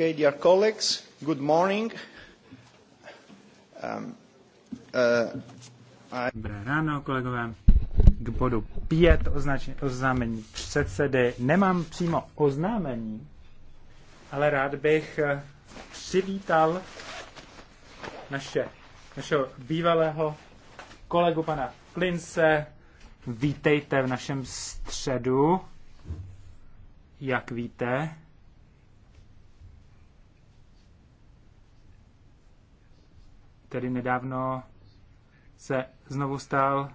Okay, dear colleagues, good morning. Um, uh, I... Dobré ráno, kolegové. K bodu 5 oznámení předsedy. Nemám přímo oznámení, ale rád bych eh, přivítal naše, našeho bývalého kolegu pana Plince Vítejte v našem středu. Jak víte, tedy nedávno se znovu stal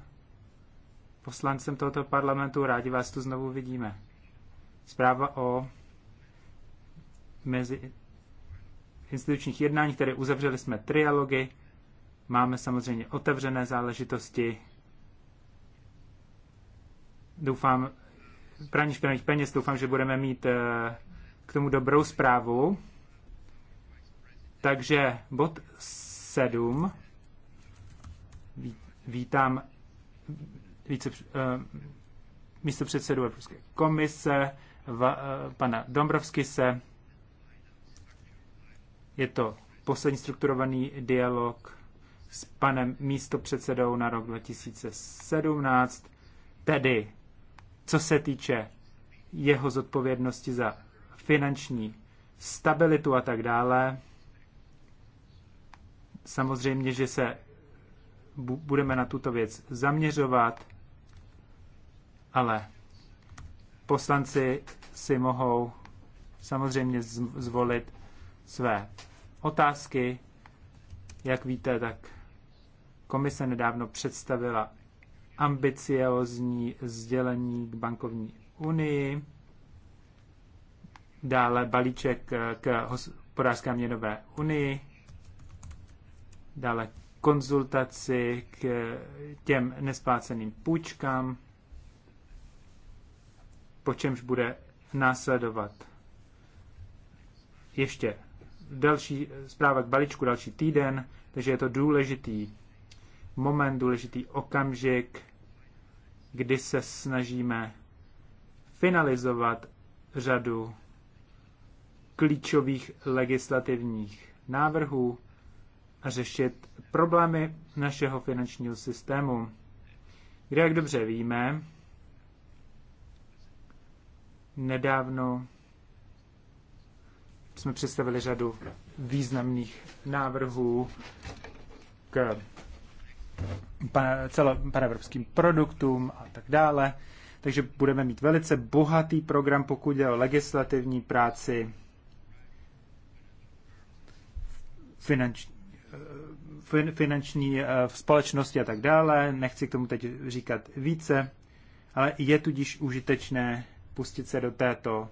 poslancem tohoto parlamentu. Rádi vás tu znovu vidíme. Zpráva o mezi institučních jednání, které uzavřeli jsme trialogy. Máme samozřejmě otevřené záležitosti. Doufám, praní špinavých peněz, doufám, že budeme mít eh, k tomu dobrou zprávu. Takže bod 7. Vítám více, eh, místo předsedu Evropské komise, v, eh, pana Dombrovskise. Je to poslední strukturovaný dialog s panem místopředsedou na rok 2017, tedy co se týče jeho zodpovědnosti za finanční stabilitu a tak dále. Samozřejmě, že se budeme na tuto věc zaměřovat, ale poslanci si mohou samozřejmě zvolit své otázky. Jak víte, tak komise nedávno představila ambiciozní sdělení k bankovní unii, dále balíček k hospodářské měnové unii, dále konzultaci k těm nespláceným půjčkám, po čemž bude následovat ještě další zpráva k balíčku další týden, takže je to důležitý moment, důležitý okamžik, kdy se snažíme finalizovat řadu klíčových legislativních návrhů, řešit problémy našeho finančního systému. Kde, jak dobře víme, nedávno jsme představili řadu významných návrhů k celopanevropským produktům a tak dále. Takže budeme mít velice bohatý program, pokud jde o legislativní práci, finanční. Eh, finanční eh, společnosti a tak dále. Nechci k tomu teď říkat více, ale je tudíž užitečné pustit se do této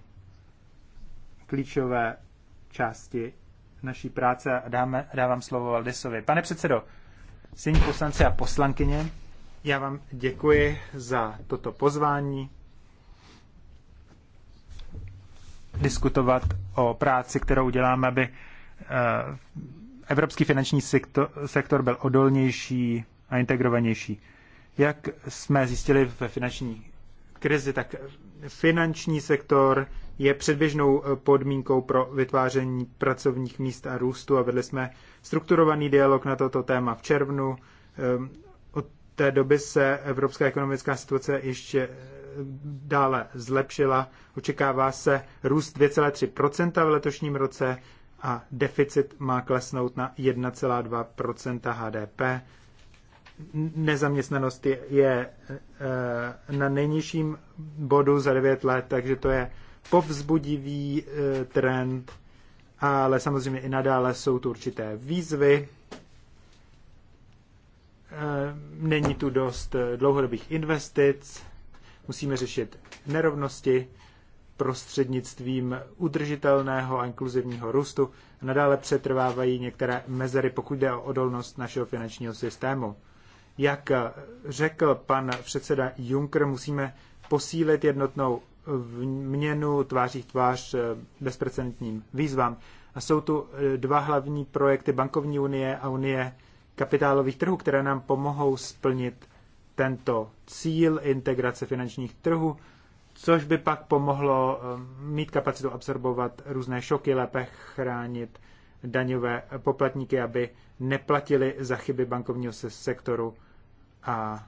klíčové části naší práce a dáme, dávám slovo Valdesovi. Pane předsedo, syní poslanci a poslankyně, já vám děkuji za toto pozvání diskutovat o práci, kterou děláme, aby eh, evropský finanční sektor, sektor byl odolnější a integrovanější. Jak jsme zjistili ve finanční krizi, tak finanční sektor je předběžnou eh, podmínkou pro vytváření pracovních míst a růstu a vedli jsme strukturovaný dialog na toto téma v červnu. Eh, od té doby se evropská ekonomická situace ještě eh, dále zlepšila. Očekává se růst 2,3 v letošním roce, a deficit má klesnout na 1,2 HDP. Nezaměstnanost je, je e, na nejnižším bodu za 9 let, takže to je povzbudivý e, trend, ale samozřejmě i nadále jsou tu určité výzvy. E, není tu dost dlouhodobých investic, musíme řešit nerovnosti prostřednictvím udržitelného a inkluzivního růstu. Nadále přetrvávají některé mezery, pokud jde o odolnost našeho finančního systému. Jak řekl pan předseda Juncker, musíme posílit jednotnou měnu tváří v tvář eh, bezprecedentním výzvám. A jsou tu eh, dva hlavní projekty bankovní unie a unie kapitálových trhů, které nám pomohou splnit tento cíl integrace finančních trhů což by pak pomohlo eh, mít kapacitu absorbovat různé šoky, lépe chránit daňové poplatníky, aby neplatili za chyby bankovního sektoru a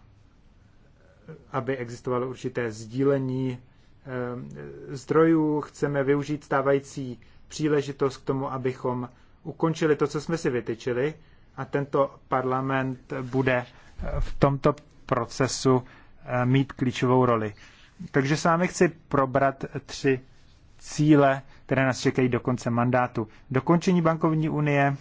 aby existovalo určité sdílení eh, zdrojů. Chceme využít stávající příležitost k tomu, abychom ukončili to, co jsme si vytyčili a tento parlament bude eh, v tomto procesu mít klíčovou roli. Takže s vámi chci probrat tři cíle, které nás čekají do konce mandátu. Dokončení bankovní unie,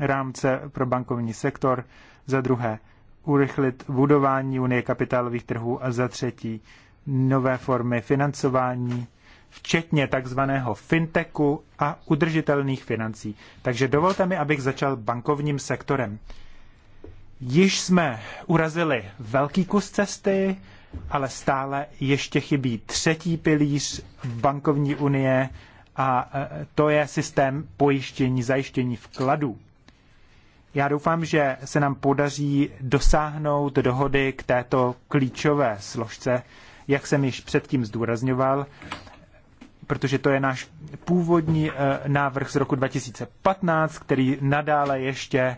rámce pro bankovní sektor, za druhé urychlit budování unie kapitálových trhů a za třetí nové formy financování, včetně takzvaného fintechu a udržitelných financí. Takže dovolte mi, abych začal bankovním sektorem. Již jsme urazili velký kus cesty, ale stále ještě chybí třetí pilíř bankovní unie a e, to je systém pojištění, zajištění vkladů. Já doufám, že se nám podaří dosáhnout dohody k této klíčové složce, jak jsem již předtím zdůrazňoval, protože to je náš původní e, návrh z roku 2015, který nadále ještě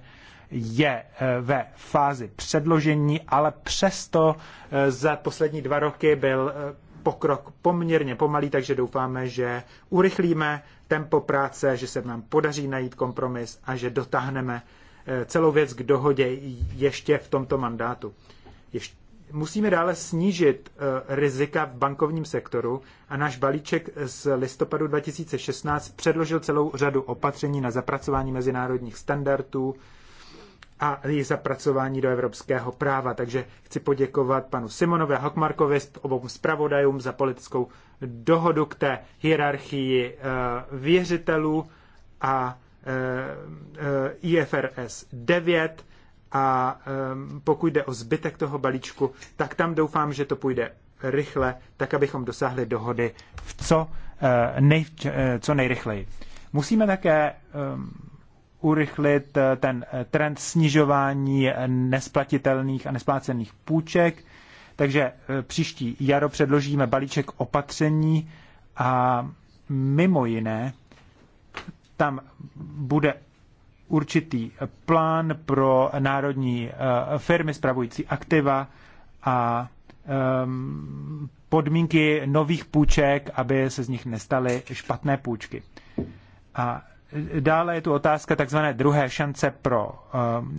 je eh, ve fázi předložení, ale přesto eh, za poslední dva roky byl eh, pokrok poměrně pomalý, takže doufáme, že urychlíme tempo práce, že se nám podaří najít kompromis a že dotáhneme celou věc k dohodě ještě v tomto mandátu. Ještě musíme dále snížit rizika v bankovním sektoru a náš balíček z listopadu 2016 předložil celou řadu opatření na zapracování mezinárodních standardů, a její zapracování do evropského práva. Takže chci poděkovat panu Simonovi a Hokmarkovi, obou zpravodajům za politickou dohodu k té hierarchii eh, věřitelů a eh, eh, IFRS 9. A pokud jde o zbytek toho balíčku, tak tam doufám, že to půjde rychle, tak abychom dosáhli dohody v co, nej, co nejrychleji. Musíme také urychlit eh, ten eh, trend snižování eh, nesplatitelných a nesplácených půjček. Takže příští jaro předložíme balíček opatření a mimo jiné tam bude určitý plán pro národní firmy spravující aktiva a ehm, podmínky nových půjček, aby se z nich nestaly špatné půjčky. A Dále je tu otázka takzvané druhé šance pro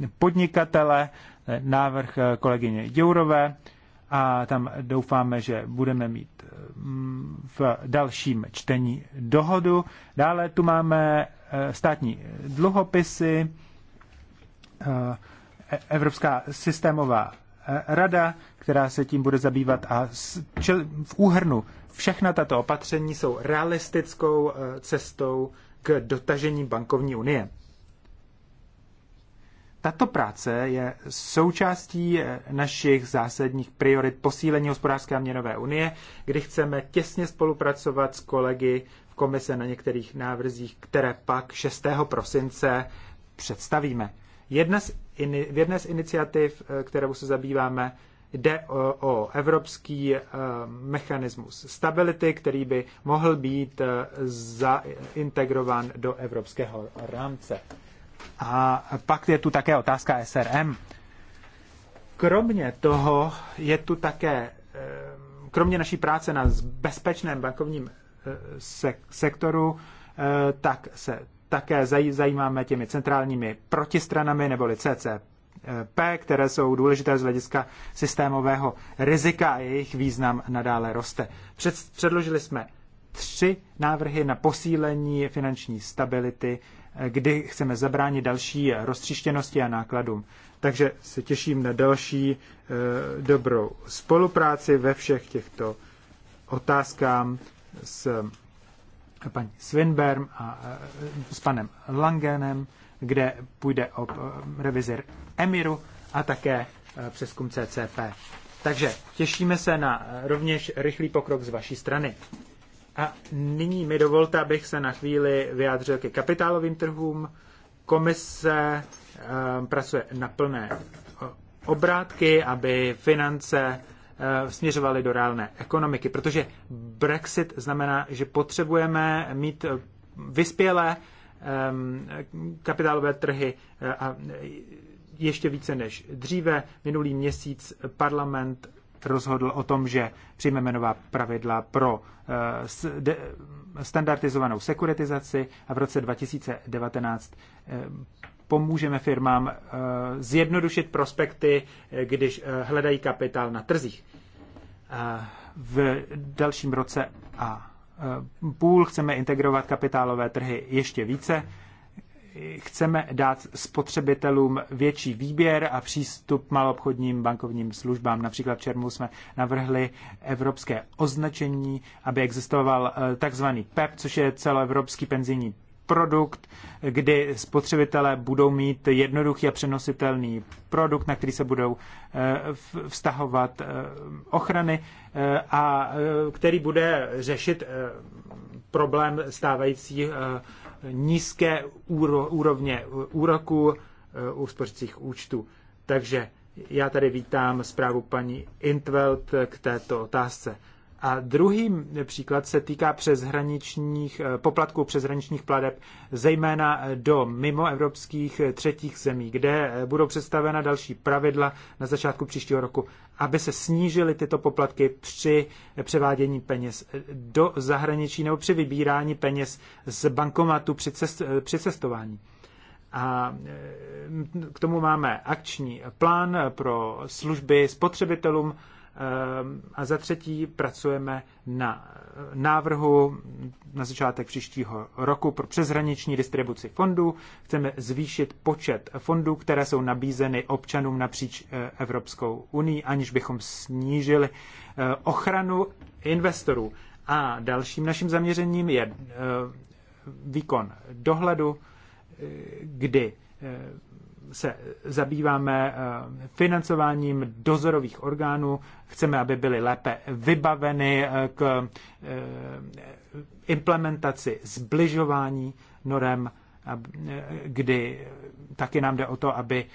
eh, podnikatele, návrh eh, kolegyně Jourové a tam doufáme, že budeme mít eh, v dalším čtení dohodu. Dále tu máme státní dluhopisy, e, Evropská systémová rada, která se tím bude zabývat a v úhrnu všechna tato opatření jsou realistickou cestou k dotažení bankovní unie. Tato práce je součástí eh, našich zásadních priorit posílení hospodářské a měnové unie, kdy chceme těsně spolupracovat s kolegy v komise na některých návrzích, které pak 6. prosince představíme. Jedna z, in, v jedné z iniciativ, eh, kterou se zabýváme, Jde o, o evropský eh, mechanismus stability, který by mohl být eh, zaintegrován do evropského rámce. A pak je tu také otázka SRM. Kromě toho je tu také, eh, kromě naší práce na bezpečném bankovním sektoru, tak se také zajímáme těmi centrálními protistranami neboli CCP, P, které jsou důležité z hlediska systémového rizika a jejich význam nadále roste. Před, předložili jsme tři návrhy na posílení finanční stability, kdy chceme zabránit další roztříštěnosti a nákladům. Takže se těším na další eh, dobrou spolupráci ve všech těchto otázkám s paní Swinberm a eh, s panem Langenem kde půjde o eh, revizi Emiru a také eh, přeskum CCP. Takže těšíme se na eh, rovněž rychlý pokrok z vaší strany. A nyní mi dovolte, abych se na chvíli vyjádřil ke kapitálovým trhům. Komise pracuje na plné obrátky, aby finance směřovaly do reálné ekonomiky, protože Brexit znamená, že potřebujeme mít vyspělé Ehm, kapitálové trhy eh, a ještě více než dříve. Minulý měsíc parlament rozhodl o tom, že přijmeme nová pravidla pro eh, standardizovanou sekuritizaci a v roce 2019 eh, pomůžeme firmám zjednodušit prospekty, když hledají kapitál na trzích. V dalším roce a Eh, půl, chceme integrovat kapitálové trhy ještě více, chceme dát spotřebitelům větší výběr a přístup malobchodním bankovním službám. Například v červnu jsme navrhli evropské označení, aby existoval eh, takzvaný PEP, e což je celoevropský penzijní produkt, kdy spotřebitelé budou mít jednoduchý a přenositelný produkt, na který se budou eh, vztahovat eh, ochrany eh, a který bude řešit problém stávající nízké úrovně úroku u spořicích účtů. Takže já tady vítám zprávu paní Intveld k této otázce. A druhý příklad se týká přeshraničních eh, poplatků přeshraničních pladeb, zejména eh, do mimoevropských eh, třetích zemí, kde budou představena další pravidla na začátku příštího roku, aby se snížily tyto poplatky při převádění peněz do zahraničí nebo při vybírání peněz z bankomatu při, cest, při cestování. A k tomu máme akční plán pro služby spotřebitelům, Ehm, a za třetí pracujeme na eh, návrhu na začátek příštího roku pro přeshraniční distribuci fondů. Chceme zvýšit počet fondů, které jsou nabízeny občanům napříč eh, Evropskou unii, aniž bychom snížili eh, ochranu investorů. A dalším naším zaměřením je výkon dohledu, kdy se zabýváme eh, financováním dozorových orgánů, chceme, aby byly lépe vybaveny eh, k eh, implementaci zbližování norem, kdy taky nám jde o to, aby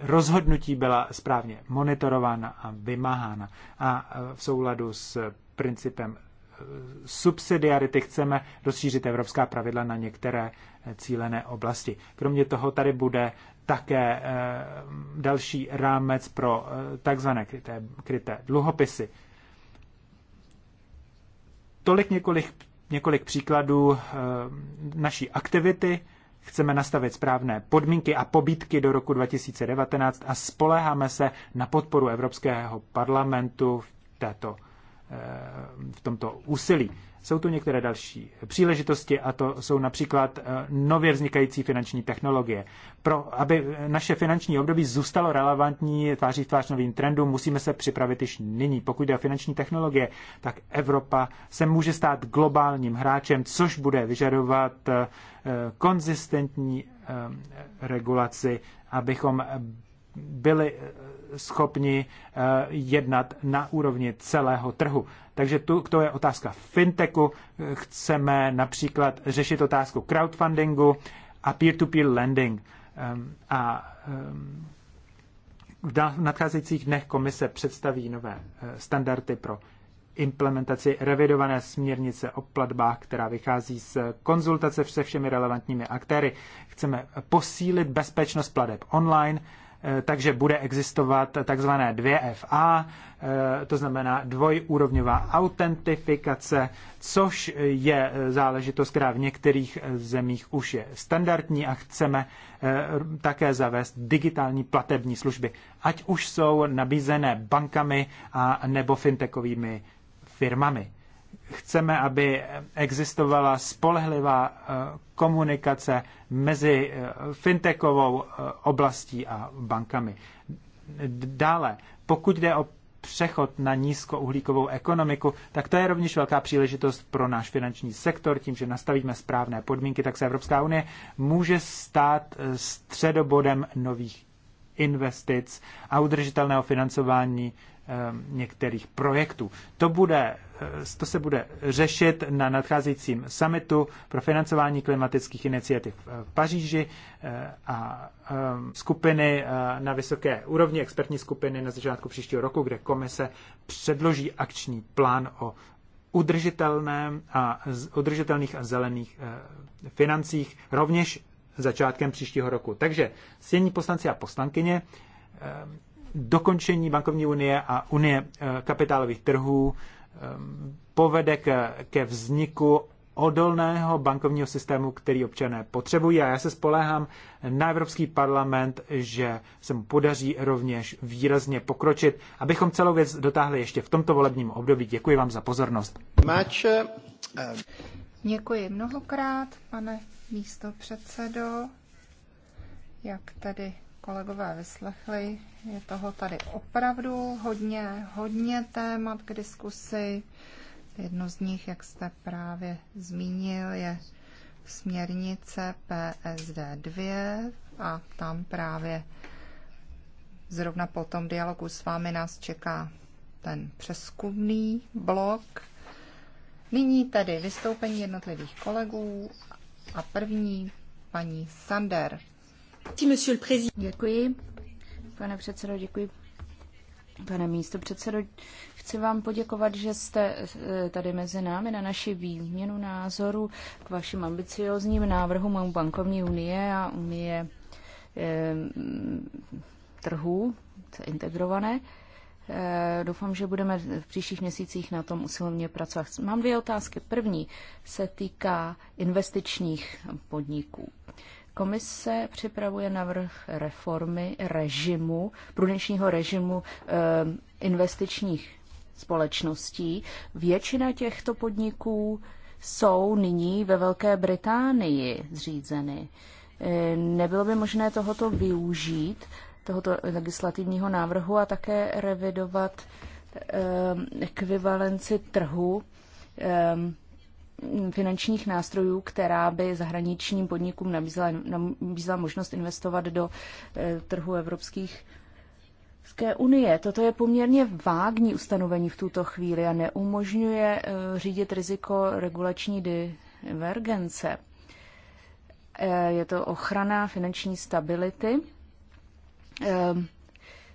rozhodnutí byla správně monitorována a vymáhána. A v souladu s principem subsidiarity chceme rozšířit evropská pravidla na některé cílené oblasti. Kromě toho tady bude také eh, další rámec pro eh, takzvané kryté, kryté dluhopisy. Tolik několik, několik příkladů eh, naší aktivity. Chceme nastavit správné podmínky a pobídky do roku 2019 a spoleháme se na podporu Evropského parlamentu v této Eh, v tomto úsilí. Jsou tu některé další příležitosti a to jsou například eh, nově vznikající finanční technologie. Pro, aby naše finanční období zůstalo relevantní tváří tvář novým trendům, musíme se připravit již nyní. Pokud jde o finanční technologie, tak Evropa se může stát globálním hráčem, což bude vyžadovat eh, konzistentní regulaci, abychom byli eh, schopni eh, jednat na úrovni celého trhu. Takže tu, to je otázka fintechu. Eh, chceme například řešit otázku crowdfundingu a peer-to-peer -peer lending. Ehm, a ehm, v nadcházejících dnech komise představí nové standardy pro implementaci revidované směrnice o platbách, která vychází z konzultace se všemi relevantními aktéry. Chceme posílit bezpečnost plateb online, Eh, takže bude existovat takzvané 2FA, eh, to znamená dvojúrovňová autentifikace, což je eh, záležitost, která v některých zemích už je standardní a chceme také zavést digitální platební služby, ať už jsou nabízené bankami a nebo fintechovými firmami chceme, aby existovala spolehlivá eh, komunikace mezi eh, fintechovou eh, oblastí a bankami. Dále, pokud jde o přechod na nízkouhlíkovou ekonomiku, tak to je rovněž velká příležitost pro náš finanční sektor. Tím, že nastavíme správné podmínky, tak se Evropská unie může stát středobodem nových investic a udržitelného financování Eh, některých projektů. To, bude, eh, to se bude řešit na nadcházejícím summitu pro financování klimatických iniciativ v eh, Paříži a skupiny na vysoké úrovni, expertní skupiny na začátku příštího roku, kde komise předloží akční plán o udržitelném a udržitelných a zelených financích rovněž začátkem příštího roku. Takže sjení poslanci a poslankyně, dokončení bankovní unie a unie eh, kapitálových trhů eh, povede ke, ke vzniku odolného bankovního systému, který občané potřebují. A já se spoléhám na Evropský parlament, že se mu podaří rovněž výrazně pokročit, abychom celou věc dotáhli ještě v tomto volebním období. Děkuji vám za pozornost. Máče. Eh. Děkuji mnohokrát, pane místo předsedo, jak tady kolegové vyslechli. Je toho tady opravdu hodně, hodně témat k diskusi. Jedno z nich, jak jste právě zmínil, je směrnice PSD 2 a tam právě zrovna po tom dialogu s vámi nás čeká ten přeskumný blok. Nyní tedy vystoupení jednotlivých kolegů a první paní Sander. Děkuji, pane předsedo, děkuji, pane místo předsedo. Chci vám poděkovat, že jste eh, tady mezi námi na naši výměnu názoru k vašim ambiciozním návrhům bankovní unie a unie e, trhů integrované. Eh, doufám, že budeme v příštích měsících na tom usilovně pracovat. Mám dvě otázky. První se týká investičních podniků. Komise připravuje navrh reformy režimu, prudenčního režimu eh, investičních společností. Většina těchto podniků jsou nyní ve Velké Británii zřízeny. Eh, nebylo by možné tohoto využít, tohoto legislativního návrhu a také revidovat eh, ekvivalenci trhu finančních nástrojů, která by zahraničním podnikům nabízela, nabízela možnost investovat do eh, trhu evropských Evropské unie. Toto je poměrně vágní ustanovení v tuto chvíli a neumožňuje eh, řídit riziko regulační divergence. Eh, je to ochrana finanční stability.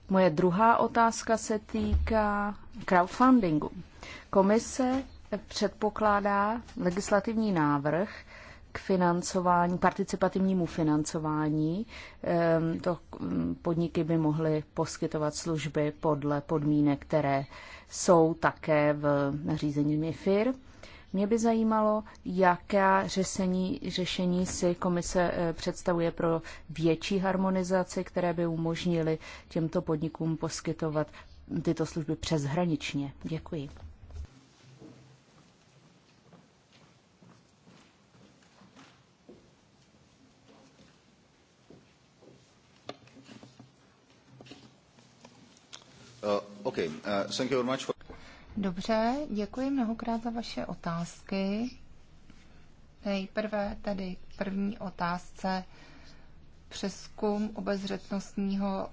Moje druhá otázka se týká crowdfundingu. Komise předpokládá legislativní návrh k financování, participativnímu financování. Ehm, to mm, podniky by mohly poskytovat služby podle podmínek, které jsou také v nařízení MIFIR. Mě by zajímalo, jaké řešení, řešení si komise eh, představuje pro větší harmonizaci, které by umožnily těmto podnikům poskytovat tyto služby přeshraničně. Děkuji. Uh, okay. Uh, thank you very much for... Dobře, děkuji mnohokrát za vaše otázky. Nejprve tedy první otázce přeskum obezřetnostního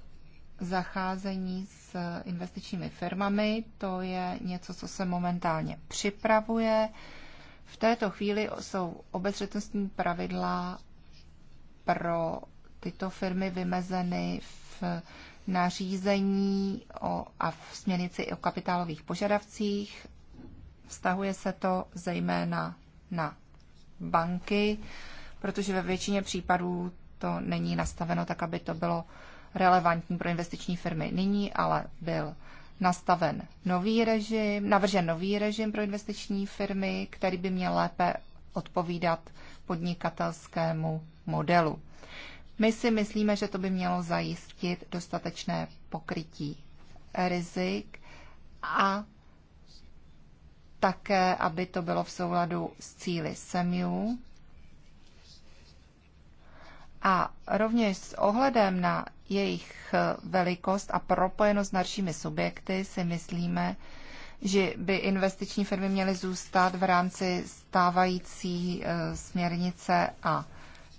zacházení s investičními firmami. To je něco, co se momentálně připravuje. V této chvíli jsou obezřetnostní pravidla pro tyto firmy vymezeny v nařízení o, a v směrnici o kapitálových požadavcích. Vztahuje se to zejména na banky, protože ve většině případů to není nastaveno tak, aby to bylo relevantní pro investiční firmy nyní, ale byl nastaven nový režim, navržen nový režim pro investiční firmy, který by měl lépe odpovídat podnikatelskému modelu. My si myslíme, že to by mělo zajistit dostatečné pokrytí rizik a také, aby to bylo v souladu s cíly SEMU. A rovněž s ohledem na jejich velikost a propojenost s našimi subjekty si myslíme, že by investiční firmy měly zůstat v rámci stávající e, směrnice a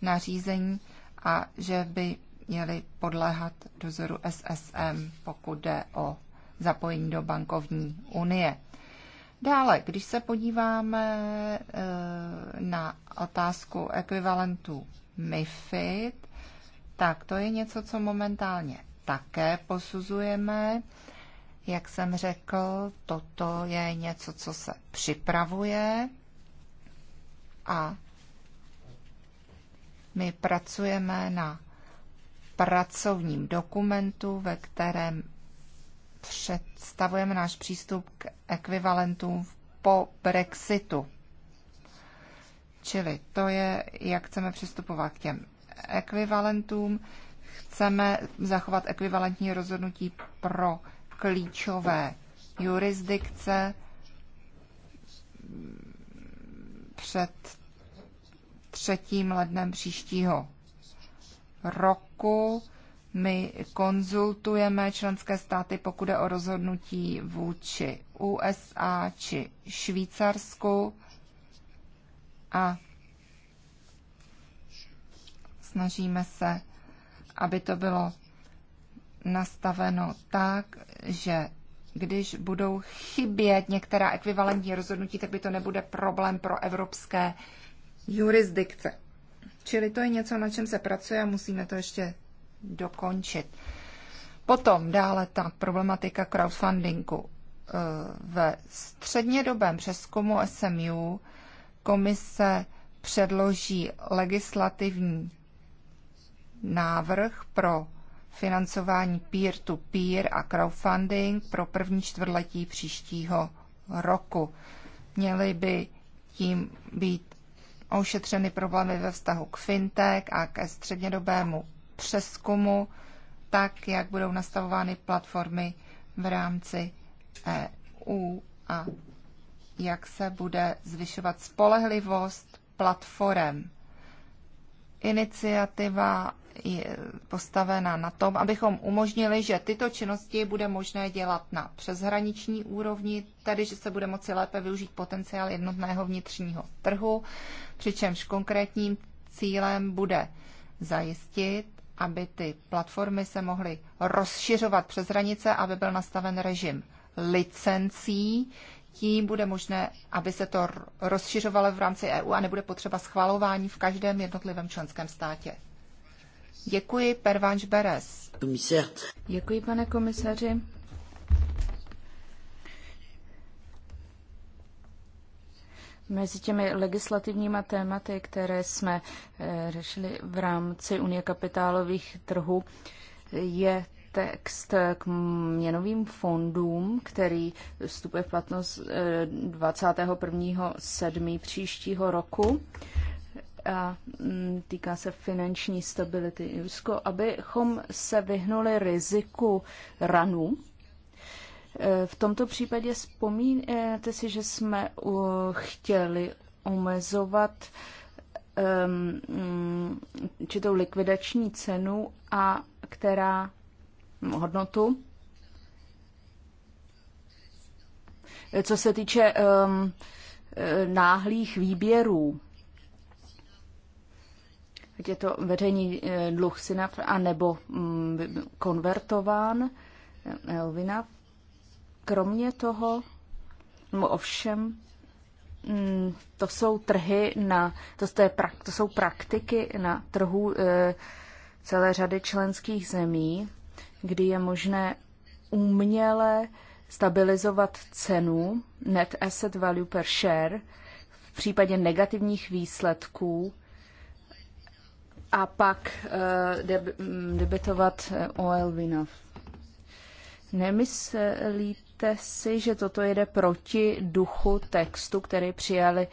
nařízení a že by měly podléhat dozoru SSM, pokud jde o zapojení do bankovní unie. Dále, když se podíváme eh, na otázku ekvivalentu MIFID, tak to je něco, co momentálně také posuzujeme. Jak jsem řekl, toto je něco, co se připravuje a my pracujeme na pracovním dokumentu, ve kterém představujeme náš přístup k ekvivalentům po Brexitu. Čili to je, jak chceme přistupovat k těm ekvivalentům. Chceme zachovat ekvivalentní rozhodnutí pro klíčové jurisdikce před 3. lednem příštího roku. My konzultujeme členské státy, pokud je o rozhodnutí vůči USA či Švýcarsku a snažíme se, aby to bylo nastaveno tak, že když budou chybět některá ekvivalentní rozhodnutí, tak by to nebude problém pro evropské jurisdikce. Čili to je něco, na čem se pracuje a musíme to ještě dokončit. Potom dále ta problematika crowdfundingu. E, ve střednědobém přeskumu SMU komise předloží legislativní návrh pro financování peer-to-peer -peer a crowdfunding pro první čtvrtletí příštího roku. Měly by tím být ošetřeny problémy ve vztahu k fintech a ke střednědobému přeskumu, tak jak budou nastavovány platformy v rámci EU a jak se bude zvyšovat spolehlivost platform. Iniciativa postavena na tom, abychom umožnili, že tyto činnosti bude možné dělat na přeshraniční úrovni, tedy že se bude moci lépe využít potenciál jednotného vnitřního trhu, přičemž konkrétním cílem bude zajistit, aby ty platformy se mohly rozšiřovat přes hranice, aby byl nastaven režim licencí, tím bude možné, aby se to rozšiřovalo v rámci EU a nebude potřeba schvalování v každém jednotlivém členském státě. Děkuji, Pervanš Beres. Děkuji, pane komisaři. Mezi těmi legislativníma tématy, které jsme eh, řešili v rámci Unie kapitálových trhů, je text k měnovým fondům, který vstupuje v platnost 21.7. Eh, příštího roku a mm, týká se finanční stability Rusko, abychom se vyhnuli riziku ranů. E, v tomto případě vzpomínáte si, že jsme chtěli omezovat mm, určitou likvidační cenu a která hodnotu co se týče um, náhlých výběrů ať je to veřejný eh, dluh syna, a nebo mm, konvertován eh, Elvina. Kromě toho, no ovšem, mm, to jsou trhy na, to, to, je, to jsou praktiky na trhu eh, celé řady členských zemí, kdy je možné uměle stabilizovat cenu net asset value per share v případě negativních výsledků a pak eh, mm, debitovat eh, OL Vinov. Nemyslíte si, že toto jede proti duchu textu, který přijali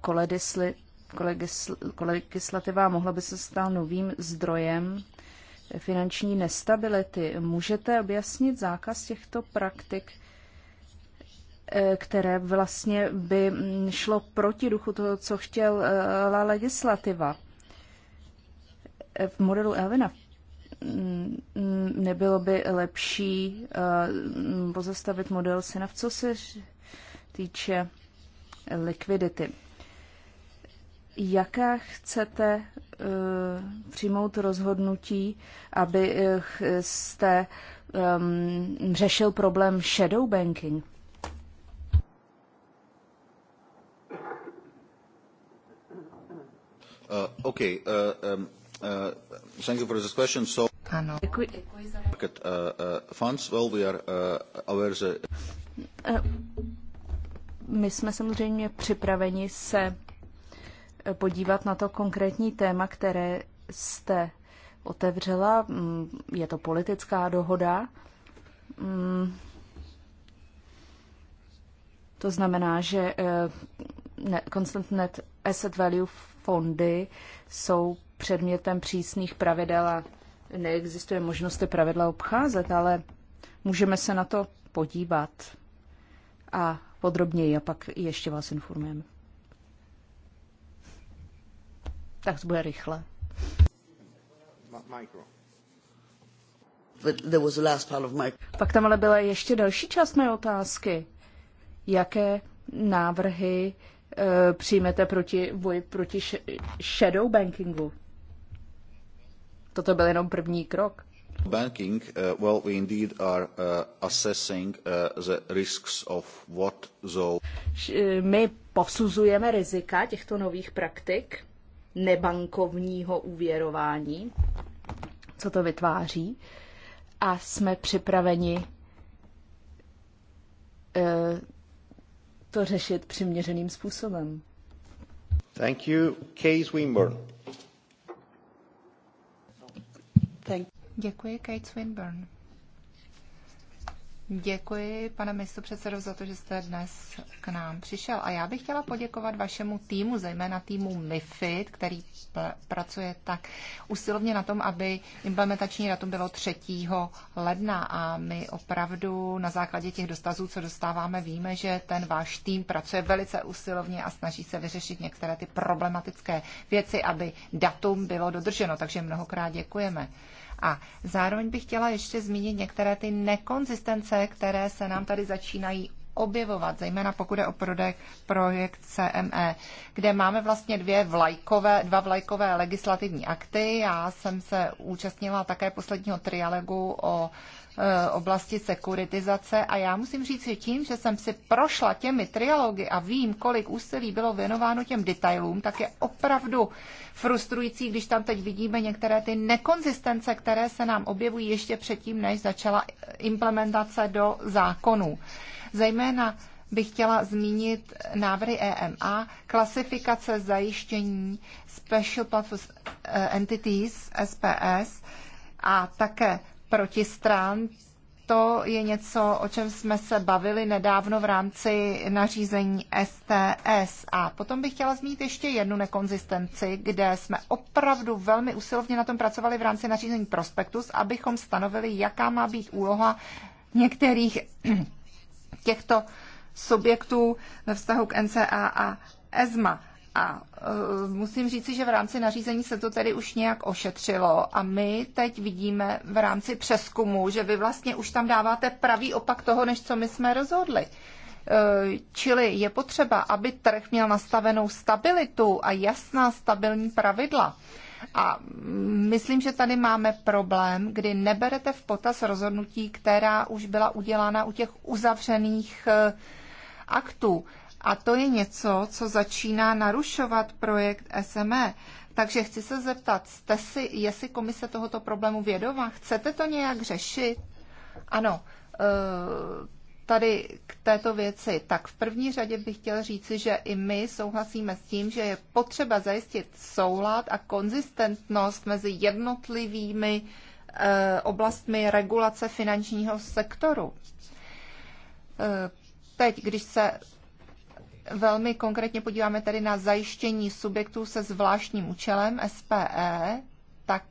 koledisli, kolegisl, kolegislativa mohla by se stát novým zdrojem finanční nestability. Můžete objasnit zákaz těchto praktik, eh, které vlastně by mm, šlo proti duchu toho, co chtěla legislativa? v modelu Elvina mm, nebylo by lepší eh, pozastavit model v co se týče likvidity. Jaká chcete eh, přijmout rozhodnutí, aby eh, jste řešil problém shadow banking? Uh, okay, uh, um... Uh, thank you for this question. So... Ano. Děkuji, děkuji za... Market, uh, uh, funds, well, we are aware the... My jsme samozřejmě připraveni se podívat na to konkrétní téma, které jste otevřela. Mm, je to politická dohoda. Mm. To znamená, že Constant Net Asset Value fondy jsou předmětem přísných pravidel a neexistuje možnost ty pravidla obcházet, ale můžeme se na to podívat a podrobněji a pak ještě vás informujeme. Tak to bude rychle. Pak tam ale byla ještě další část mé otázky. Jaké návrhy e, přijmete proti boji proti š- shadow bankingu? Toto byl jenom první krok. Banking, uh, well, we indeed are uh, assessing uh, the risks of what though. Eh, my posuzujeme rizika těchto nových praktik nebankovního úvěrování, co to vytváří, a jsme připraveni eh, to řešit přiměřeným způsobem. Thank you, Case Winburn. Thank. Děkuji, Kate Swinburne. Děkuji, pane místopředsedo, za to, že jste dnes k nám přišel. A já bych chtěla poděkovat vašemu týmu, zejména týmu MIFID, který pr- pracuje tak usilovně na tom, aby implementační datum bylo 3. ledna. A my opravdu na základě těch dostazů, co dostáváme, víme, že ten váš tým pracuje velice usilovně a snaží se vyřešit některé ty problematické věci, aby datum bylo dodrženo. Takže mnohokrát děkujeme. A zároveň bych chtěla ještě zmínit některé ty nekonzistence, které se nám tady začínají objevovat, zejména pokud je o prodej projekt CME, kde máme vlastně dvě vlajkové, dva vlajkové legislativní akty. Já jsem se účastnila také posledního trialogu o Eh, oblasti sekuritizace a já musím říct, že tím, že jsem si prošla těmi trialogy a vím, kolik úsilí bylo věnováno těm detailům, tak je opravdu frustrující, když tam teď vidíme některé ty nekonzistence, které se nám objevují ještě předtím, než začala implementace do zákonů. Zejména bych chtěla zmínit návrhy EMA, klasifikace zajištění Special Purpose eh, Entities, SPS, a také protistran. To je něco, o čem jsme se bavili nedávno v rámci nařízení STS. A potom bych chtěla zmínit ještě jednu nekonzistenci, kde jsme opravdu velmi usilovně na tom pracovali v rámci nařízení Prospektus, abychom stanovili, jaká má být úloha některých těchto subjektů ve vztahu k NCA a ESMA. E a uh, musím říci, že v rámci nařízení se to tedy už nějak ošetřilo a my teď vidíme v rámci přeskumu, že vy vlastně už tam dáváte pravý opak toho, než co my jsme rozhodli. Eh, čili je potřeba, aby trh měl nastavenou stabilitu a jasná stabilní pravidla. A myslím, že tady máme problém, kdy neberete v potaz rozhodnutí, která už byla udělána u těch uzavřených eh, aktů. A to je něco, co začíná narušovat projekt SME. Takže chci se zeptat, jste si, jestli komise tohoto problému vědoma, chcete to nějak řešit? Ano, eh, tady k této věci. Tak v první řadě bych chtěl říci, že i my souhlasíme s tím, že je potřeba zajistit soulad a konzistentnost mezi jednotlivými eh, oblastmi regulace finančního sektoru. Eh, teď, když se velmi konkrétně podíváme tady na zajištění subjektů se zvláštním účelem SPE, tak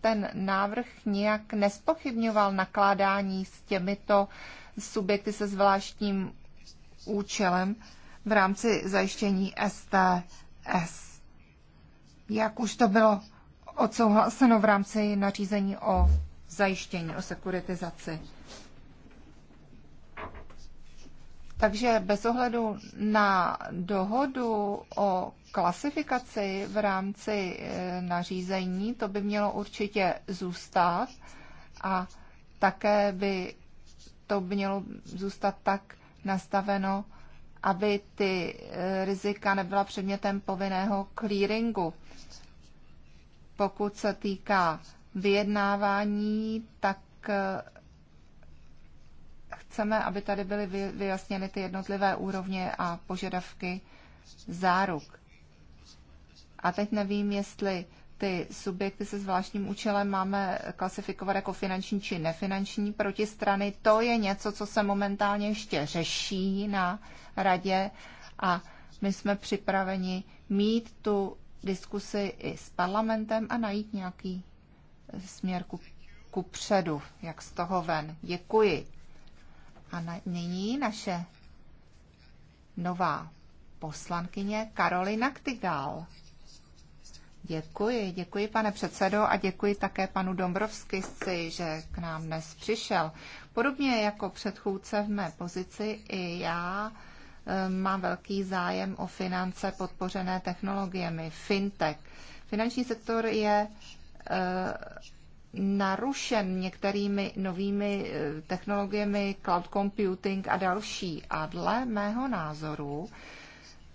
ten návrh nijak nespochybňoval nakládání s těmito subjekty se zvláštním účelem v rámci zajištění STS. Jak už to bylo odsouhlaseno v rámci nařízení o zajištění, o sekuritizaci. Takže bez ohledu na dohodu o klasifikaci v rámci e, nařízení, to by mělo určitě zůstat a také by to mělo zůstat tak nastaveno, aby ty e, rizika nebyla předmětem povinného clearingu. Pokud se týká vyjednávání, tak e, Chceme, aby tady byly vyjasněny ty jednotlivé úrovně a požadavky záruk. A teď nevím, jestli ty subjekty se zvláštním účelem máme klasifikovat jako finanční či nefinanční protistrany. To je něco, co se momentálně ještě řeší na radě a my jsme připraveni mít tu diskusi i s parlamentem a najít nějaký směr ku, ku předu, jak z toho ven. Děkuji. A na, nyní naše nová poslankyně Karolina Ktygal. Děkuji, děkuji pane předsedo a děkuji také panu Dombrovskisci, že k nám dnes přišel. Podobně jako předchůdce v mé pozici i já eh, mám velký zájem o finance podpořené technologiemi, fintech. Finanční sektor je eh, narušen některými novými eh, technologiemi cloud computing a další. A dle mého názoru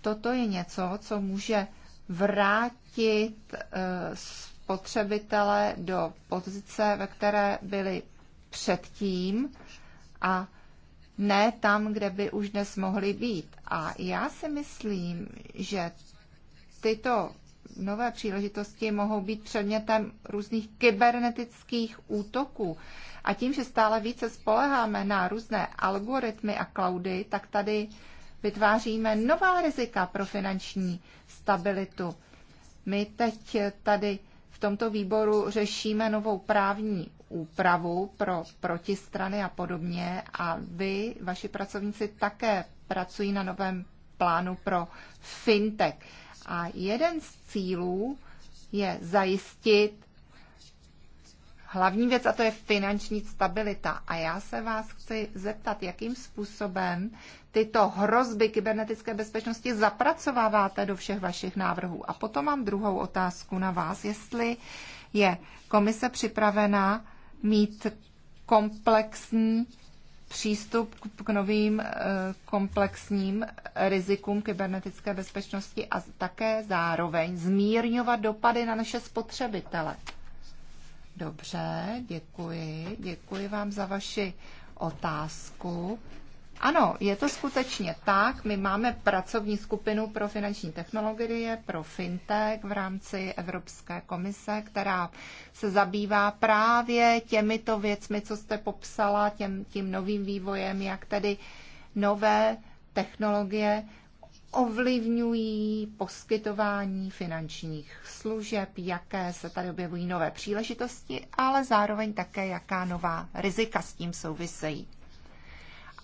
toto je něco, co může vrátit eh, spotřebitele do pozice, ve které byli předtím a ne tam, kde by už dnes mohli být. A já si myslím, že tyto nové příležitosti mohou být předmětem různých kybernetických útoků. A tím, že stále více spoleháme na různé algoritmy a cloudy, tak tady vytváříme nová rizika pro finanční stabilitu. My teď tady v tomto výboru řešíme novou právní úpravu pro protistrany a podobně a vy, vaši pracovníci, také pracují na novém plánu pro fintech. A jeden z cílů je zajistit hlavní věc, a to je finanční stabilita. A já se vás chci zeptat, jakým způsobem tyto hrozby kybernetické bezpečnosti zapracováváte do všech vašich návrhů. A potom mám druhou otázku na vás, jestli je komise připravena mít komplexní přístup k novým eh, komplexním rizikům kybernetické bezpečnosti a také zároveň zmírňovat dopady na naše spotřebitele. Dobře, děkuji. Děkuji vám za vaši otázku. Ano, je to skutečně tak. My máme pracovní skupinu pro finanční technologie, pro fintech v rámci Evropské komise, která se zabývá právě těmito věcmi, co jste popsala, těm, tím novým vývojem, jak tedy nové technologie ovlivňují poskytování finančních služeb, jaké se tady objevují nové příležitosti, ale zároveň také jaká nová rizika s tím souvisejí.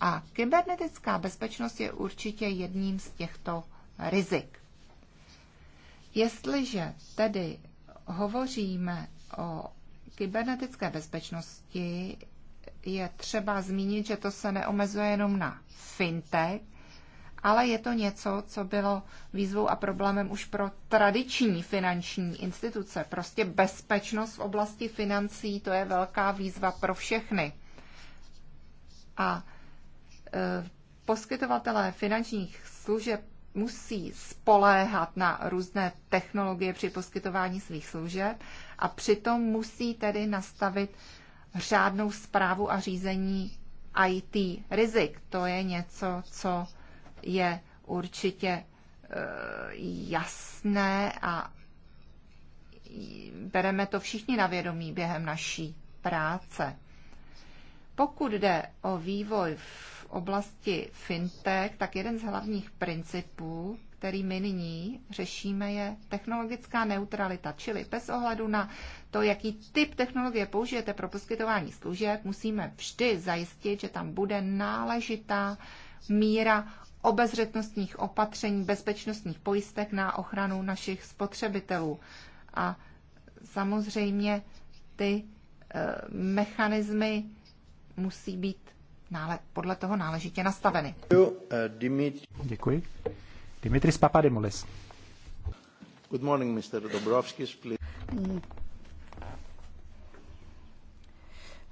A kybernetická bezpečnost je určitě jedním z těchto rizik. Jestliže tedy hovoříme o kybernetické bezpečnosti, je třeba zmínit, že to se neomezuje jenom na fintech, ale je to něco, co bylo výzvou a problémem už pro tradiční finanční instituce. Prostě bezpečnost v oblasti financí, to je velká výzva pro všechny. A Eh, poskytovatelé finančních služeb musí spoléhat na různé technologie při poskytování svých služeb a přitom musí tedy nastavit řádnou zprávu a řízení IT rizik. To je něco, co je určitě eh, jasné a bereme to všichni na vědomí během naší práce. Pokud jde o vývoj v oblasti fintech, tak jeden z hlavních principů, který my nyní řešíme, je technologická neutralita, čili bez ohledu na to, jaký typ technologie použijete pro poskytování služeb, musíme vždy zajistit, že tam bude náležitá míra obezřetnostních opatření, bezpečnostních pojistek na ochranu našich spotřebitelů. A samozřejmě ty e, mechanismy musí být nále, podle toho náležitě nastaveny. Děkuji. Dimitris Papadimoulis. Good morning, Mr. Dobrovskis, please.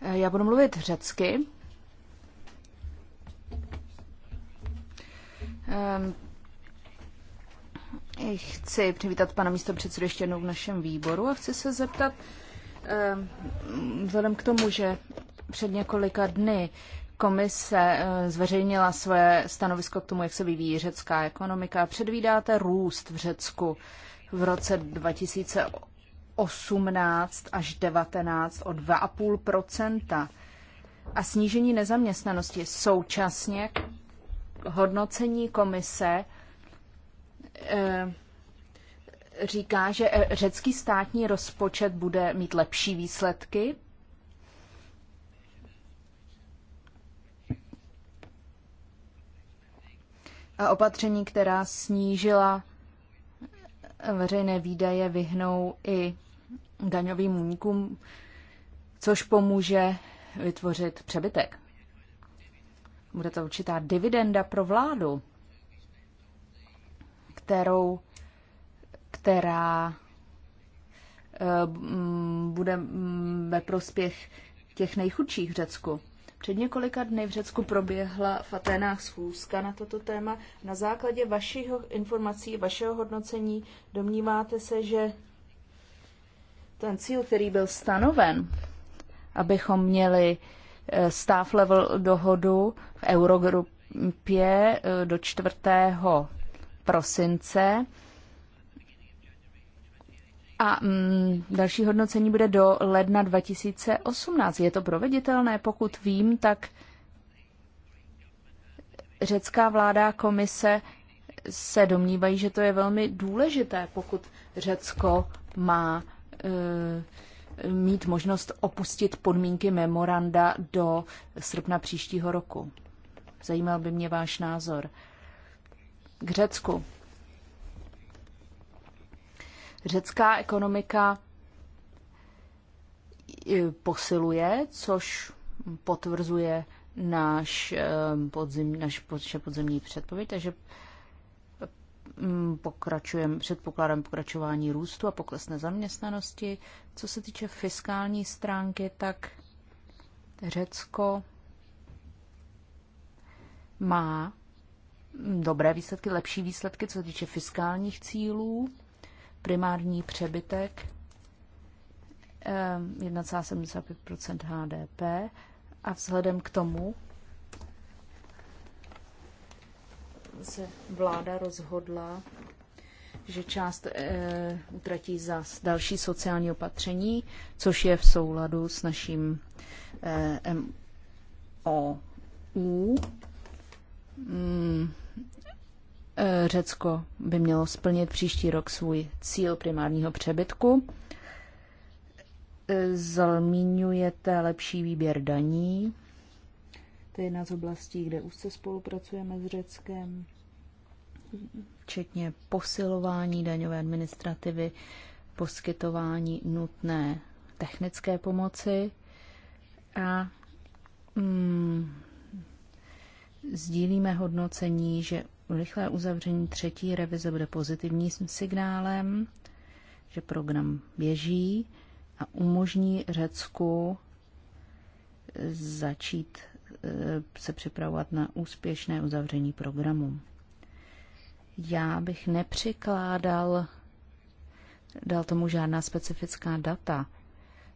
Já budu mluvit řecky. Ehm, chci přivítat pana místo předsedu ještě jednou v našem výboru a chci se zeptat, ehm, vzhledem k tomu, že před několika dny komise eh, zveřejnila své stanovisko k tomu, jak se vyvíjí řecká ekonomika. Předvídáte růst v Řecku v roce 2018 až 19 o 2,5 a snížení nezaměstnanosti. Současně hodnocení komise eh, říká, že eh, řecký státní rozpočet bude mít lepší výsledky a opatření, která snížila veřejné výdaje, vyhnou i daňovým únikům, což pomůže vytvořit přebytek. Bude to určitá dividenda pro vládu, kterou, která eh, bude mm, ve prospěch těch nejchudších v Řecku. Před několika dny v Řecku proběhla v Aténách schůzka na toto téma. Na základě vašich informací, vašeho hodnocení, domníváte se, že ten cíl, který byl stanoven, abychom měli eh, staff level dohodu v Eurogrupě eh, do 4. prosince, a mm, další hodnocení bude do ledna 2018. Je to proveditelné? Pokud vím, tak řecká vláda a komise se domnívají, že to je velmi důležité, pokud Řecko má e, mít možnost opustit podmínky memoranda do srpna příštího roku. Zajímal by mě váš názor. K Řecku. Řecká ekonomika eh, posiluje, což potvrzuje náš, eh, podzim, naš, podzimní předpověď, takže mm, pokračujeme, předpokládám pokračování růstu a pokles nezaměstnanosti. Co se týče fiskální stránky, tak Řecko má mm, dobré výsledky, lepší výsledky, co se týče fiskálních cílů primární přebytek 1,75 eh, HDP a vzhledem k tomu se vláda rozhodla, že část e, utratí za další sociální opatření, což je v souladu s naším e, eh, MOU. Mm, Řecko by mělo splnit příští rok svůj cíl primárního přebytku. Zalmíňujete lepší výběr daní. To je jedna z oblastí, kde se spolupracujeme s Řeckem, včetně posilování daňové administrativy, poskytování nutné technické pomoci a mm, sdílíme hodnocení, že rychlé uzavření třetí revize bude pozitivním signálem, že program běží a umožní Řecku eh, začít eh, se připravovat na úspěšné uzavření programu. Já bych nepřikládal dal tomu žádná specifická data,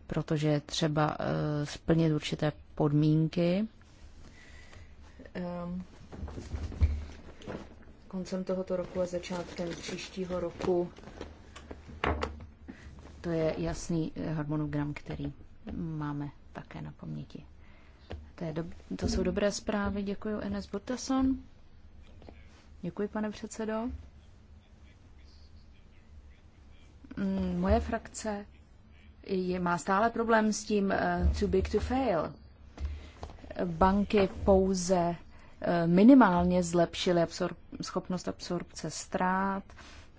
protože je třeba eh, splnit určité podmínky. Ehm, koncem tohoto roku a začátkem příštího roku. To je jasný eh, harmonogram, který máme také na paměti. To, je to jsou dobré zprávy. Děkuji, Enes Botason. Děkuji, pane předsedo. Mm, moje frakce je, má stále problém s tím uh, too big to fail. Banky pouze minimálně zlepšili absorb, schopnost absorpce ztrát,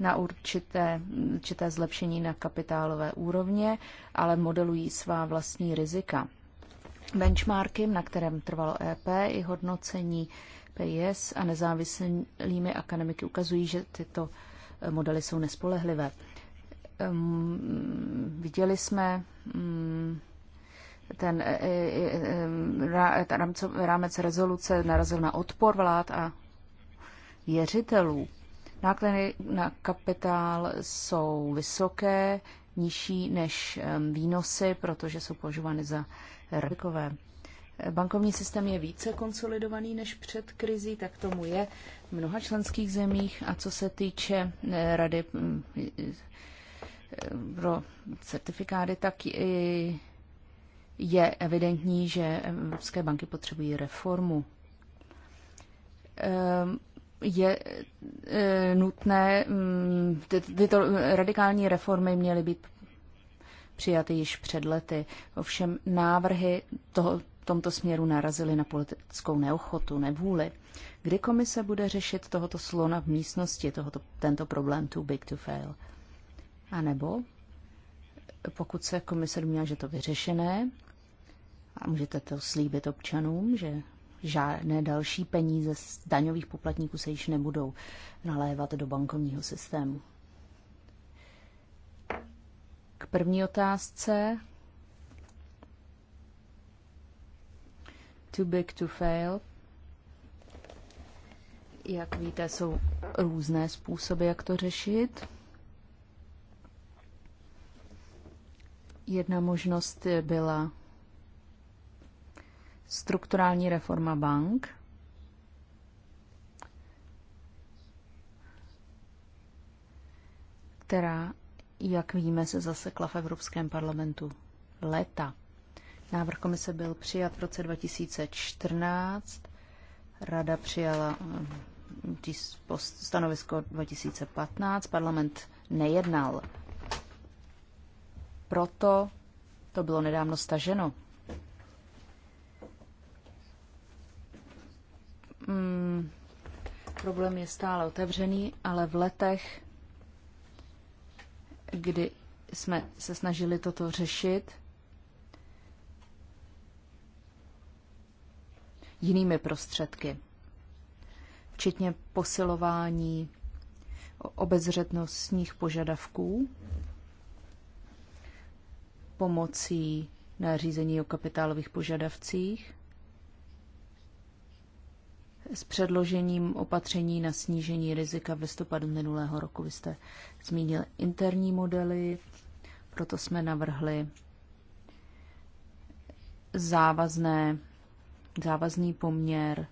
na určité, určité zlepšení na kapitálové úrovně, ale modelují svá vlastní rizika. Benchmarky, na kterém trvalo EP, i hodnocení PIS a nezávislými akademiky ukazují, že tyto eh, modely jsou nespolehlivé. Um, viděli jsme um, ten e, e, e, rámec rezoluce narazil na odpor vlád a věřitelů. Náklady na kapitál jsou vysoké, nižší než výnosy, protože jsou považovány za rizikové. Bankovní systém je více konsolidovaný než před krizí, tak tomu je v mnoha členských zemích. A co se týče rady pro certifikáty, tak i je evidentní, že evropské banky potřebují reformu. Ehm, je eh, nutné, mm, ty, tyto radikální reformy měly být přijaty již před lety. Ovšem návrhy toho, tomto směru narazily na politickou neochotu, nevůli. Kdy komise bude řešit tohoto slona v místnosti, tohoto, tento problém too big to fail? A nebo pokud se komise domnívá, že to vyřešené, a můžete to slíbit občanům, že žádné další peníze z daňových poplatníků se již nebudou nalévat do bankovního systému. K první otázce. Too big to fail. Jak víte, jsou různé způsoby, jak to řešit. Jedna možnost byla strukturální reforma bank. která, jak víme, se zasekla v Evropském parlamentu léta. Návrh komise byl přijat v roce 2014, rada přijala hm, stanovisko 2015, parlament nejednal. Proto to bylo nedávno staženo. mm, problém je stále otevřený, ale v letech, kdy jsme se snažili toto řešit jinými prostředky, včetně posilování obezřetnostních požadavků pomocí nařízení o kapitálových požadavcích, s předložením opatření na snížení rizika v listopadu minulého roku. Vy jste zmínil interní modely, proto jsme navrhli závazné, závazný poměr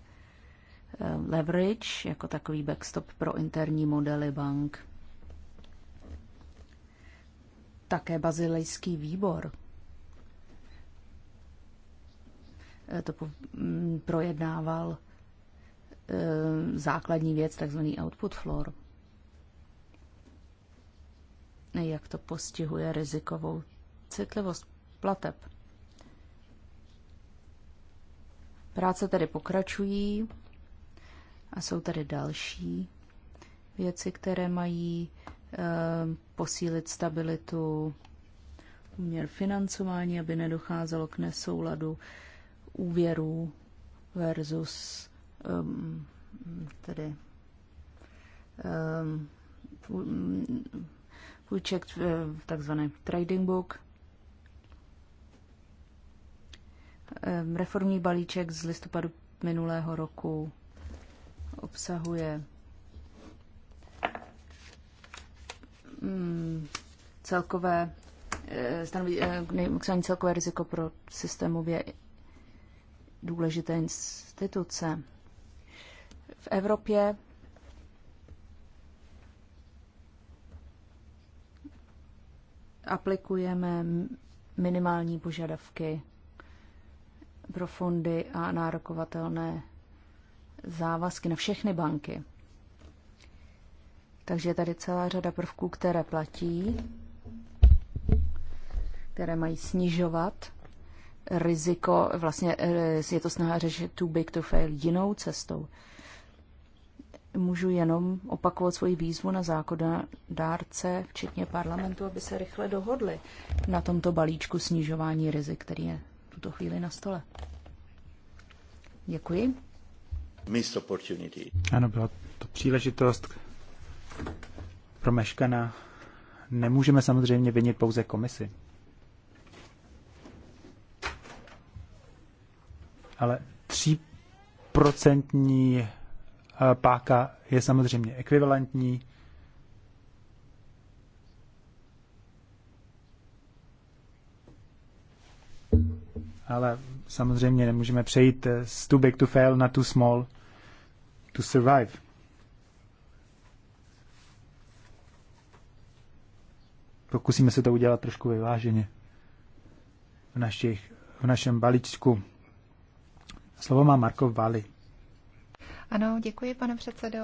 eh, leverage jako takový backstop pro interní modely bank. Také bazilejský výbor eh, to mm, projednával Eh, základní věc, takzvaný output floor. Jak to postihuje rizikovou citlivost plateb. Práce tedy pokračují a jsou tady další věci, které mají e, posílit stabilitu uměr financování, aby nedocházelo k nesouladu úvěrů versus um, tedy um, půjček eh, takzvaný trading book, ehm, Reformní balíček z listopadu minulého roku obsahuje celkové eh, stanoví eh, maximální celkové riziko pro systémově důležité instituce. Evropě aplikujeme minimální požadavky pro fondy a nárokovatelné závazky na všechny banky. Takže je tady celá řada prvků, které platí, které mají snižovat riziko, vlastně eh, je to snaha řešit too big to fail jinou cestou můžu jenom opakovat svoji výzvu na zákonodárce, včetně parlamentu, aby se rychle dohodli na tomto balíčku snižování rizik, který je v tuto chvíli na stole. Děkuji. Missed opportunity. Ano, byla to příležitost promeškaná. Nemůžeme samozřejmě vinit pouze komisi. Ale tříprocentní Eh, páka je samozřejmě ekvivalentní. Ale samozřejmě nemůžeme přejít eh, z too big to fail na too small to survive. Pokusíme se to udělat trošku vyváženě v, našich, v našem balíčku. Slovo má Marko Vali. Ano, děkuji, pane předsedo.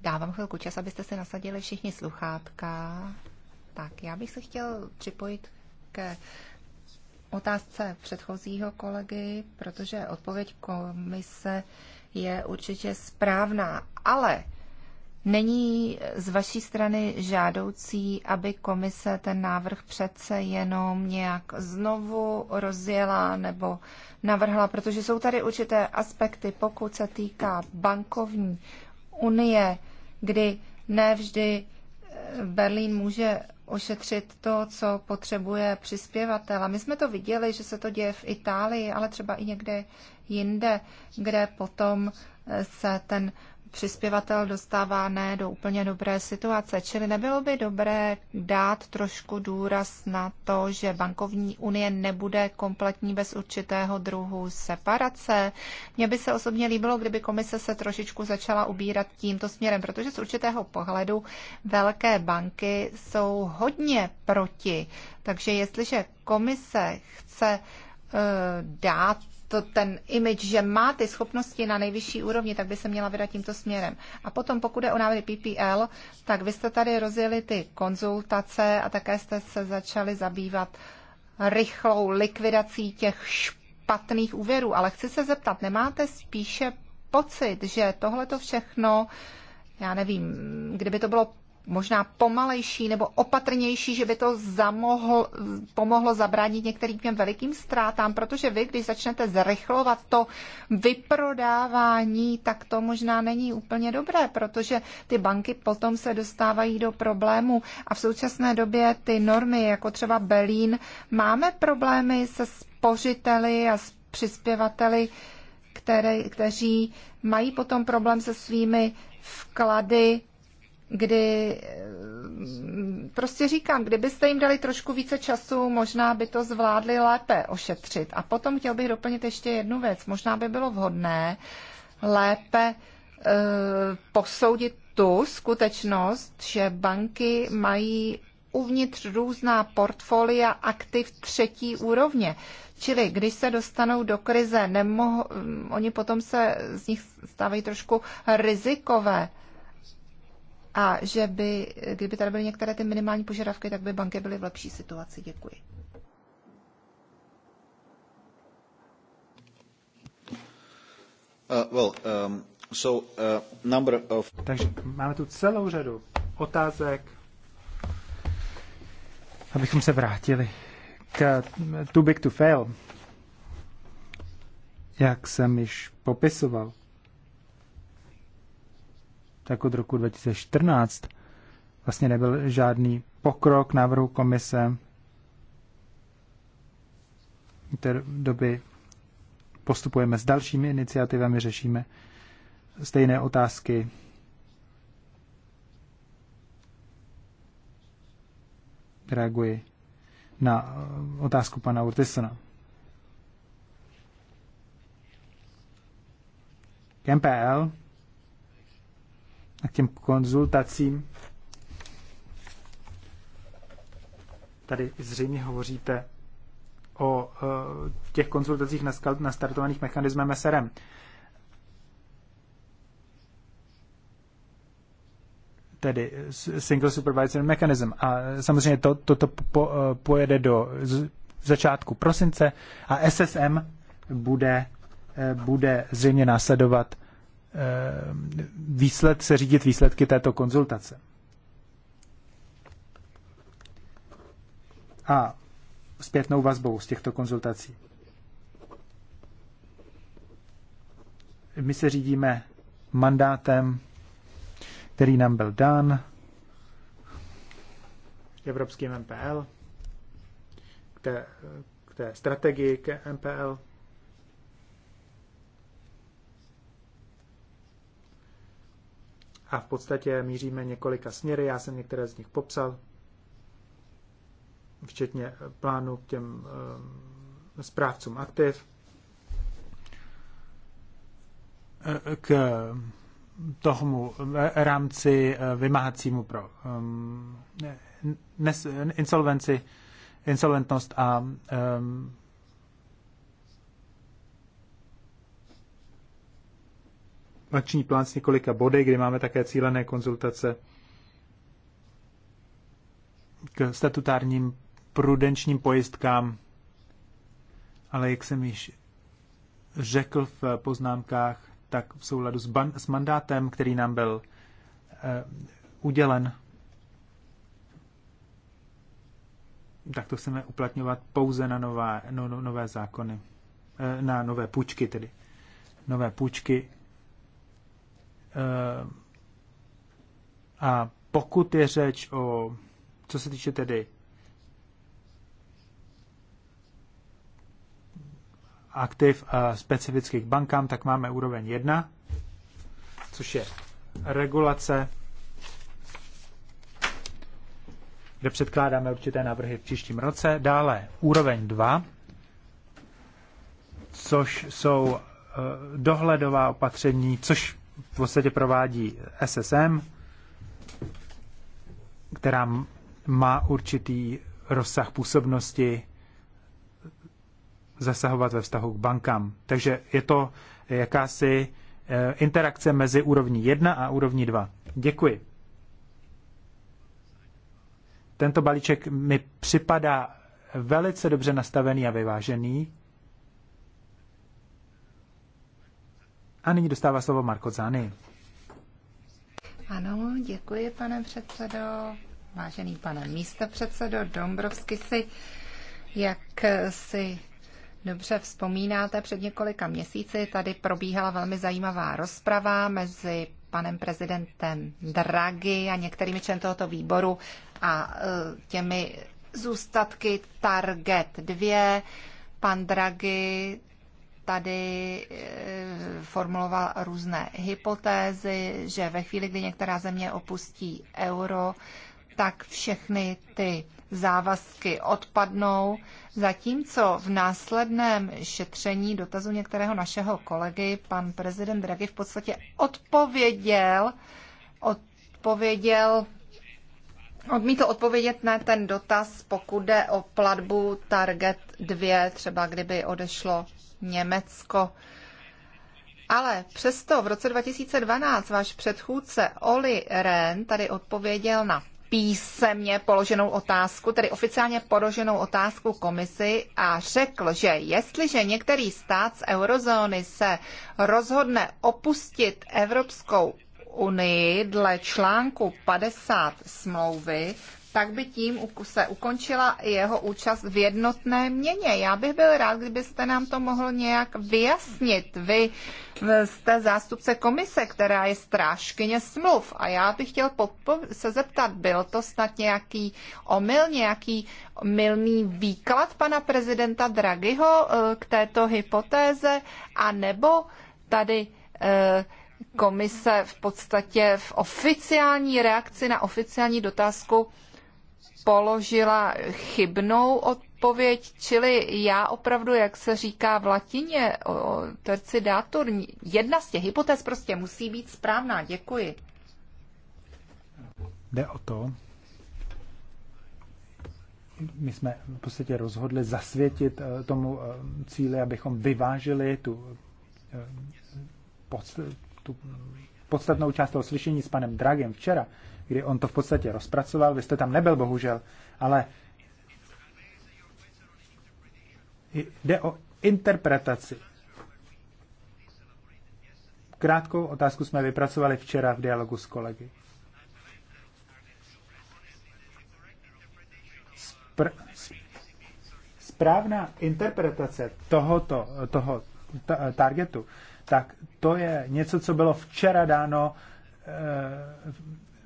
Dávám chvilku čas, abyste se nasadili všichni sluchátka. Tak, já bych se chtěl připojit ke otázce předchozího kolegy, protože odpověď komise je určitě správná, ale Není z vaší strany žádoucí, aby komise ten návrh přece jenom nějak znovu rozjela nebo navrhla, protože jsou tady určité aspekty, pokud se týká bankovní unie, kdy nevždy eh, Berlín může ošetřit to, co potřebuje přispěvatel. A my jsme to viděli, že se to děje v Itálii, ale třeba i někde jinde, kde potom eh, se ten přispěvatel dostává ne do úplně dobré situace. Čili nebylo by dobré dát trošku důraz na to, že bankovní unie nebude kompletní bez určitého druhu separace. Mně by se osobně líbilo, kdyby komise se trošičku začala ubírat tímto směrem, protože z určitého pohledu velké banky jsou hodně proti. Takže jestliže komise chce eh, dát to, ten image, že má ty schopnosti na nejvyšší úrovni, tak by se měla vydat tímto směrem. A potom, pokud je o návrhy PPL, tak vy jste tady rozjeli ty konzultace a také jste se začali zabývat rychlou likvidací těch špatných úvěrů. Ale chci se zeptat, nemáte spíše pocit, že tohle to všechno, já nevím, kdyby to bylo možná pomalejší nebo opatrnější, že by to zamohl, pomohlo zabránit některým těm velikým ztrátám, protože vy, když začnete zrychlovat to vyprodávání, tak to možná není úplně dobré, protože ty banky potom se dostávají do problému a v současné době ty normy, jako třeba Berlín, máme problémy se spořiteli a s přispěvateli, které, kteří mají potom problém se svými vklady kdy eh, prostě říkám, kdybyste jim dali trošku více času, možná by to zvládli lépe ošetřit. A potom chtěl bych doplnit ještě jednu věc. Možná by bylo vhodné lépe eh, posoudit tu skutečnost, že banky mají uvnitř různá portfolia aktiv třetí úrovně. Čili když se dostanou do krize, nemohou, mm, oni potom se z nich stávají trošku rizikové a že by, kdyby tady byly některé ty minimální požadavky, tak by banky byly v lepší situaci. Děkuji. Uh, well, um, so, uh, number of... Takže máme tu celou řadu otázek, abychom se vrátili k too big to fail, jak jsem již popisoval tak od roku 2014 vlastně nebyl žádný pokrok návrhu komise. V té doby postupujeme s dalšími iniciativami, řešíme stejné otázky. Reaguji na eh, otázku pana Urtisona. MPL k těm konzultacím. Tady zřejmě hovoříte o e, těch konzultacích nastartovaných mechanismem SRM. tedy Single Supervisor Mechanism. A samozřejmě to, toto po, e, pojede do začátku prosince a SSM bude, e, bude zřejmě následovat Eh, výsled, se řídit výsledky této konzultace. A zpětnou vazbou z těchto konzultací. My se řídíme mandátem, který nám byl dán evropským MPL, k té, k té strategii k MPL. a v podstatě míříme několika směry, já jsem některé z nich popsal, včetně eh, plánu k těm eh, správcům aktiv, eh, k tomu rámci vymáhacímu pro ehm, insolvenci, insolventnost a um, akční plán s několika body, kdy máme také cílené konzultace k statutárním prudenčním pojistkám, ale jak jsem již řekl v poznámkách, tak v souladu s, ban- s mandátem, který nám byl e, udělen, tak to chceme uplatňovat pouze na nová, no, no, nové zákony, e, na nové půjčky tedy. Nové půjčky Eh, a pokud je řeč o, co se týče tedy aktiv a specifických bankám, tak máme úroveň 1, což je regulace, kde předkládáme určité návrhy v příštím roce. Dále úroveň 2, což jsou eh, dohledová opatření, což v podstatě provádí SSM, která má určitý rozsah působnosti zasahovat ve vztahu k bankám. Takže je to jakási eh, interakce mezi úrovní 1 a úrovní 2. Děkuji. Tento balíček mi připadá velice dobře nastavený a vyvážený. A nyní dostává slovo Marko Zany. Ano, děkuji, pane předsedo. Vážený pane místopředsedo Dombrovsky si, jak si dobře vzpomínáte, před několika měsíci tady probíhala velmi zajímavá rozprava mezi panem prezidentem Draghi a některými členy tohoto výboru a e, těmi zůstatky Target 2. Pan Draghi tady eh, formuloval různé hypotézy, že ve chvíli, kdy některá země opustí euro, tak všechny ty závazky odpadnou, zatímco v následném šetření dotazu některého našeho kolegy pan prezident Draghi v podstatě odpověděl, odpověděl Odmítl odpovědět na ten dotaz, pokud jde o platbu Target 2, třeba kdyby odešlo Německo. Ale přesto v roce 2012 váš předchůdce Oli Ren tady odpověděl na písemně položenou otázku, tedy oficiálně položenou otázku komisi a řekl, že jestliže některý stát z eurozóny se rozhodne opustit Evropskou unii dle článku 50 smlouvy, tak by tím se ukončila i jeho účast v jednotné měně. Já bych byl rád, kdybyste nám to mohl nějak vyjasnit. Vy jste zástupce komise, která je strážkyně smluv a já bych chtěl se zeptat, byl to snad nějaký omyl, nějaký milný výklad pana prezidenta Draghiho eh, k této hypotéze a nebo tady eh, komise v podstatě v oficiální reakci na oficiální dotazku položila chybnou odpověď, čili já opravdu, jak se říká v latině, terci datur, jedna z těch hypotéz prostě musí být správná. Děkuji. Jde o to, my jsme v podstatě rozhodli zasvětit eh, tomu eh, cíli, abychom vyvážili tu, eh, podst, tu podstatnou část toho slyšení s panem Dragem včera, kdy on to v podstatě rozpracoval. Vy jste tam nebyl, bohužel, ale jde o interpretaci. Krátkou otázku jsme vypracovali včera v dialogu s kolegy. Spr- správná interpretace tohoto, toho targetu, tak to je něco, co bylo včera dáno eh,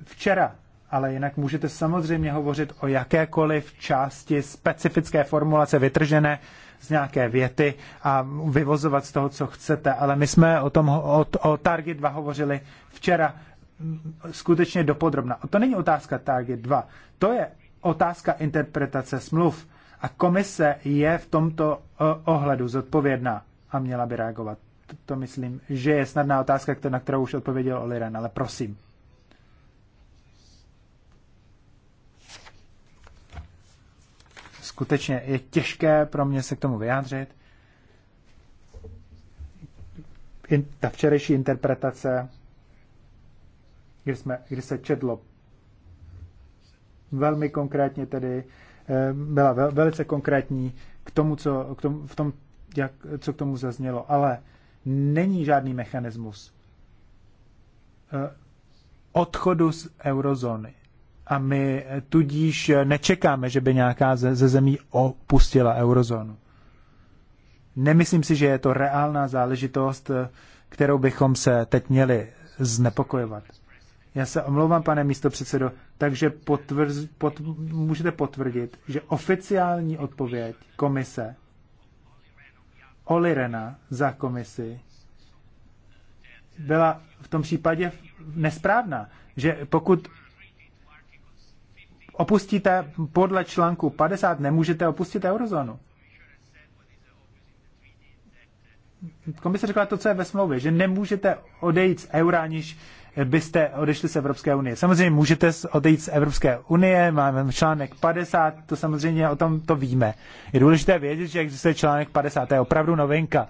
včera, ale jinak můžete samozřejmě hovořit o jakékoliv části specifické formulace vytržené z nějaké věty a vyvozovat z toho, co chcete. Ale my jsme o tom o, o Target 2 hovořili včera mm, skutečně dopodrobna. A to není otázka Target 2, to je otázka interpretace smluv. A komise je v tomto ohledu zodpovědná a měla by reagovat. To myslím, že je snadná otázka, na kterou už odpověděl Oliren, ale prosím. skutečně je těžké pro mě se k tomu vyjádřit. In, ta včerejší interpretace, kdy, jsme, kdy se četlo velmi konkrétně tedy, eh, byla vel, velice konkrétní k tomu, co k tomu, v tom, jak, co k tomu zaznělo, ale není žádný mechanismus eh, odchodu z eurozóny a my tudíž nečekáme, že by nějaká ze, ze zemí opustila eurozónu. Nemyslím si, že je to reálná záležitost, kterou bychom se teď měli znepokojovat. Já se omlouvám, pane místopředsedo, takže potvrz, pot, můžete potvrdit, že oficiální odpověď komise Olirena za komisi byla v tom případě nesprávná, že pokud opustíte podle článku 50, nemůžete opustit eurozónu. Komise řekla to, co je ve smlouvě, že nemůžete odejít z eura, aniž byste odešli z Evropské unie. Samozřejmě můžete odejít z Evropské unie, máme článek 50, to samozřejmě o tom to víme. Je důležité vědět, že existuje článek 50, to je opravdu novinka.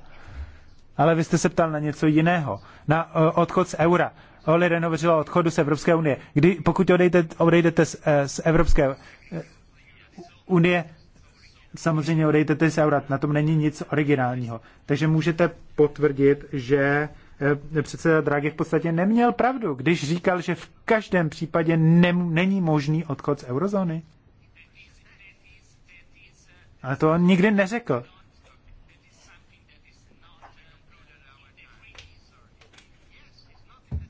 Ale vy jste se ptal na něco jiného, na odchod z eura. Oliden hovořila o odchodu z Evropské unie. Kdy, pokud odejdete, odejdete z, eh, z Evropské eh, unie, samozřejmě odejdete z Eurat. Na tom není nic originálního. Takže můžete potvrdit, že eh, předseda Draghi v podstatě neměl pravdu, když říkal, že v každém případě nem, není možný odchod z eurozóny. Ale to on nikdy neřekl.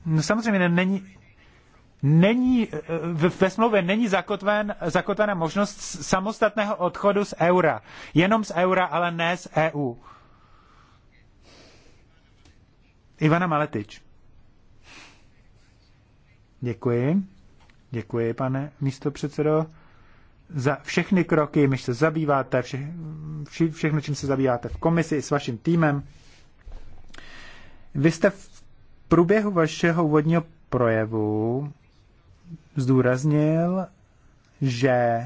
No samozřejmě není, není ve smlouvě není zakotven, zakotvena možnost samostatného odchodu z eura. Jenom z eura, ale ne z EU. Ivana Maletič. Děkuji. Děkuji, pane místo předsedo. za všechny kroky, myž se zabýváte, vše, vše, všechno, čím se zabýváte v komisi s vaším týmem. Vy jste v průběhu vašeho úvodního projevu zdůraznil, že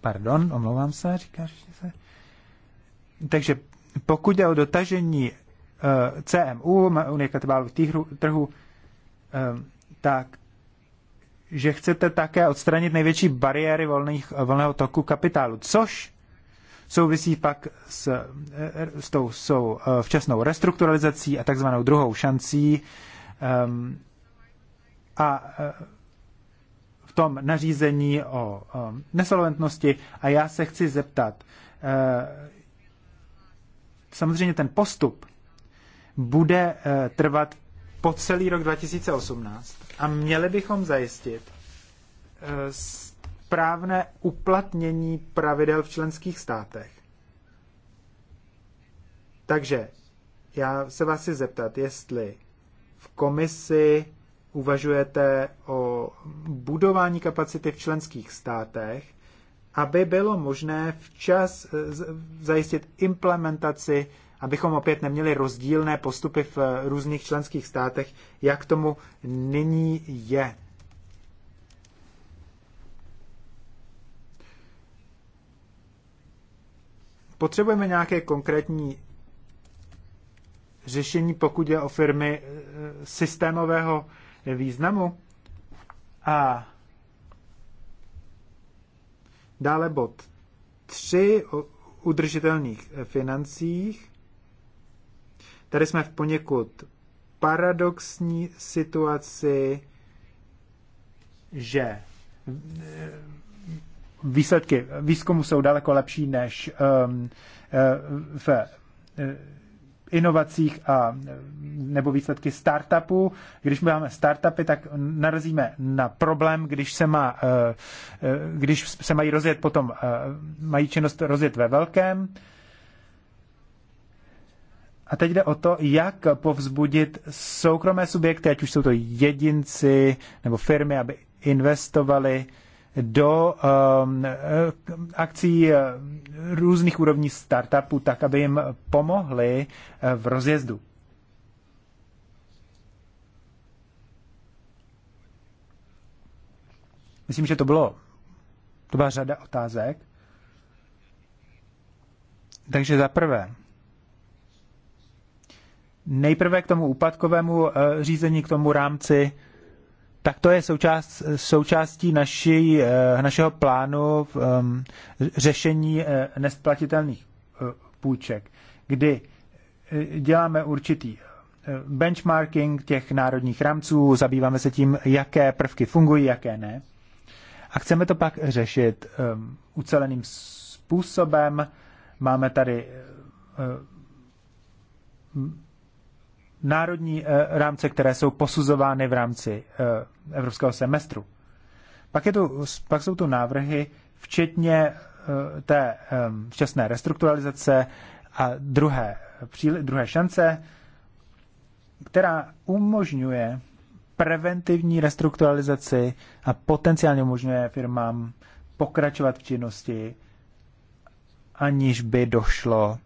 pardon, omlouvám se, říkáš se. Takže pokud jde o dotažení uh, eh, CMU, Unie katabálových trhů, uh, tak že chcete také odstranit největší bariéry volných, eh, volného toku kapitálu, což souvisí pak s, eh, s tou eh, včasnou restrukturalizací a takzvanou druhou šancí. Ehm, a eh, v tom nařízení o nesolventnosti. A já se chci zeptat, samozřejmě ten postup bude trvat po celý rok 2018 a měli bychom zajistit správné uplatnění pravidel v členských státech. Takže já se vás chci zeptat, jestli v komisi uvažujete o budování kapacity v členských státech, aby bylo možné včas eh, zajistit implementaci, abychom opět neměli rozdílné postupy v různých členských státech, jak tomu nyní je. Potřebujeme nějaké konkrétní řešení, pokud je o firmy eh, systémového významu. A dále bod 3 o udržitelných financích. Tady jsme v poněkud paradoxní situaci, že eh, výsledky výzkumu jsou daleko lepší než um, uh, v uh, inovacích a nebo výsledky startupů. Když máme startupy, tak narazíme na problém, když se, má, uh, když se mají rozjet potom, mají činnost rozjet ve velkém. A teď jde o to, jak povzbudit soukromé subjekty, ať už jsou to jedinci nebo firmy, aby investovali do um, eh, akcí eh, různých úrovní startupů, tak aby jim pomohli eh, v rozjezdu. Myslím, že to bylo, to byla řada otázek. Takže za prvé, nejprve k tomu úpadkovému řízení, k tomu rámci tak to je součást, součástí naší, eh, našeho plánu v, um, řešení eh, nesplatitelných eh, půjček, kdy děláme určitý benchmarking těch národních rámců, zabýváme se tím, jaké prvky fungují, jaké ne. A chceme to pak řešit um, uceleným způsobem. Máme tady um, národní eh, rámce, které jsou posuzovány v rámci eh, evropského semestru. Pak, je tu, pak jsou tu návrhy, včetně eh, té včasné restrukturalizace a druhé, druhé šance, která umožňuje preventivní restrukturalizaci a potenciálně umožňuje firmám pokračovat v činnosti, aniž by došlo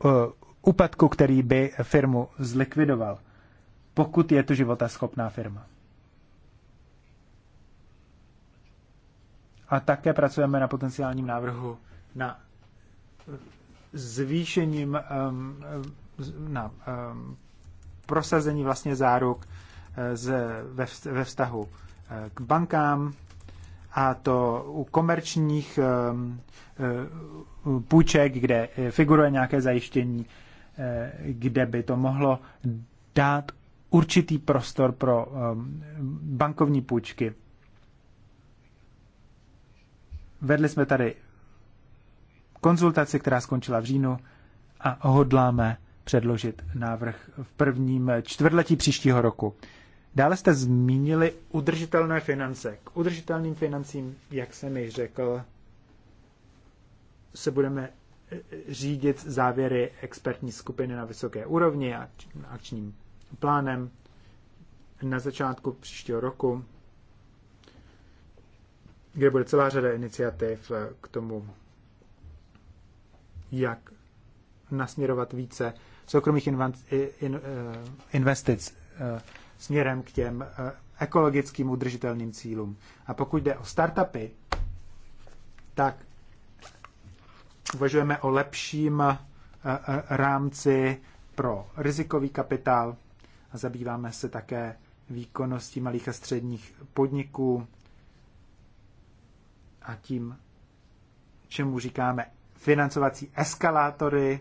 k úpadku, který by firmu zlikvidoval, pokud je to životaschopná firma. A také pracujeme na potenciálním návrhu na zvýšením na prosazení vlastně záruk eh, z, ve, ve vztahu eh, k bankám a to u komerčních eh, půjček, kde figuruje nějaké zajištění Eh, kde by to mohlo dát určitý prostor pro ehm, bankovní půjčky. Vedli jsme tady konzultaci, která skončila v říjnu a hodláme předložit návrh v prvním čtvrtletí příštího roku. Dále jste zmínili udržitelné finance. K udržitelným financím, jak jsem již řekl, se budeme řídit závěry expertní skupiny na vysoké úrovni a akčním plánem na začátku příštího roku, kde bude celá řada iniciativ k tomu, jak nasměrovat více soukromých eh, investic eh, směrem k těm eh, ekologickým udržitelným cílům. A pokud jde o startupy, tak uvažujeme o lepším eh, eh, rámci pro rizikový kapitál a zabýváme se také výkonností malých a středních podniků a tím, čemu říkáme financovací eskalátory,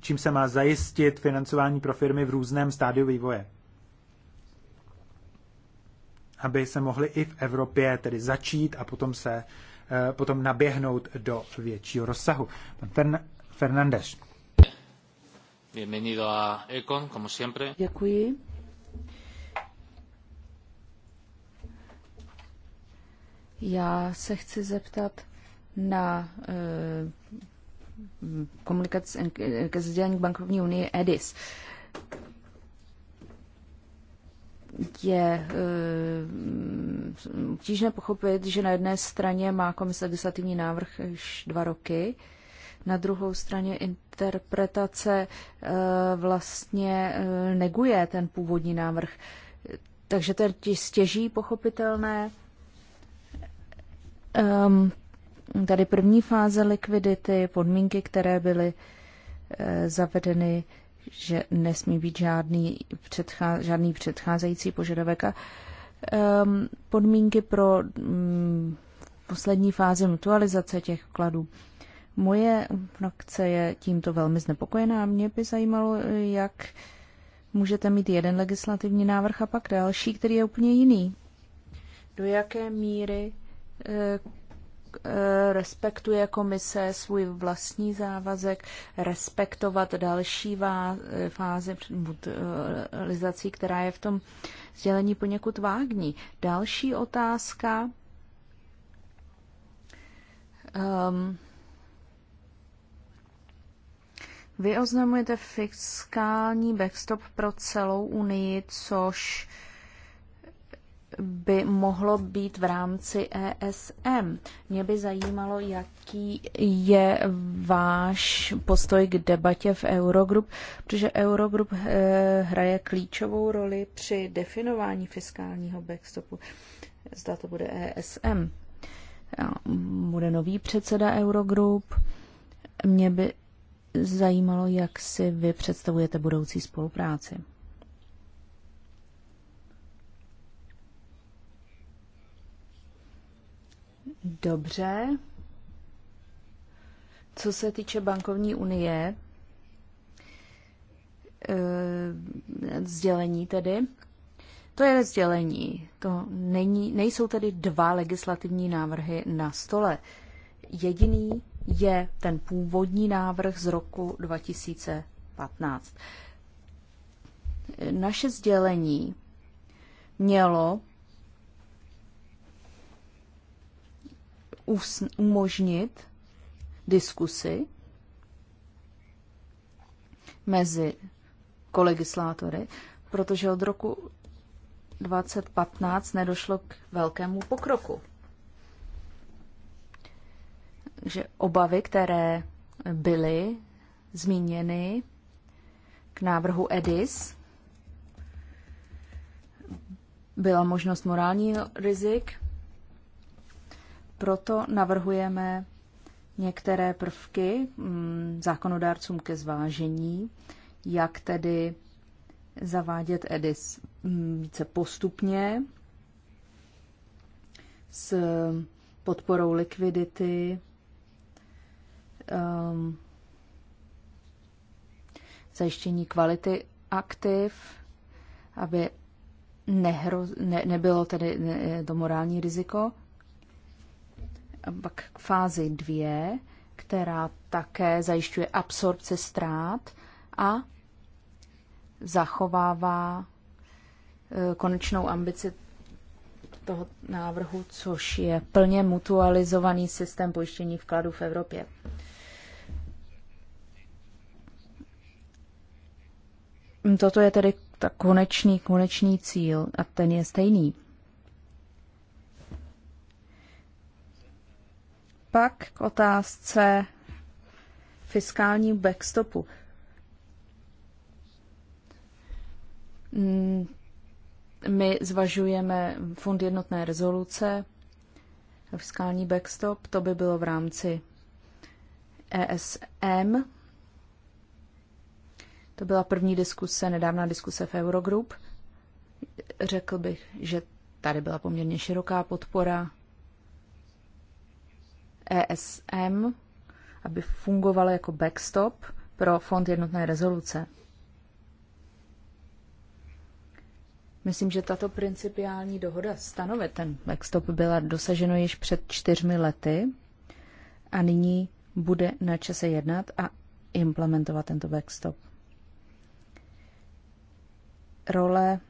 čím se má zajistit financování pro firmy v různém stádiu vývoje aby se mohli i v Evropě tedy začít a potom se eh, potom naběhnout do většího rozsahu. Pan Fernandez. Bienvenido a Econ, como siempre. Děkuji. Já se chci zeptat na eh, komunikaci eh, ke sdělení bankovní unie EDIS je eh, obtížné pochopit, že na jedné straně má komise legislativní návrh už dva roky, na druhou straně interpretace eh, vlastně eh, neguje ten původní návrh. Takže to je stěží pochopitelné. Ehm, tady první fáze likvidity, podmínky, které byly zavedeny, že nesmí být žádný, předchá, žádný předcházející požadavek a um, podmínky pro um, poslední fázi mutualizace těch vkladů. Moje frakce je tímto velmi znepokojená mě by zajímalo, jak můžete mít jeden legislativní návrh a pak další, který je úplně jiný. Do jaké míry eh, Eh, respektuje komise svůj vlastní závazek respektovat další eh, fáze eh, realizací, která je v tom sdělení poněkud vágní. Další otázka. Um, vy oznamujete fiskální backstop pro celou Unii, což uh, by mohlo být v rámci ESM. Mě by zajímalo, jaký je váš postoj k debatě v Eurogroup, protože Eurogroup eh, hraje klíčovou roli při definování fiskálního backstopu. Zda to bude ESM. Bude nový předseda Eurogroup. Mě by zajímalo, jak si vy představujete budoucí spolupráci. Dobře. Co se týče bankovní unie, e, sdělení tedy, to je sdělení. To není, nejsou tedy dva legislativní návrhy na stole. Jediný je ten původní návrh z roku 2015. Naše sdělení mělo umožnit diskusy mezi kolegislátory, protože od roku 2015 nedošlo k velkému pokroku. že obavy, které byly zmíněny k návrhu EDIS, byla možnost morální rizik, proto navrhujeme některé prvky mm, zákonodárcům ke zvážení, jak tedy zavádět EDIS mm, více postupně s podporou likvidity, um, zajištění kvality aktiv, aby nehroz, ne, nebylo tedy to morální riziko pak k fázi dvě, která také zajišťuje absorpci ztrát a zachovává e, konečnou ambici toho návrhu, což je plně mutualizovaný systém pojištění vkladů v Evropě. Toto je tedy ta konečný, konečný cíl a ten je stejný. Pak k otázce fiskální backstopu. Hmm, my zvažujeme fond jednotné rezoluce, fiskální backstop, to by bylo v rámci ESM. To byla první diskuse, nedávná diskuse v Eurogroup. Řekl bych, že tady byla poměrně široká podpora ESM, aby fungovalo jako backstop pro Fond jednotné rezoluce. Myslím, že tato principiální dohoda stanovit ten backstop byla dosaženo již před čtyřmi lety a nyní bude na čase jednat a implementovat tento backstop. Role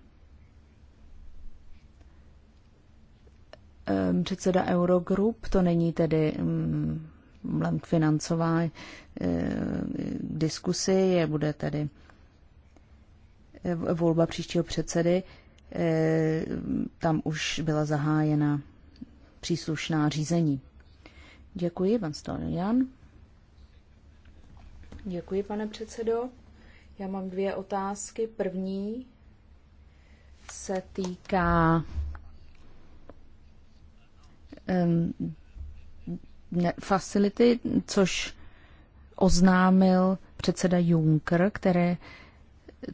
předseda Eurogroup, to není tedy um, k financová e, diskusy, je bude tedy e, volba příštího předsedy. E, tam už byla zahájena příslušná řízení. Děkuji, pan Jan. Děkuji, pane předsedo. Já mám dvě otázky. První se týká facility, což oznámil předseda Juncker, které,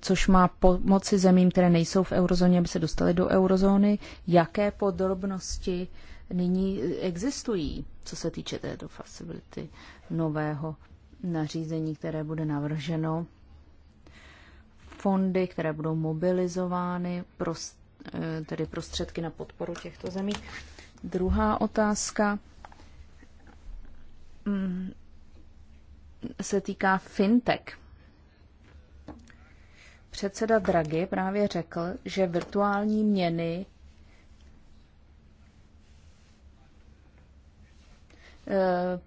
což má pomoci zemím, které nejsou v eurozóně, aby se dostaly do eurozóny. Jaké podrobnosti nyní existují, co se týče této facility nového nařízení, které bude navrženo? Fondy, které budou mobilizovány, prost, eh, tedy prostředky na podporu těchto zemí. Druhá otázka mm, se týká fintech. Předseda Draghi právě řekl, že virtuální měny eh,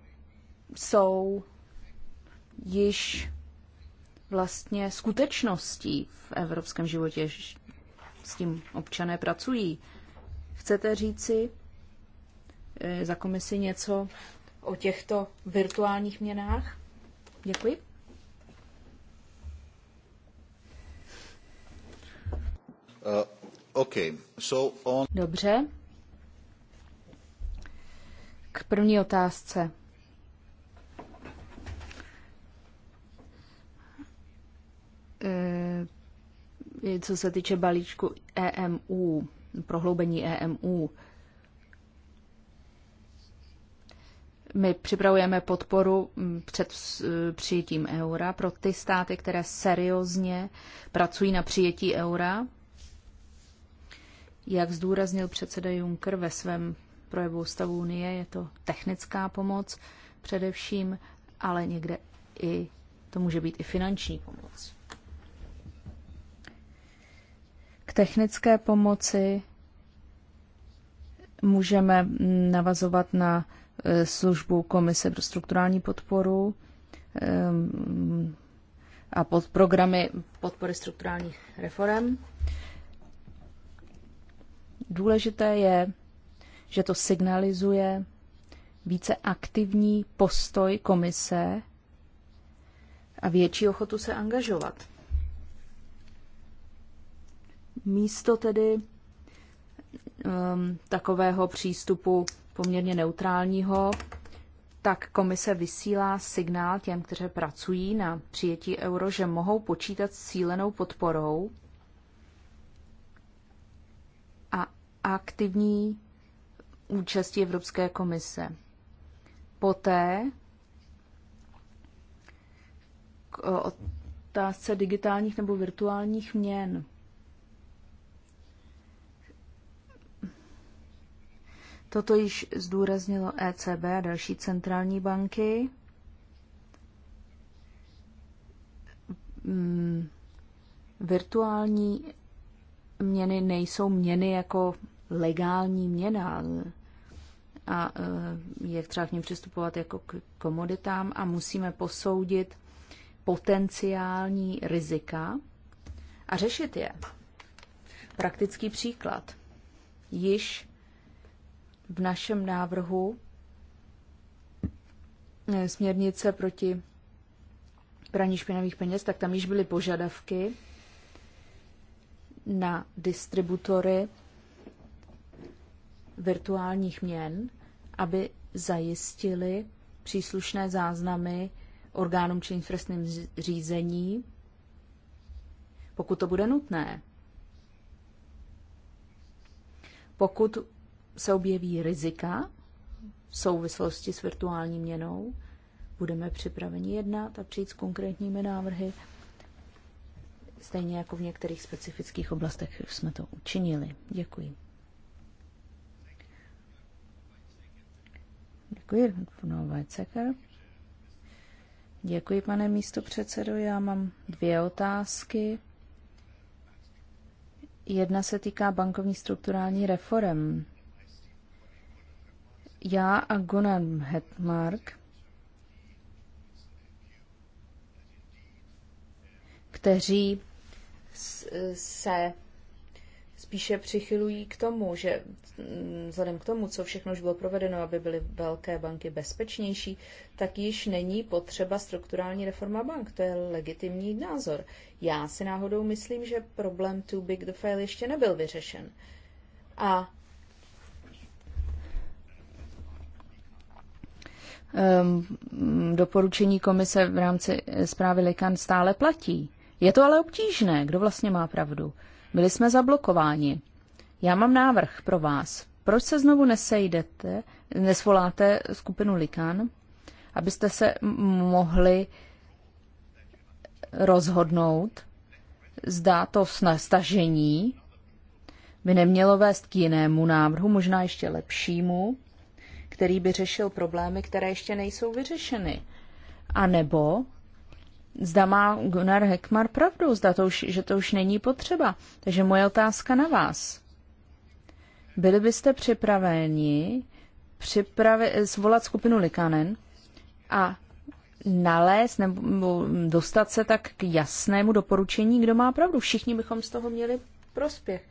jsou již vlastně skutečností v evropském životě. S tím občané pracují. Chcete říci, E, za komisi něco o těchto virtuálních měnách. Děkuji. Uh, okay. so on... Dobře. K první otázce. E, co se týče balíčku EMU, prohloubení EMU, My připravujeme podporu mm, před e, přijetím eura pro ty státy, které seriózně pracují na přijetí eura. Jak zdůraznil předseda Juncker ve svém projevu stavu Unie, je to technická pomoc především, ale někde i to může být i finanční pomoc. K technické pomoci můžeme mm, navazovat na Eh, službu Komise pro strukturální podporu eh, a pod programy podpory strukturálních reform. Důležité je, že to signalizuje více aktivní postoj komise a větší ochotu se angažovat. Místo tedy um, takového přístupu poměrně neutrálního, tak komise vysílá signál těm, kteří pracují na přijetí euro, že mohou počítat s cílenou podporou a aktivní účastí Evropské komise. Poté k otázce digitálních nebo virtuálních měn. Toto již zdůraznilo ECB a další centrální banky. Mm, virtuální měny nejsou měny jako legální měna a e, je třeba k ním přistupovat jako k komoditám a musíme posoudit potenciální rizika a řešit je. Praktický příklad. Již v našem návrhu eh, směrnice proti praní špinavých peněz, tak tam již byly požadavky na distributory virtuálních měn, aby zajistili příslušné záznamy orgánům či trestním řízení, pokud to bude nutné. Pokud se objeví rizika v souvislosti s virtuální měnou, budeme připraveni jednat a přijít s konkrétními návrhy. Stejně jako v některých specifických oblastech jsme to učinili. Děkuji. Děkuji, Děkuji, pane místo předsedo. Já mám dvě otázky. Jedna se týká bankovní strukturální reform já a Gunnar Hetmark, kteří se spíše přichylují k tomu, že mm, vzhledem k tomu, co všechno už bylo provedeno, aby byly velké banky bezpečnější, tak již není potřeba strukturální reforma bank. To je legitimní názor. Já si náhodou myslím, že problém too big to fail ještě nebyl vyřešen. A Ehm, mm, doporučení komise v rámci eh, zprávy Likan stále platí. Je to ale obtížné, kdo vlastně má pravdu. Byli jsme zablokováni. Já mám návrh pro vás. Proč se znovu nesejdete, nesvoláte skupinu Likan, abyste se mohli rozhodnout, zda to stažení by nemělo vést k jinému návrhu, možná ještě lepšímu, který by řešil problémy, které ještě nejsou vyřešeny. A nebo zda má Gunnar Hekmar pravdu, zda to už, že to už není potřeba. Takže moje otázka na vás. Byli byste připraveni připravi, zvolat skupinu Likanen a nalézt nebo dostat se tak k jasnému doporučení, kdo má pravdu. Všichni bychom z toho měli prospěch.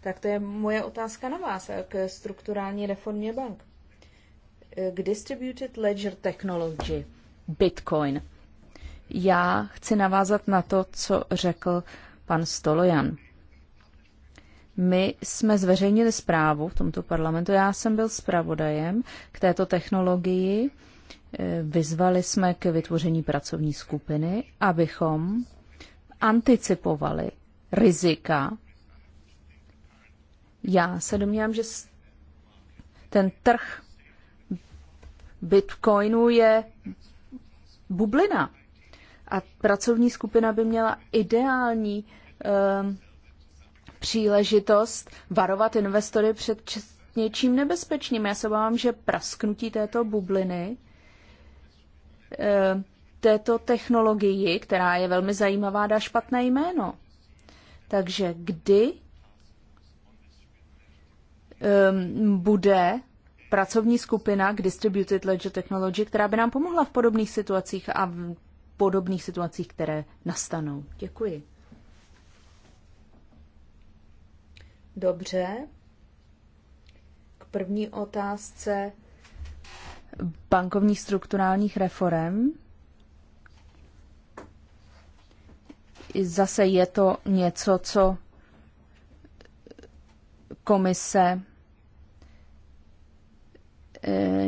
Tak to je moje otázka na vás k strukturální reformě bank. Eh, k Distributed Ledger Technology, Bitcoin. Já chci navázat na to, co řekl pan Stolojan. My jsme zveřejnili zprávu v tomto parlamentu. Já jsem byl zpravodajem k této technologii. Eh, Vyzvali jsme k vytvoření pracovní skupiny, abychom anticipovali rizika. Já se domnívám, že ten trh Bitcoinu je bublina. A pracovní skupina by měla ideální um, příležitost varovat investory před něčím nebezpečným. Já se obávám, že prasknutí této bubliny, ehm, této technologii, která je velmi zajímavá, dá špatné jméno. Takže kdy um, bude pracovní skupina k Distributed Ledger Technology, která by nám pomohla v podobných situacích a v podobných situacích, které nastanou. Děkuji. Dobře. K první otázce bankovních strukturálních reform. Zase je to něco, co komise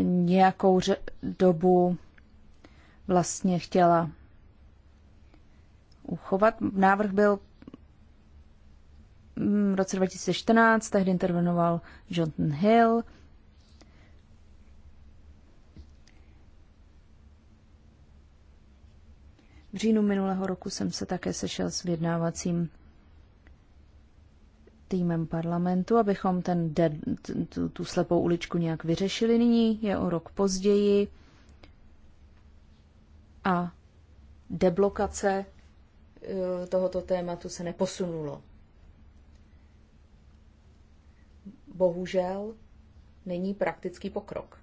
nějakou dobu vlastně chtěla uchovat. Návrh byl mm, v roce 2014, tehdy intervenoval Jonathan Hill. V říjnu minulého roku jsem se také sešel s vyjednávacím týmem parlamentu, abychom ten de, tu, tu slepou uličku nějak vyřešili. Nyní je o rok později a deblokace e, tohoto tématu se neposunulo. Bohužel není praktický pokrok.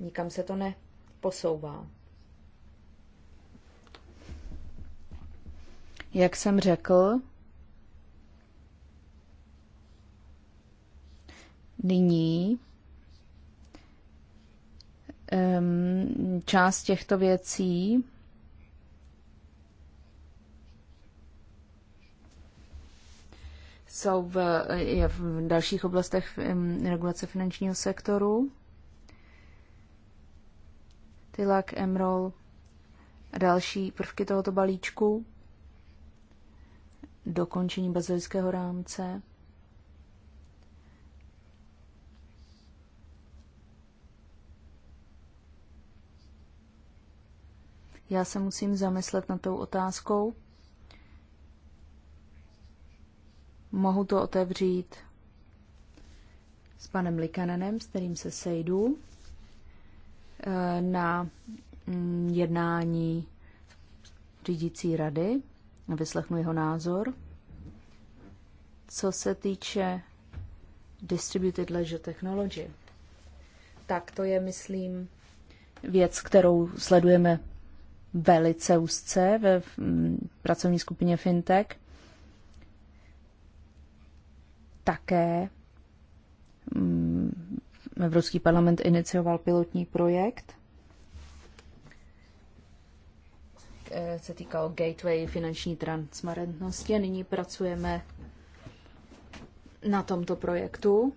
Nikam se to neposouvá. Jak jsem řekl, nyní um, část těchto věcí jsou v, je v dalších oblastech regulace finančního sektoru. Tylak, Emerald, a další prvky tohoto balíčku dokončení bazilického rámce. Já se musím zamyslet na tou otázkou. Mohu to otevřít s panem Likanenem, s kterým se sejdu eh, na mm, jednání řídící rady vyslechnu jeho názor. Co se týče Distributed Ledger Technology, tak to je, myslím, věc, kterou sledujeme velice úzce ve pracovní skupině FinTech. Také Evropský parlament inicioval pilotní projekt – Eh, se o gateway finanční transparentnosti a nyní pracujeme na tomto projektu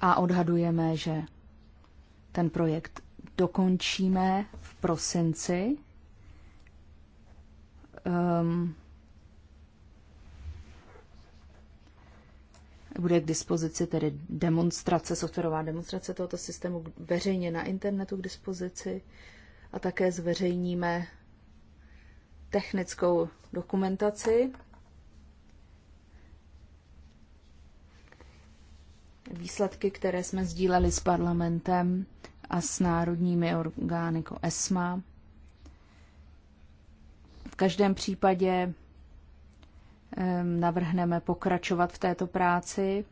a odhadujeme, že ten projekt dokončíme v prosinci. Um, bude k dispozici tedy demonstrace, softwarová demonstrace tohoto systému veřejně na internetu k dispozici. Uh, a také zveřejníme technickou dokumentaci. Výsledky, které jsme sdíleli s parlamentem a s národními orgány jako ESMA. V každém případě ehm, navrhneme pokračovat v této práci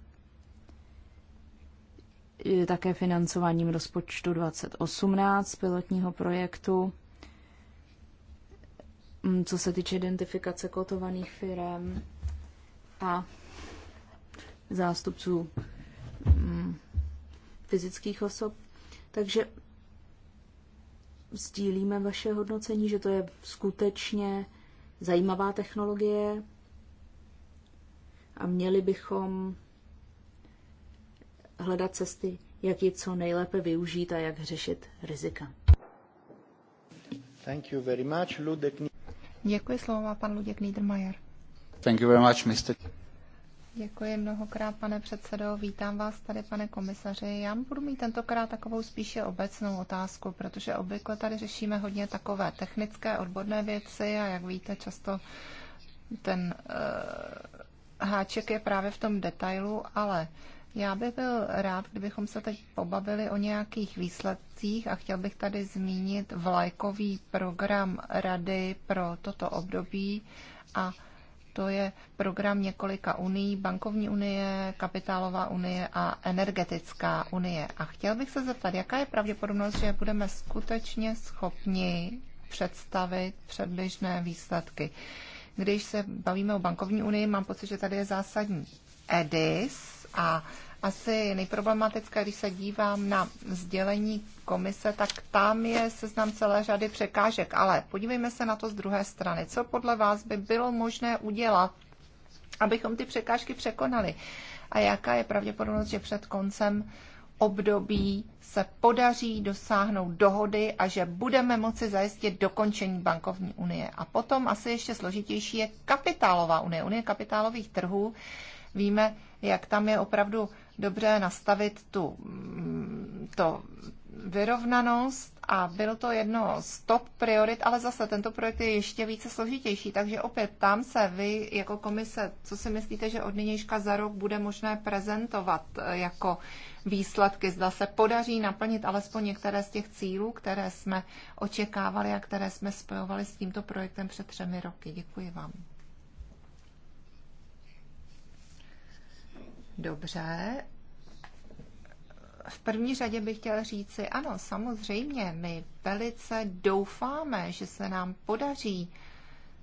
také financováním rozpočtu 2018 pilotního projektu. Mm, co se týče identifikace kotovaných firm a zástupců mm, fyzických osob. Takže sdílíme vaše hodnocení, že to je skutečně zajímavá technologie a měli bychom hledat cesty, jak ji co nejlépe využít a jak řešit rizika. Thank you very much, Ludek. Děkuji, slovo má pan Luděk Niedermayer. Thank you very much, Mr. Děkuji mnohokrát, pane předsedo. Vítám vás tady, pane komisaři. Já budu mít tentokrát takovou spíše obecnou otázku, protože obvykle tady řešíme hodně takové technické, odborné věci a jak víte, často ten uh, háček je právě v tom detailu, ale uh, já bych byl rád, kdybychom se teď pobavili o nějakých výsledcích a chtěl bych tady zmínit vlajkový program Rady pro toto období a to je program několika uní, bankovní unie, kapitálová unie a energetická unie. A chtěl bych se zeptat, jaká je pravděpodobnost, že budeme skutečně schopni představit předběžné výsledky. Když se bavíme o bankovní unii, mám pocit, že tady je zásadní EDIS a asi nejproblematické, když se dívám na sdělení komise, tak tam je seznam celé řady překážek. Ale podívejme se na to z druhé strany. Co podle vás by bylo možné udělat, abychom ty překážky překonali? A jaká je pravděpodobnost, že před koncem období se podaří dosáhnout dohody a že budeme moci zajistit dokončení bankovní unie. A potom asi ještě složitější je kapitálová unie, unie kapitálových trhů. Víme, jak tam je opravdu dobře nastavit tu mm, to vyrovnanost a bylo to jedno z top priorit, ale zase tento projekt je ještě více složitější, takže opět tam se vy jako komise, co si myslíte, že od nynějška za rok bude možné prezentovat eh, jako výsledky, zda se podaří naplnit alespoň některé z těch cílů, které jsme očekávali a které jsme spojovali s tímto projektem před třemi roky. Děkuji vám. Dobře. V první řadě bych chtěla říci, ano, samozřejmě, my velice doufáme, že se nám podaří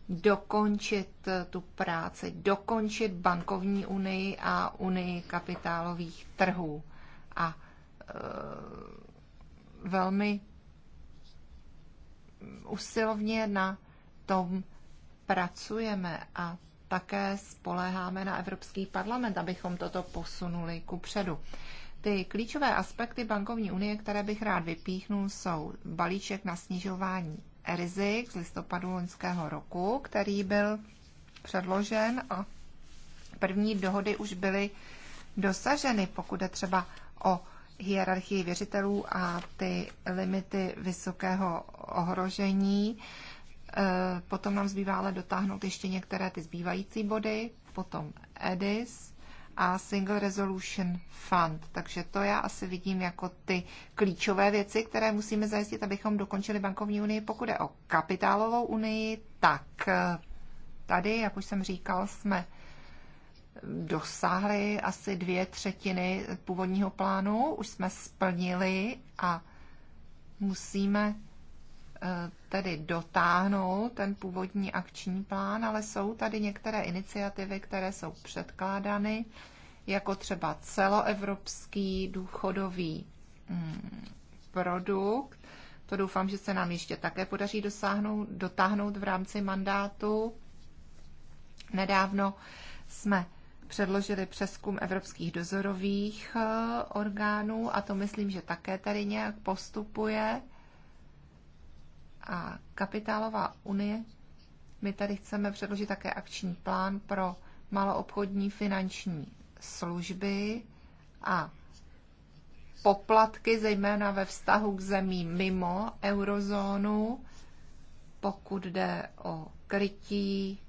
dokončit tu práci, dokončit bankovní unii a unii kapitálových trhů. A e, velmi usilovně na tom pracujeme a také spoléháme na Evropský parlament, abychom toto posunuli ku předu. Ty klíčové aspekty bankovní unie, které bych rád vypíchnul, jsou balíček na snižování rizik z listopadu loňského roku, který byl předložen a první dohody už byly dosaženy, pokud je třeba o hierarchii věřitelů a ty limity vysokého ohrožení. Eh, potom nám zbývá ale dotáhnout ještě některé ty zbývající body, potom EDIS a Single Resolution Fund. Takže to já asi vidím jako ty klíčové věci, které musíme zajistit, abychom dokončili bankovní unii. Pokud je o kapitálovou unii, tak eh, tady, jak už jsem říkal, jsme dosáhli asi dvě třetiny původního plánu, už jsme splnili a musíme Eh, tedy dotáhnout ten původní akční plán, ale jsou tady některé iniciativy, které jsou předkládány, jako třeba celoevropský důchodový mm, produkt. To doufám, že se nám ještě také podaří dosáhnout, dotáhnout v rámci mandátu. Nedávno jsme předložili přeskum evropských dozorových eh, orgánů a to myslím, že také tady nějak postupuje a kapitálová unie. My tady chceme předložit také akční plán pro maloobchodní finanční služby a poplatky, zejména ve vztahu k zemí mimo eurozónu, pokud jde o krytí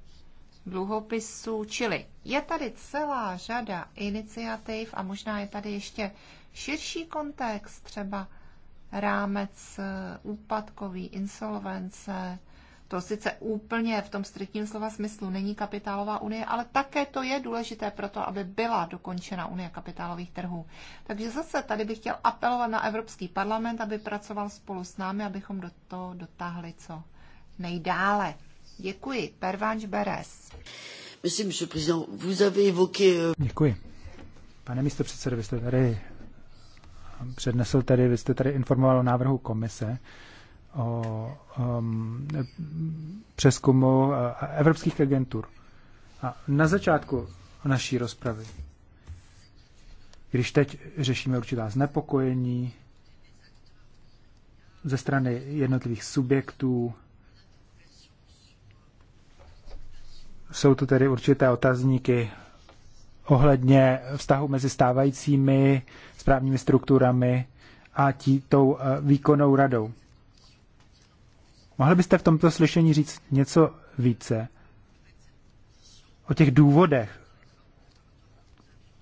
dluhopisů, čili je tady celá řada iniciativ a možná je tady ještě širší kontext, třeba rámec eh, úpadkový, insolvence, to sice úplně v tom striktním slova smyslu není kapitálová unie, ale také to je důležité pro to, aby byla dokončena unie kapitálových trhů. Takže zase tady bych chtěl apelovat na Evropský parlament, aby pracoval spolu s námi, abychom do toho dotáhli co nejdále. Děkuji. Pervanč Beres. Myslím, že euh, Děkuji. Pane místo předsedo, vy jste tady přednesl tady, vy jste tady informoval o návrhu komise, o um, přeskumu uh, evropských agentur. A na začátku naší rozpravy, když teď řešíme určitá znepokojení ze strany jednotlivých subjektů, jsou tu tedy určité otazníky ohledně vztahu mezi stávajícími správními strukturami a tí, tou eh, výkonnou radou. Mohli byste v tomto slyšení říct něco více o těch důvodech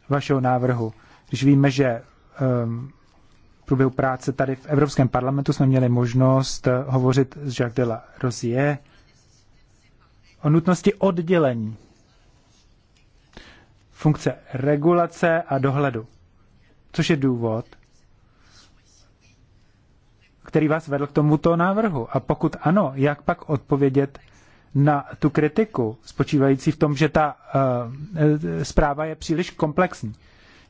vašeho návrhu, když víme, že um, v průběhu práce tady v Evropském parlamentu jsme měli možnost eh, hovořit s Jacques de la Rosie o nutnosti oddělení funkce regulace a dohledu což je důvod, který vás vedl k tomuto návrhu. A pokud ano, jak pak odpovědět na tu kritiku, spočívající v tom, že ta uh, zpráva je příliš komplexní,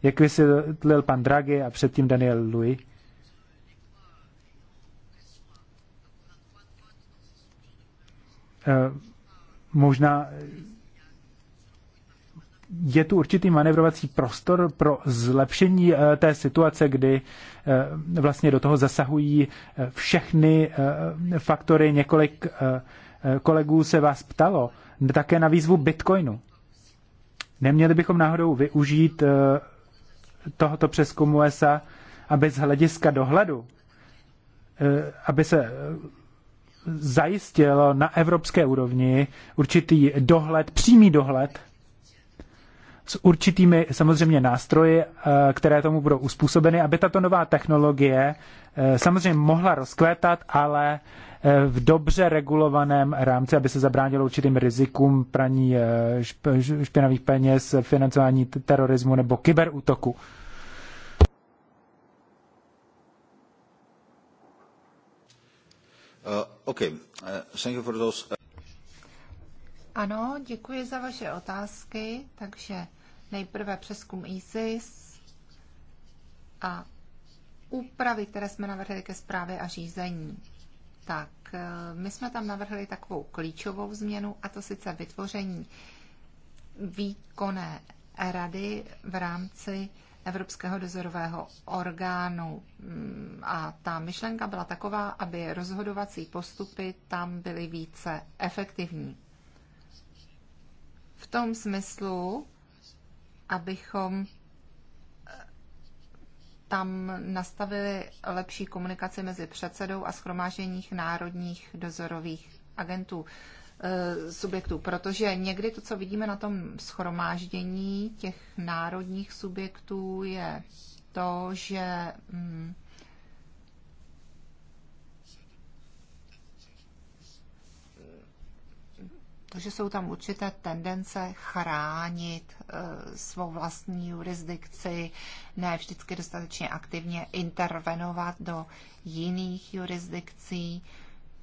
jak vysvětlil pan Draghi a předtím Daniel Louis. Uh, možná je tu určitý manevrovací prostor pro zlepšení eh, té situace, kdy eh, vlastně do toho zasahují eh, všechny faktory. Několik kolegů se vás ptalo také na výzvu Bitcoinu. Neměli bychom náhodou využít tohoto přeskumu ESA, aby z hlediska dohledu, aby se zajistilo na evropské úrovni určitý dohled, přímý dohled s určitými samozřejmě nástroji, eh, které tomu budou uspůsobeny, aby tato nová technologie eh, samozřejmě mohla rozkvétat, ale eh, v dobře regulovaném rámci, aby se zabránilo určitým rizikům praní špinavých peněz, financování terorismu nebo kyberútoku. Uh, okay. uh, thank you for those. Uh, ano, děkuji za vaše otázky. Takže nejprve přeskum ISIS a úpravy, které jsme navrhli ke zprávě a řízení. Tak, eh, my jsme tam navrhli takovou klíčovou změnu, a to sice vytvoření výkonné rady v rámci Evropského dozorového orgánu. Mm, a ta myšlenka byla taková, aby rozhodovací postupy tam byly více efektivní tom smyslu, abychom eh, tam nastavili lepší komunikaci mezi předsedou a schromážděních národních dozorových agentů eh, subjektů, protože někdy to, co vidíme na tom schromáždění těch národních subjektů, je to, že mm, že jsou tam určité tendence chránit eh, svou vlastní jurisdikci, ne vždycky dostatečně aktivně intervenovat do jiných jurisdikcí,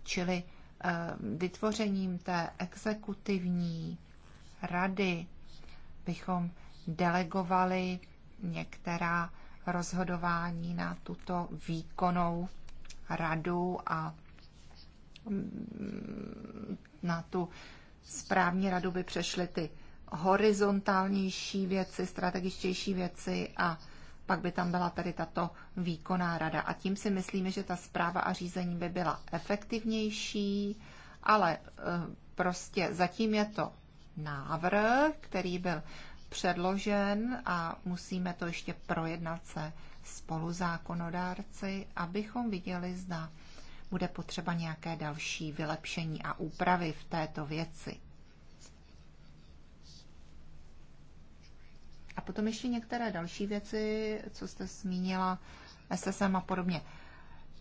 čili eh, vytvořením té exekutivní rady bychom delegovali některá rozhodování na tuto výkonnou radu a mm, na tu správní radu by přešly ty horizontálnější věci, strategičtější věci a pak by tam byla tady tato výkonná rada. A tím si myslíme, že ta zpráva a řízení by byla efektivnější, ale eh, prostě zatím je to návrh, který byl předložen a musíme to ještě projednat se spoluzákonodárci, abychom viděli, zda bude potřeba nějaké další vylepšení a úpravy v této věci. A potom ještě některé další věci, co jste zmínila, SSM a podobně.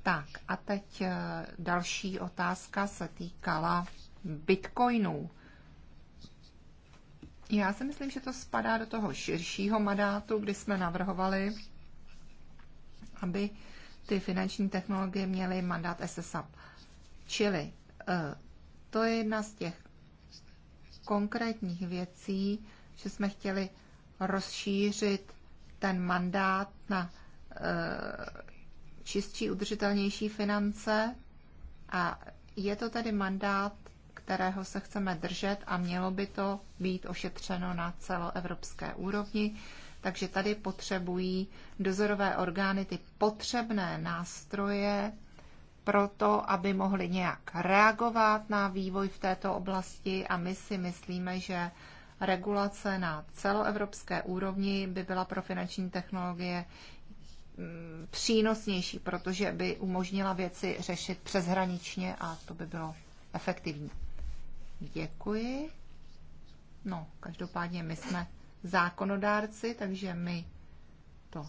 Tak a teď eh, další otázka se týkala bitcoinů. Já si myslím, že to spadá do toho širšího mandátu, kdy jsme navrhovali, aby ty finanční technologie měly mandát SSAP. Čili eh, to je jedna z těch konkrétních věcí, že jsme chtěli rozšířit ten mandát na eh, čistší, udržitelnější finance a je to tedy mandát, kterého se chceme držet a mělo by to být ošetřeno na celoevropské úrovni takže tady potřebují dozorové orgány ty potřebné nástroje pro to, aby mohly nějak reagovat na vývoj v této oblasti a my si myslíme, že regulace na celoevropské úrovni by byla pro finanční technologie mm, přínosnější, protože by umožnila věci řešit přeshraničně a to by bylo efektivní. Děkuji. No, každopádně my jsme zákonodárci, takže my to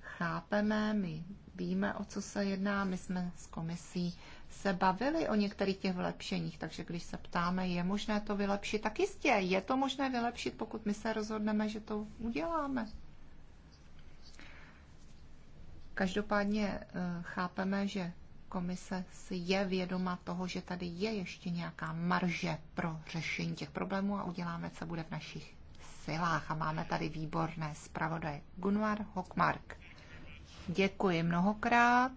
chápeme, my víme, o co se jedná, my jsme s komisí se bavili o některých těch vylepšeních, takže když se ptáme, je možné to vylepšit, tak jistě, je to možné vylepšit, pokud my se rozhodneme, že to uděláme. Každopádně eh, chápeme, že komise si je vědoma toho, že tady je ještě nějaká marže pro řešení těch problémů a uděláme, co bude v našich silách a máme tady výborné zpravodaje. Gunnar Hockmark. Děkuji mnohokrát.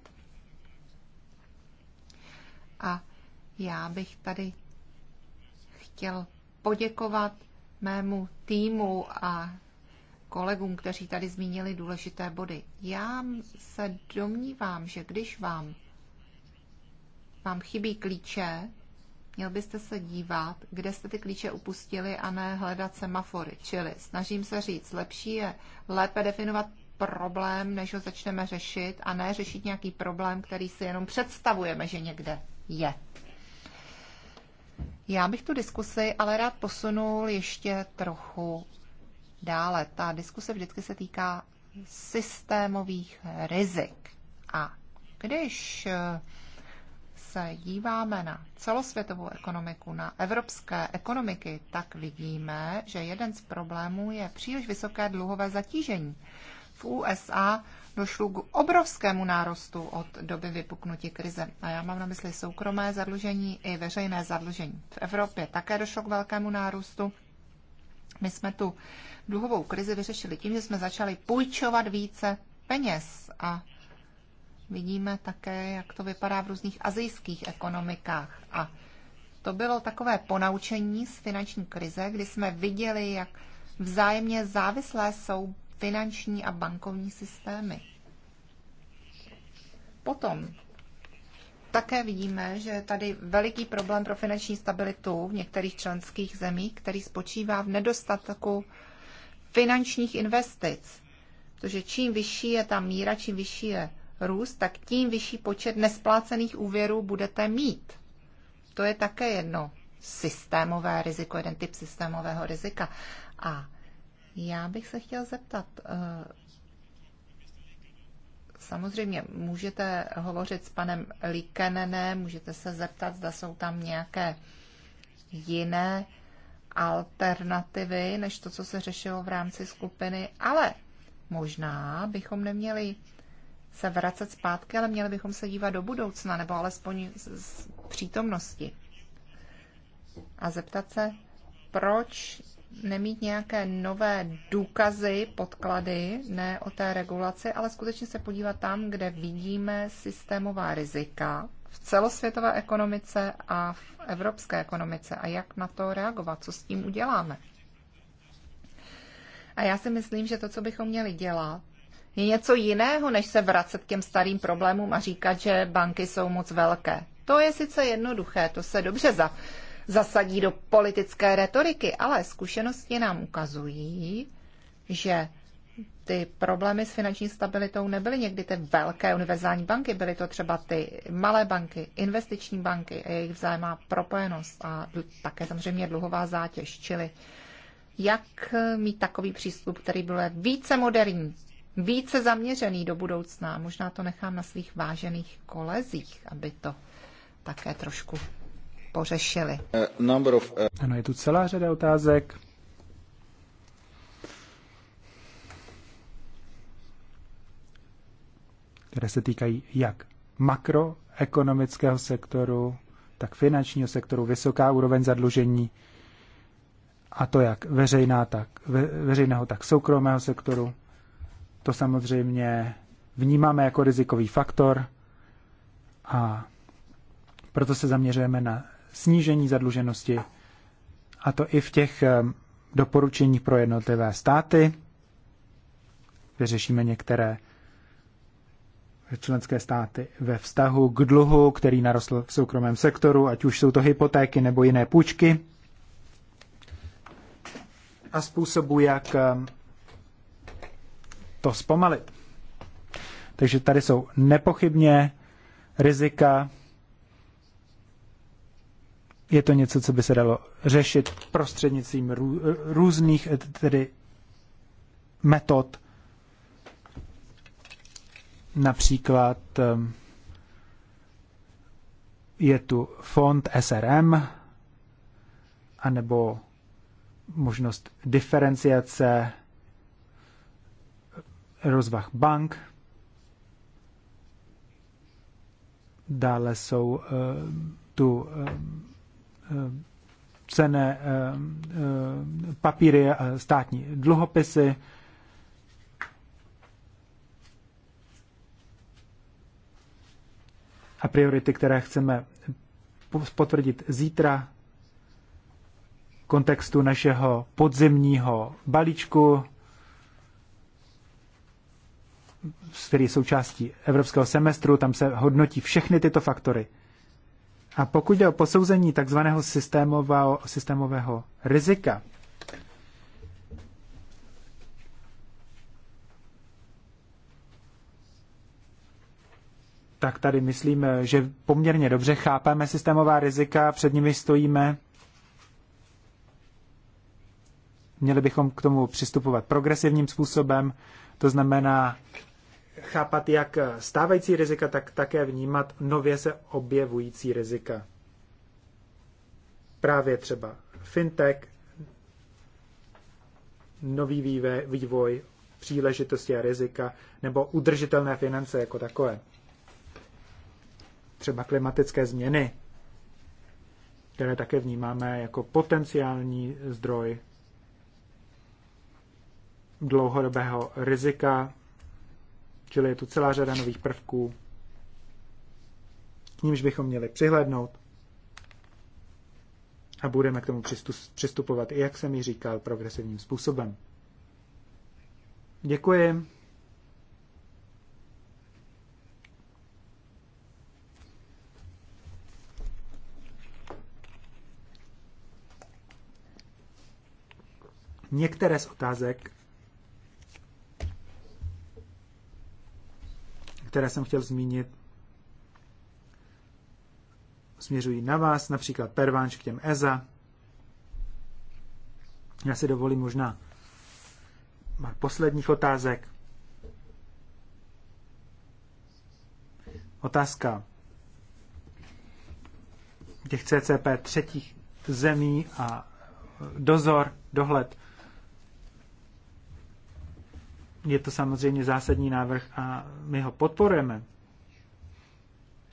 A já bych tady chtěl poděkovat mému týmu a kolegům, kteří tady zmínili důležité body. Já se domnívám, že když vám, vám chybí klíče, Měl byste se dívat, kde jste ty klíče upustili a ne hledat semafory. Čili snažím se říct, lepší je lépe definovat problém, než ho začneme řešit a ne řešit nějaký problém, který si jenom představujeme, že někde je. Já bych tu diskusi ale rád posunul ještě trochu dále. Ta diskuse vždycky se týká systémových rizik. A když eh, se díváme na celosvětovou ekonomiku, na evropské ekonomiky, tak vidíme, že jeden z problémů je příliš vysoké dluhové zatížení. V USA došlo k obrovskému nárostu od doby vypuknutí krize. A já mám na mysli soukromé zadlužení i veřejné zadlužení. V Evropě také došlo k velkému nárůstu. My jsme tu dluhovou krizi vyřešili tím, že jsme začali půjčovat více peněz a vidíme také, jak to vypadá v různých azijských ekonomikách. A to bylo takové ponaučení z finanční krize, kdy jsme viděli, jak vzájemně závislé jsou finanční a bankovní systémy. Potom také vidíme, že je tady veliký problém pro finanční stabilitu v některých členských zemích, který spočívá v nedostatku finančních investic. Protože čím vyšší je ta míra, čím vyšší je růst, tak tím vyšší počet nesplácených úvěrů budete mít. To je také jedno systémové riziko, jeden typ systémového rizika. A já bych se chtěl zeptat, eh, samozřejmě můžete hovořit s panem Likenenem, můžete se zeptat, zda jsou tam nějaké jiné alternativy, než to, co se řešilo v rámci skupiny, ale možná bychom neměli se vracet zpátky, ale měli bychom se dívat do budoucna, nebo alespoň z, z přítomnosti. A zeptat se, proč nemít nějaké nové důkazy, podklady, ne o té regulaci, ale skutečně se podívat tam, kde vidíme systémová rizika v celosvětové ekonomice a v evropské ekonomice a jak na to reagovat, co s tím uděláme. A já si myslím, že to, co bychom měli dělat, je něco jiného, než se vracet k těm starým problémům a říkat, že banky jsou moc velké. To je sice jednoduché, to se dobře za, zasadí do politické retoriky, ale zkušenosti nám ukazují, že ty problémy s finanční stabilitou nebyly někdy ty velké univerzální banky, byly to třeba ty malé banky, investiční banky a jejich vzájemná propojenost a také samozřejmě dluhová zátěž. Čili jak mít takový přístup, který byl více moderní, více zaměřený do budoucna. Možná to nechám na svých vážených kolezích, aby to také trošku pořešili. Eh, ano, je tu celá řada otázek. které se týkají jak makroekonomického sektoru, tak finančního sektoru, vysoká úroveň zadlužení, a to jak veřejná, tak, ve, veřejného, tak soukromého sektoru to samozřejmě vnímáme jako rizikový faktor a proto se zaměřujeme na snížení zadluženosti a to i v těch ehm, doporučeních pro jednotlivé státy, kde řešíme některé členské státy ve vztahu k dluhu, který narostl v soukromém sektoru, ať už jsou to hypotéky nebo jiné půjčky a způsobu, jak ehm, to zpomalit. Takže tady jsou nepochybně rizika. Je to něco, co by se dalo řešit prostřednictvím rů, různých eh, tedy metod, například ehm, je tu fond SRM, anebo možnost diferenciace rozvah bank, dále jsou eh, tu eh, eh, cené papíry a státní dluhopisy, a priority, které chceme potvrdit zítra v kontextu našeho podzimního balíčku který je součástí evropského semestru, tam se hodnotí všechny tyto faktory. A pokud jde o posouzení takzvaného systémového, systémového rizika, tak tady myslím, že poměrně dobře chápeme systémová rizika, před nimi stojíme. Měli bychom k tomu přistupovat progresivním způsobem, to znamená chápat jak stávající rizika, tak také vnímat nově se objevující rizika. Právě třeba fintech, nový vývoj, příležitosti a rizika, nebo udržitelné finance jako takové. Třeba klimatické změny, které také vnímáme jako potenciální zdroj dlouhodobého rizika Čili je tu celá řada nových prvků, k nímž bychom měli přihlédnout a budeme k tomu přistupovat, i jak jsem ji říkal, progresivním způsobem. Děkuji. Některé z otázek které jsem chtěl zmínit, směřují na vás, například pervánč k těm EZA. Já si dovolím možná má posledních otázek. Otázka těch CCP třetích zemí a dozor, dohled. Je to samozřejmě zásadní návrh a my ho podporujeme.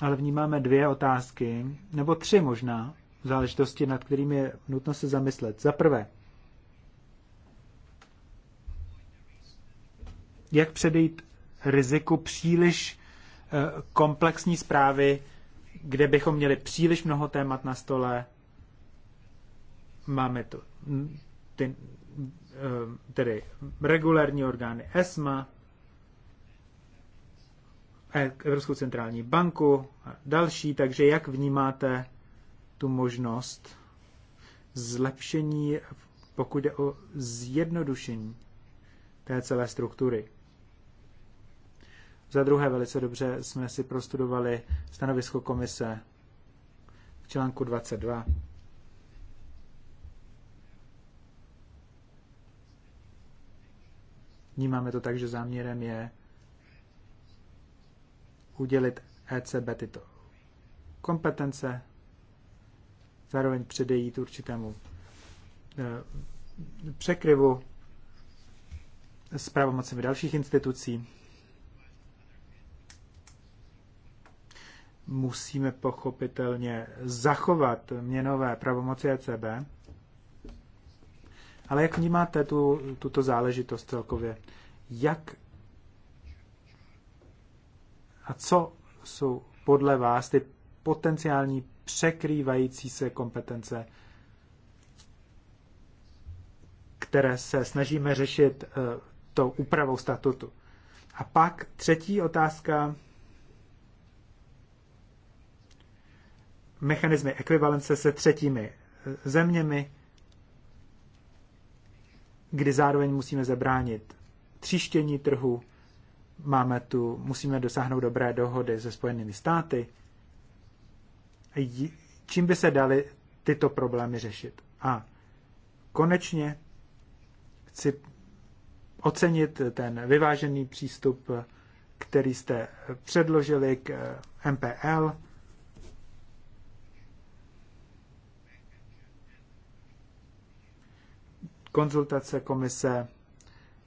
Ale vnímáme dvě otázky, nebo tři možná, záležitosti, nad kterými je nutno se zamyslet. Za prvé, jak předejít riziku příliš eh, komplexní zprávy, kde bychom měli příliš mnoho témat na stole. Máme tu ty Eh, tedy regulární orgány ESMA, eh, Evropskou centrální banku a další, takže jak vnímáte tu možnost zlepšení, pokud jde o zjednodušení té celé struktury. Za druhé, velice dobře jsme si prostudovali stanovisko komise v článku 22 Vnímáme to tak, že záměrem je udělit ECB tyto kompetence, zároveň předejít určitému eh, překryvu s pravomocemi dalších institucí. Musíme pochopitelně zachovat měnové pravomoci ECB, ale jak vnímáte tu, tuto záležitost celkově? Jak a co jsou podle vás ty potenciální překrývající se kompetence, které se snažíme řešit uh, tou úpravou statutu? A pak třetí otázka. Mechanismy ekvivalence se třetími eh, zeměmi kdy zároveň musíme zabránit tříštění trhu, máme tu, musíme dosáhnout dobré dohody se Spojenými státy. Čím by se daly tyto problémy řešit? A konečně chci ocenit ten vyvážený přístup, který jste předložili k eh, MPL konzultace komise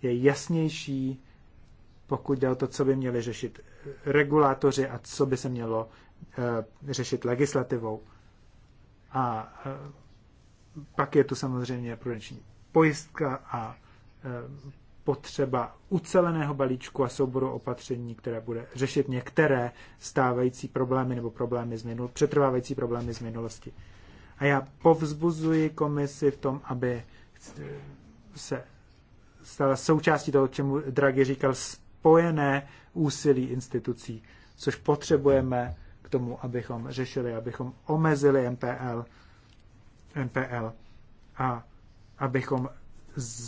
je jasnější, pokud jde o to, co by měli řešit regulátoři a co by se mělo eh, řešit legislativou. A eh, pak je tu samozřejmě prudenční pojistka a eh, potřeba uceleného balíčku a souboru opatření, které bude řešit některé stávající problémy nebo problémy z minul, přetrvávající problémy z minulosti. A já povzbuzuji komisi v tom, aby se stala součástí toho, čemu Draghi říkal, spojené úsilí institucí, což potřebujeme k tomu, abychom řešili, abychom omezili MPL, MPL a abychom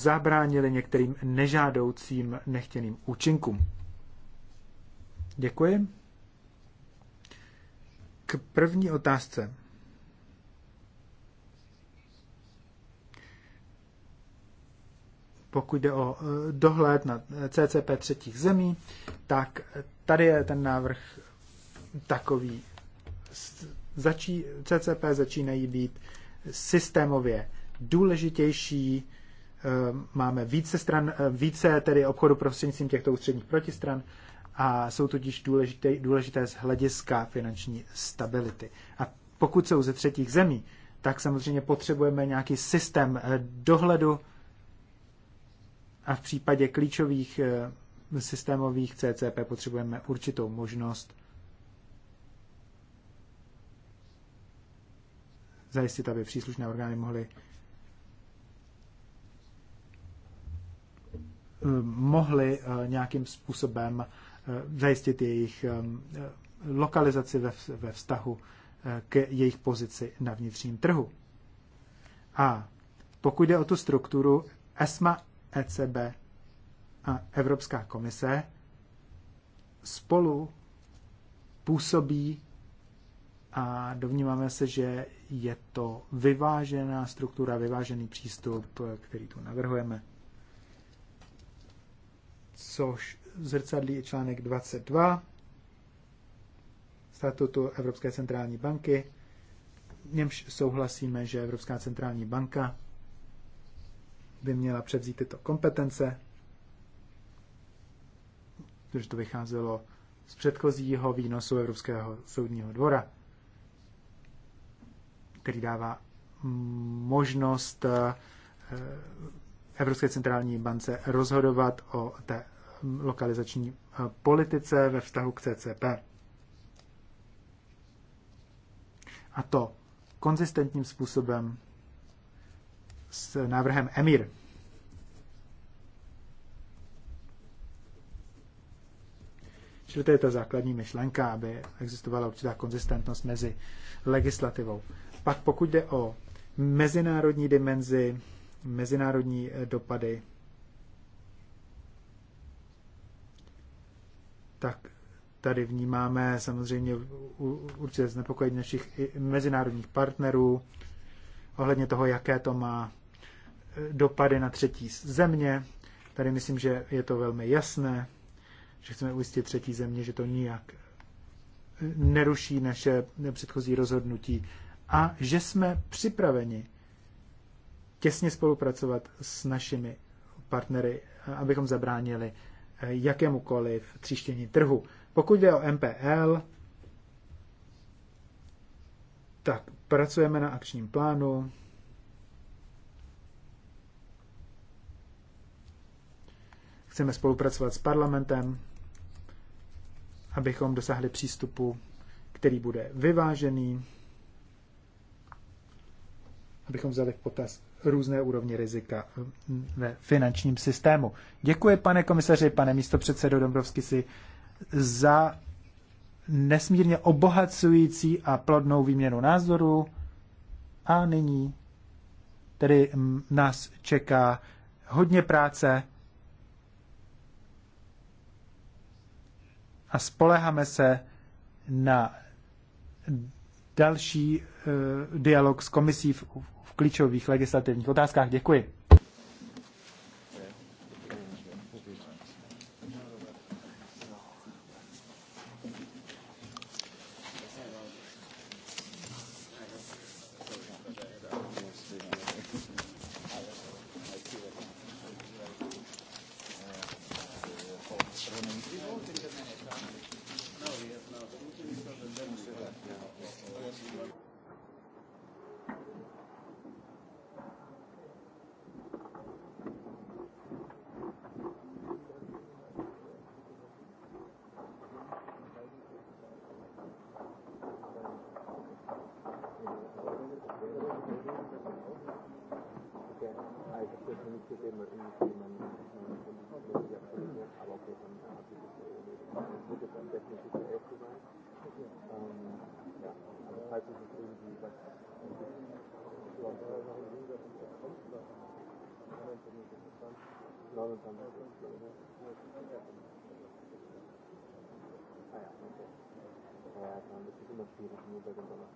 zabránili některým nežádoucím nechtěným účinkům. Děkuji. K první otázce. pokud jde o eh, dohled na eh, CCP třetích zemí, tak tady je ten návrh takový. Začí, CCP začínají být systémově důležitější, eh, máme více, stran, více tedy obchodu prostřednictvím těchto ústředních protistran a jsou tudíž důležité, důležité z hlediska finanční stability. A pokud jsou ze třetích zemí, tak samozřejmě potřebujeme nějaký systém dohledu, a v případě klíčových eh, systémových CCP potřebujeme určitou možnost zajistit, aby příslušné orgány mohly eh, mohly eh, nějakým způsobem zajistit jejich lokalizaci ve vztahu k jejich pozici na vnitřním trhu. A pokud jde o tu strukturu, ESMA ECB a Evropská komise spolu působí a dovnímáme se, že je to vyvážená struktura, vyvážený přístup, který tu navrhujeme. Což zrcadlí i článek 22 statutu Evropské centrální banky, němž souhlasíme, že Evropská centrální banka by měla převzít tyto kompetence, protože to vycházelo z předchozího výnosu Evropského soudního dvora, který dává možnost eh, Evropské centrální bance rozhodovat o té lokalizační eh, politice ve vztahu k CCP. A to konzistentním způsobem s návrhem EMIR. Čili to je ta základní myšlenka, aby existovala určitá konzistentnost mezi legislativou. Pak pokud jde o mezinárodní dimenzi, mezinárodní eh, dopady, tak tady vnímáme samozřejmě určitě znepokojení našich mezinárodních partnerů ohledně toho, jaké to má dopady na třetí země. Tady myslím, že je to velmi jasné, že chceme ujistit třetí země, že to nijak eh, neruší naše předchozí rozhodnutí a že jsme připraveni těsně spolupracovat s našimi partnery, eh, abychom zabránili eh, jakémukoliv tříštění trhu. Pokud jde o MPL, tak pracujeme na akčním plánu, Chceme spolupracovat s parlamentem, abychom dosáhli přístupu, který bude vyvážený, abychom vzali v potaz různé úrovně rizika ve finančním systému. Děkuji, pane komisaři, pane místopředsedo Dombrovsky, si za nesmírně obohacující a plodnou výměnu názorů. A nyní tedy nás čeká hodně práce a spoleháme se na další eh, dialog s komisí v klíčových legislativních otázkách. Děkuji. Ah, ich habe das nicht gesehen, weil irgendwie man ja aktualisiert, aber okay, dann hat sich das erledigt. Es wird jetzt am definitiv der 11. sein. Ähm, ja, also falls es jetzt irgendwie was Ah ja, okay. Ja, dann ist es immer schwierig, nur bei den Donnerstag.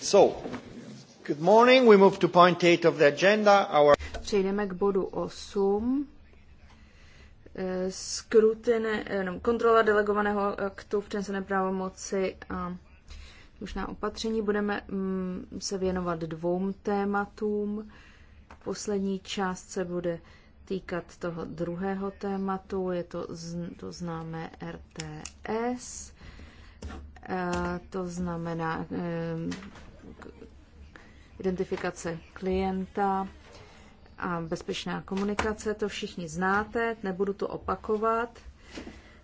So, good morning. We move to point eight of the agenda. Our... Přejdeme k bodu 8. Eh, Skrutine, eh, no, kontrola delegovaného aktu v přenesené právomoci a možná opatření. Budeme mm, se věnovat dvou tématům. Poslední část se bude týkat toho druhého tématu, je to, to známé RTS Eh, to znamená eh, identifikace klienta a bezpečná komunikace. To všichni znáte, nebudu to opakovat.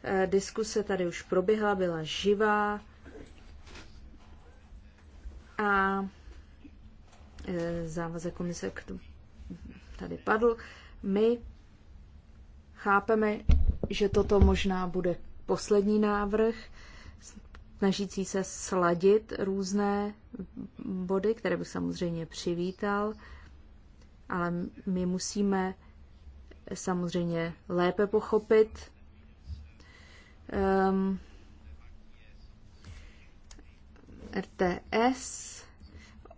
Eh, diskuse tady už proběhla, byla živá. A závazek komise k tomu tady padl. My chápeme, že toto možná bude poslední návrh, snažící se sladit různé body, které bych samozřejmě přivítal, ale my musíme samozřejmě lépe pochopit um, ehm, RTS,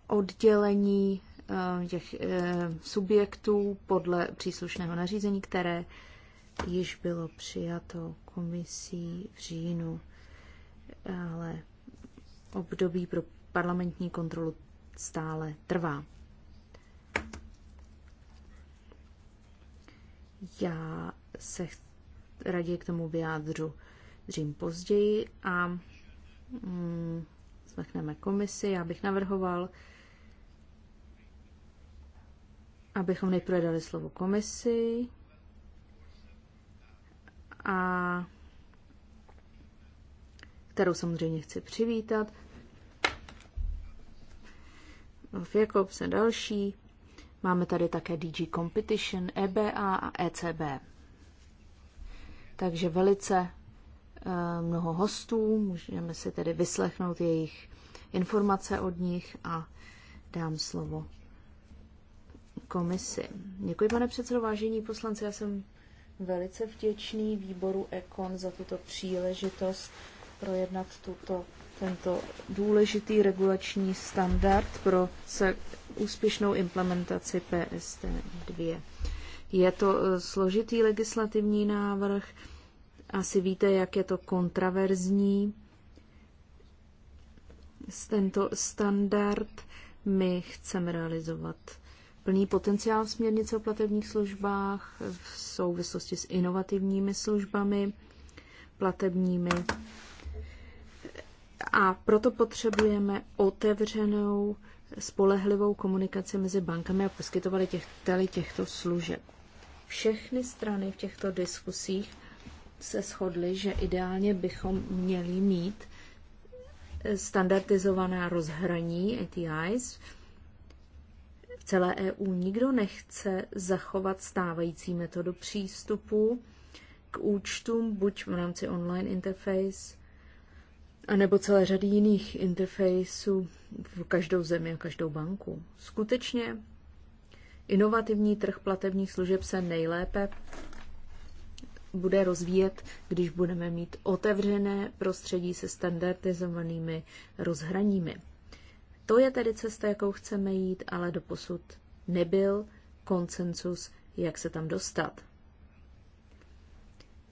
oddělení um, těch um, subjektů podle příslušného nařízení, které již bylo přijato komisí v říjnu ale období pro parlamentní kontrolu stále trvá. Já se raději k tomu vyjádřu dřím později a mm, smechneme komisi. Já bych navrhoval, abychom nejprve dali slovo komisi a kterou samozřejmě chci přivítat. V Jakobse další. Máme tady také DG Competition, EBA a ECB. Takže velice eh, mnoho hostů, můžeme si tedy vyslechnout jejich informace od nich a dám slovo komisi. Děkuji, pane předsedo, vážení poslanci, já jsem velice vděčný výboru Ekon za tuto příležitost projednat tuto, tento důležitý regulační standard pro se úspěšnou implementaci PST2. Je to eh, složitý legislativní návrh, asi víte, jak je to kontraverzní. Tento standard my chceme realizovat plný potenciál v směrnice o platebních službách v souvislosti s inovativními službami, platebními a proto potřebujeme otevřenou, spolehlivou komunikaci mezi bankami a poskytovali těch, těchto služeb. Všechny strany v těchto diskusích se shodly, že ideálně bychom měli mít standardizovaná rozhraní ATIs v celé EU. Nikdo nechce zachovat stávající metodu přístupu k účtům, buď v rámci online interface a nebo celé řady jiných interfejsů v každou zemi a každou banku. Skutečně inovativní trh platebních služeb se nejlépe bude rozvíjet, když budeme mít otevřené prostředí se standardizovanými rozhraními. To je tedy cesta, jakou chceme jít, ale doposud nebyl konsenzus, jak se tam dostat.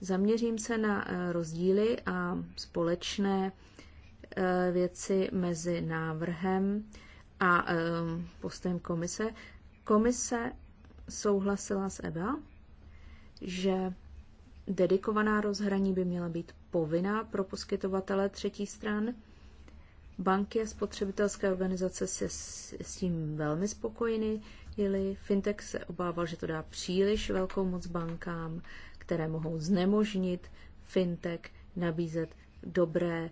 Zaměřím se na eh, rozdíly a společné eh, věci mezi návrhem a eh, postem komise. Komise souhlasila s EBA, že dedikovaná rozhraní by měla být povinná pro poskytovatele třetí stran. Banky a spotřebitelské organizace se s, s tím velmi spokojeny, jeli fintech se obával, že to dá příliš velkou moc bankám které mohou znemožnit fintech nabízet dobré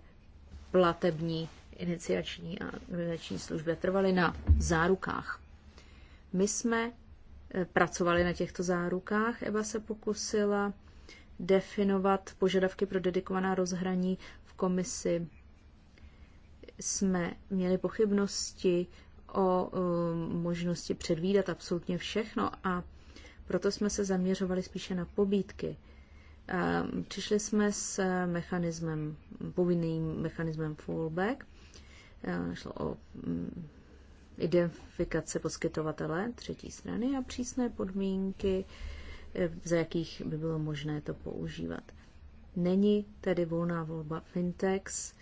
platební iniciační a iniciační služby trvaly na zárukách. My jsme e, pracovali na těchto zárukách. Eva se pokusila definovat požadavky pro dedikovaná rozhraní v komisi. Jsme měli pochybnosti o e, možnosti předvídat absolutně všechno a proto jsme se zaměřovali spíše na pobídky. Přišli jsme s mechanismem, povinným mechanismem fallback. Šlo o mm, identifikaci poskytovatele třetí strany a přísné podmínky, e, za jakých by bylo možné to používat. Není tedy volná volba fintechs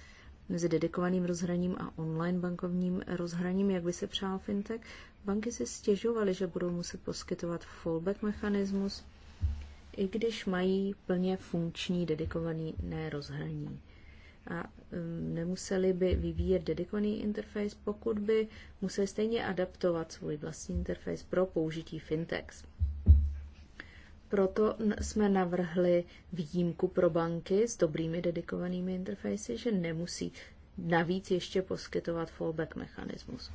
mezi dedikovaným rozhraním a online bankovním rozhraním, jak by se přál fintech, Banky si stěžovaly, že budou muset poskytovat fallback mechanismus, i když mají plně funkční dedikovaný rozhraní. A um, nemuseli by vyvíjet dedikovaný interface, pokud by museli stejně adaptovat svůj vlastní interface pro použití fintex. Proto jsme navrhli výjimku pro banky s dobrými dedikovanými interfejsy, že nemusí navíc ještě poskytovat fallback mechanismus.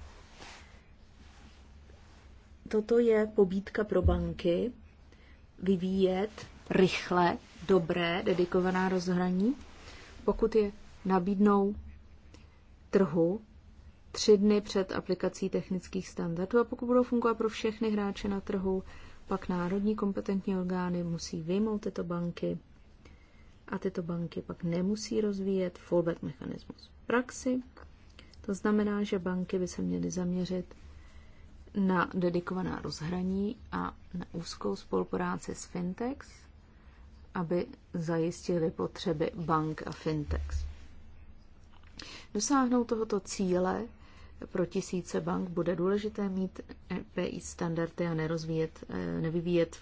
Toto je pobídka pro banky vyvíjet rychle, dobré, dedikovaná rozhraní, pokud je nabídnou trhu tři dny před aplikací technických standardů a pokud budou fungovat pro všechny hráče na trhu, pak národní kompetentní orgány musí vyjmout tyto banky a tyto banky pak nemusí rozvíjet fallback mechanismus. V praxi to znamená, že banky by se měly zaměřit na dedikovaná rozhraní a na úzkou spolupráci s Fintex, aby zajistili potřeby bank a Fintex. Dosáhnout tohoto cíle pro tisíce bank bude důležité mít EPI standardy a nerozvíjet, eh, nevyvíjet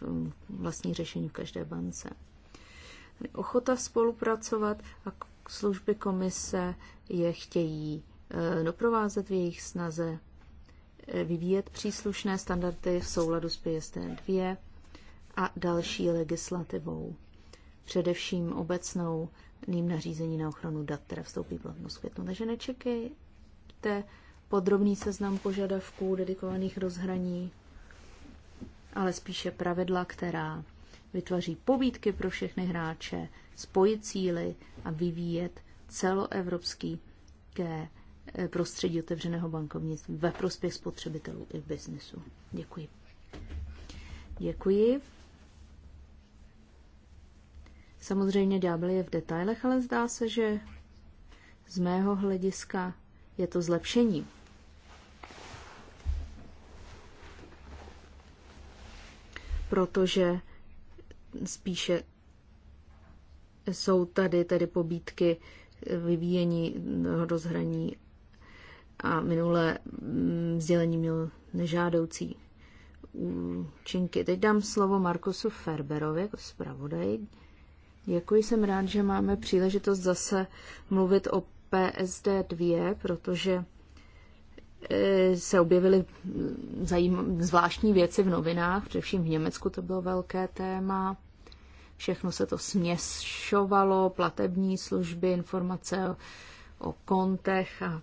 vlastní řešení v každé bance. Ochota spolupracovat a služby komise je chtějí eh, doprovázet v jejich snaze Eh, vyvíjet příslušné standardy v souladu s PSD 2 a další legislativou, především obecnou ným nařízení na ochranu dat, které vstoupí platnost v květnu. Takže nečekejte podrobný seznam požadavků dedikovaných rozhraní, ale spíše pravidla, která vytvoří pobídky pro všechny hráče, spojit cíly a vyvíjet celoevropský Eh, prostředí otevřeného bankovnictví ve prospěch spotřebitelů i v biznesu. Děkuji. Děkuji. Samozřejmě ďábel je v detailech, ale zdá se, že z mého hlediska je to zlepšení. Protože spíše jsou tady tedy pobídky vyvíjení rozhraní a minulé mm, sdělení měl nežádoucí účinky. Teď dám slovo Markusu Ferberovi jako zpravodaj. Děkuji, jsem rád, že máme příležitost zase mluvit o PSD 2, protože e, se objevily mm, zvláštní věci v novinách, především v Německu to bylo velké téma. Všechno se to směšovalo, platební služby, informace o kontech a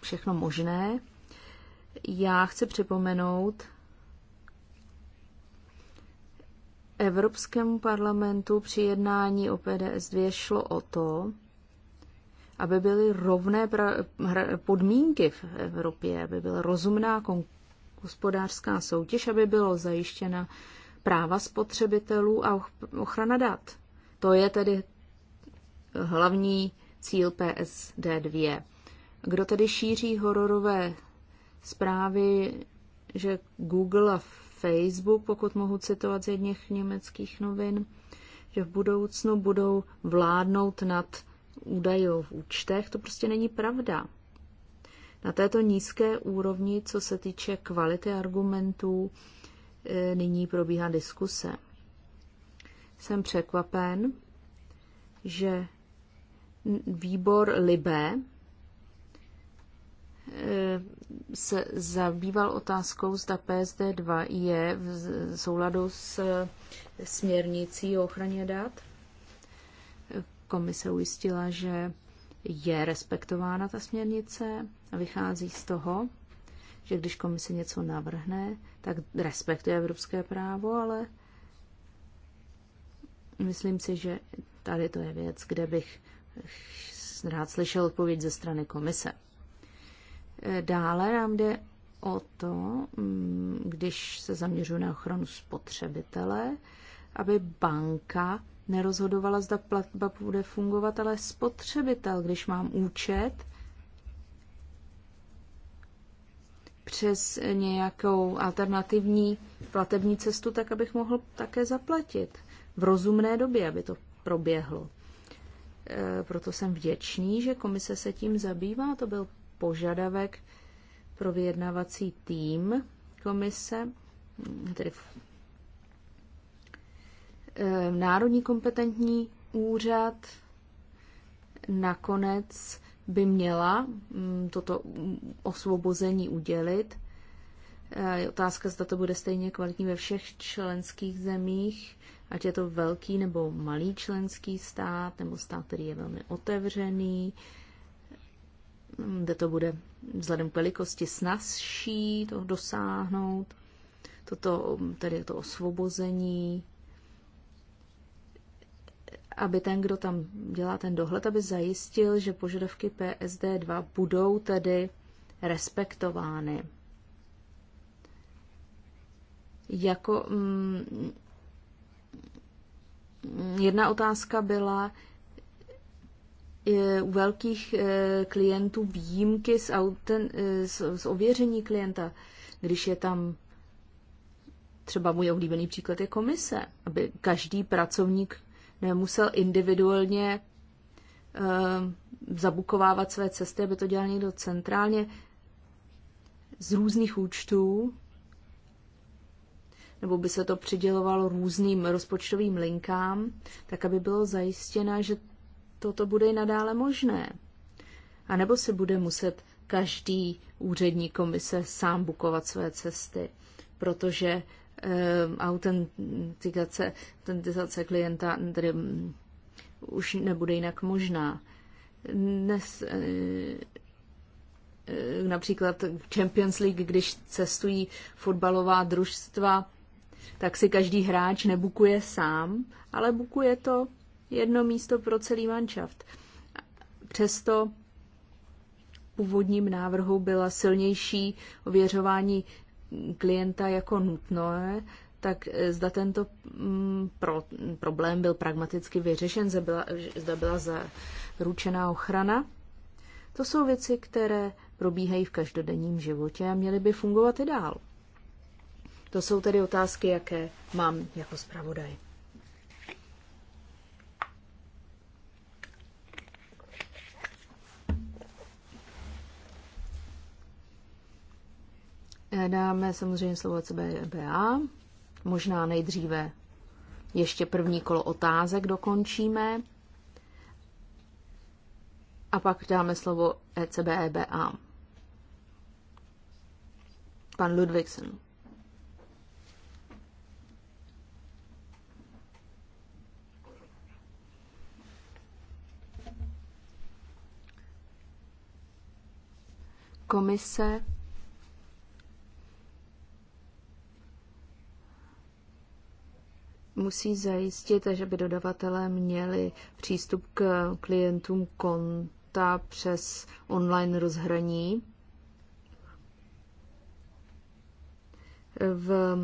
všechno možné. Já chci připomenout Evropskému parlamentu při jednání o PDS 2 šlo o to, aby byly rovné podmínky v Evropě, aby byla rozumná hospodářská soutěž, aby bylo zajištěna práva spotřebitelů a ochrana dat. To je tedy hlavní cíl PSD 2. Kdo tedy šíří hororové zprávy, že Google a Facebook, pokud mohu citovat z jedných německých novin, že v budoucnu budou vládnout nad údaje v účtech, to prostě není pravda. Na této nízké úrovni, co se týče kvality argumentů, e, nyní probíhá diskuse. Jsem překvapen, že výbor Libé Eh, se zabýval otázkou, zda PSD2 je v souladu s eh, směrnicí o ochraně dat. Komise ujistila, že je respektována ta směrnice a vychází z toho, že když komise něco navrhne, tak respektuje evropské právo, ale myslím si, že tady to je věc, kde bych rád slyšel odpověď ze strany komise. Dále nám jde o to, mm, když se zaměřuje na ochranu spotřebitele, aby banka nerozhodovala, zda platba bude fungovat, ale spotřebitel, když mám účet přes nějakou alternativní platební cestu, tak abych mohl také zaplatit v rozumné době, aby to proběhlo. E, proto jsem vděčný, že komise se tím zabývá. To byl požadavek pro vyjednávací tým komise, tedy Národní kompetentní úřad nakonec by měla mm, toto osvobození udělit. E, je otázka, zda to bude stejně kvalitní ve všech členských zemích, ať je to velký nebo malý členský stát, nebo stát, který je velmi otevřený, kde to bude vzhledem k velikosti snazší to dosáhnout, toto, tedy to osvobození, aby ten, kdo tam dělá ten dohled, aby zajistil, že požadavky PSD2 budou tedy respektovány. Jako mm, jedna otázka byla, E, u velkých e, klientů výjimky z, auten, e, z, z ověření klienta, když je tam třeba můj oblíbený příklad je komise, aby každý pracovník nemusel individuálně uh, zabukovávat své cesty, aby to dělal někdo centrálně z různých účtů, nebo by se to přidělovalo různým rozpočtovým linkám, tak aby bylo zajištěno, že toto bude i nadále možné. A nebo si bude muset každý úřední komise sám bukovat své cesty, protože e, ehm, autentizace, autentizace klienta tedy mm, už nebude jinak možná. Dnes e, e, například Champions League, když cestují fotbalová družstva, tak si každý hráč nebukuje sám, ale bukuje to jedno místo pro celý manšaft. Přesto původním návrhu byla silnější ověřování klienta jako nutné, tak eh, zda tento mm, pro, problém byl pragmaticky vyřešen, zda byla, zda byla zaručená ochrana. To jsou věci, které probíhají v každodenním životě a měly by fungovat i dál. To jsou tedy otázky, jaké mám jako zpravodaj. Dáme samozřejmě slovo CBA, možná nejdříve ještě první kolo otázek dokončíme a pak dáme slovo ECB, EBA. Pan Ludvigsen. Komise musí zajistit, že by dodavatelé měli přístup k klientům konta přes online rozhraní. V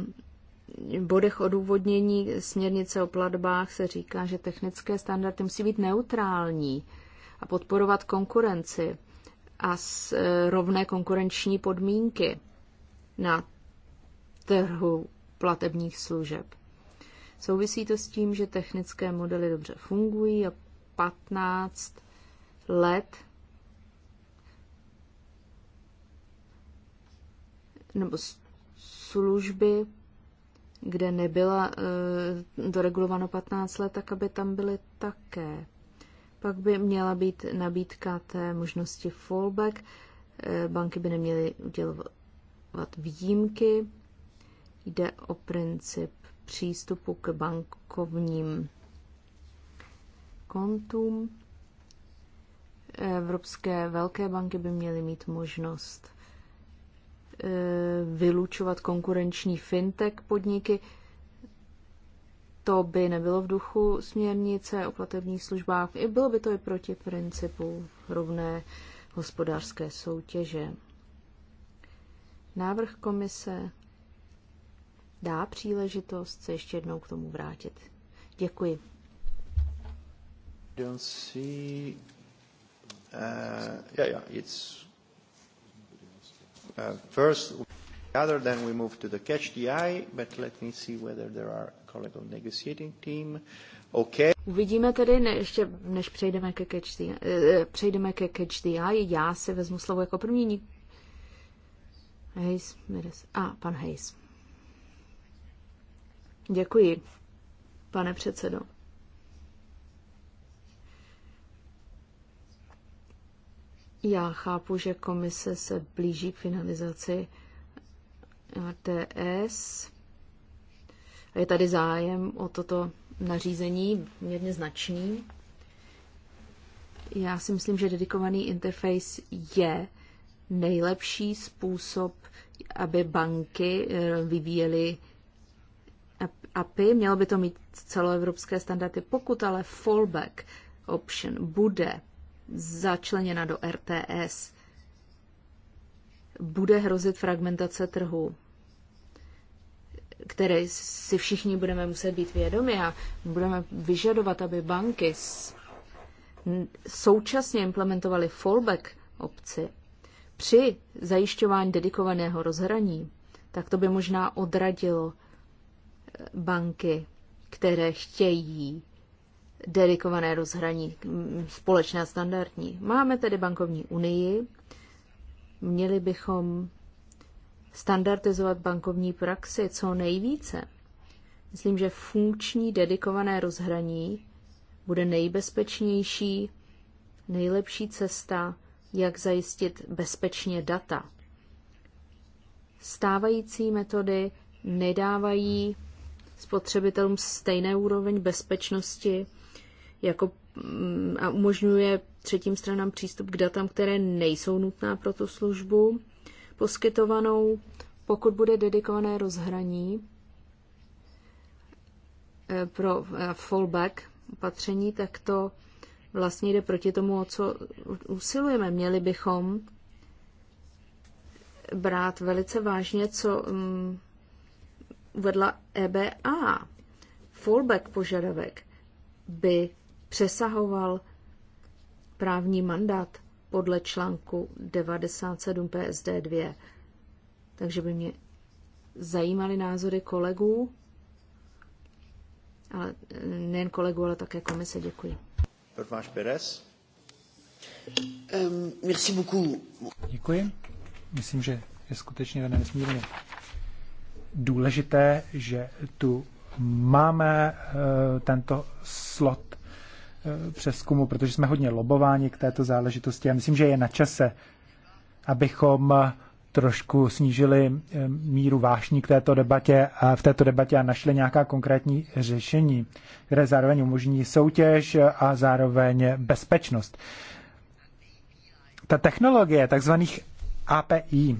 bodech odůvodnění směrnice o platbách se říká, že technické standardy musí být neutrální a podporovat konkurenci a s e, rovné konkurenční podmínky na trhu platebních služeb. Souvisí to s tím, že technické modely dobře fungují a 15 let nebo služby, kde nebyla e, doregulováno 15 let, tak aby tam byly také. Pak by měla být nabídka té možnosti fallback. E, banky by neměly udělovat výjimky. Jde o princip přístupu k bankovním kontům. Evropské velké banky by měly mít možnost eh, vylučovat konkurenční fintech podniky. To by nebylo v duchu směrnice o platebních službách, i bylo by to i proti principu rovné hospodářské soutěže. Návrh komise dá příležitost se ještě jednou k tomu vrátit. Děkuji. Don't see... Uh, yeah, yeah, it's... Uh, first, other than we move to the catch the eye, but let me see whether there are colleagues on negotiating team. Okay. Uvidíme tedy, ne, ještě než přejdeme ke, catch the, uh, přejdeme ke Catch the Eye, já si vezmu slovo jako první. Hayes, Miris. A, ah, pan Hayes. Děkuji, pane předsedo. Já chápu, že komise se blíží k finalizaci RTS. Je tady zájem o toto nařízení měrně značný. Já si myslím, že dedikovaný interface je nejlepší způsob, aby banky eh, vyvíjely API, mělo by to mít celoevropské standardy, pokud ale fallback option bude začleněna do RTS, bude hrozit fragmentace trhu, které si všichni budeme muset být vědomi a budeme vyžadovat, aby banky současně implementovaly fallback obci při zajišťování dedikovaného rozhraní, tak to by možná odradilo banky, které chtějí dedikované rozhraní mm, společné a standardní. Máme tedy bankovní unii, měli bychom standardizovat bankovní praxi co nejvíce. Myslím, že funkční dedikované rozhraní bude nejbezpečnější, nejlepší cesta, jak zajistit bezpečně data. Stávající metody nedávají spotřebitelům stejné úroveň bezpečnosti jako, mm, a umožňuje třetím stranám přístup k datám, které nejsou nutná pro tu službu poskytovanou, pokud bude dedikované rozhraní eh, pro eh, fallback opatření, tak to vlastně jde proti tomu, o co usilujeme. Měli bychom brát velice vážně, co um, uvedla EBA. Fallback požadavek by přesahoval právní mandát podle článku 97 PSD 2. Takže by mě zajímaly názory kolegů, ale eh, nejen kolegů, ale také komise. Děkuji. Ehm, Děkuji. Myslím, že je skutečně nesmírně důležité, že tu máme eh, tento slot eh, přeskumu, protože jsme hodně lobováni k této záležitosti Já myslím, že je na čase, abychom eh, trošku snížili míru vášní k této debatě a v této debatě a našli nějaká konkrétní řešení, které zároveň umožní soutěž a zároveň bezpečnost. Ta technologie takzvaných API,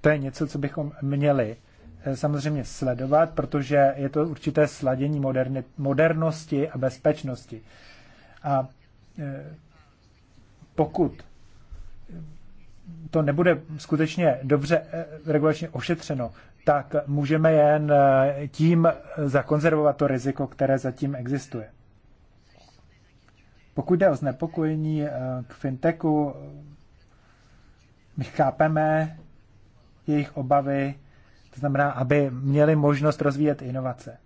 to je něco, co bychom měli Eh, samozřejmě sledovat, protože je to určité sladění moderni, modernosti a bezpečnosti. A eh, pokud to nebude skutečně dobře eh, regulačně ošetřeno, tak můžeme jen tím zakonzervovat to riziko, které zatím existuje. Pokud jde o znepokojení k fintechu, my chápeme jejich obavy, to znamená, aby měli možnost rozvíjet inovace.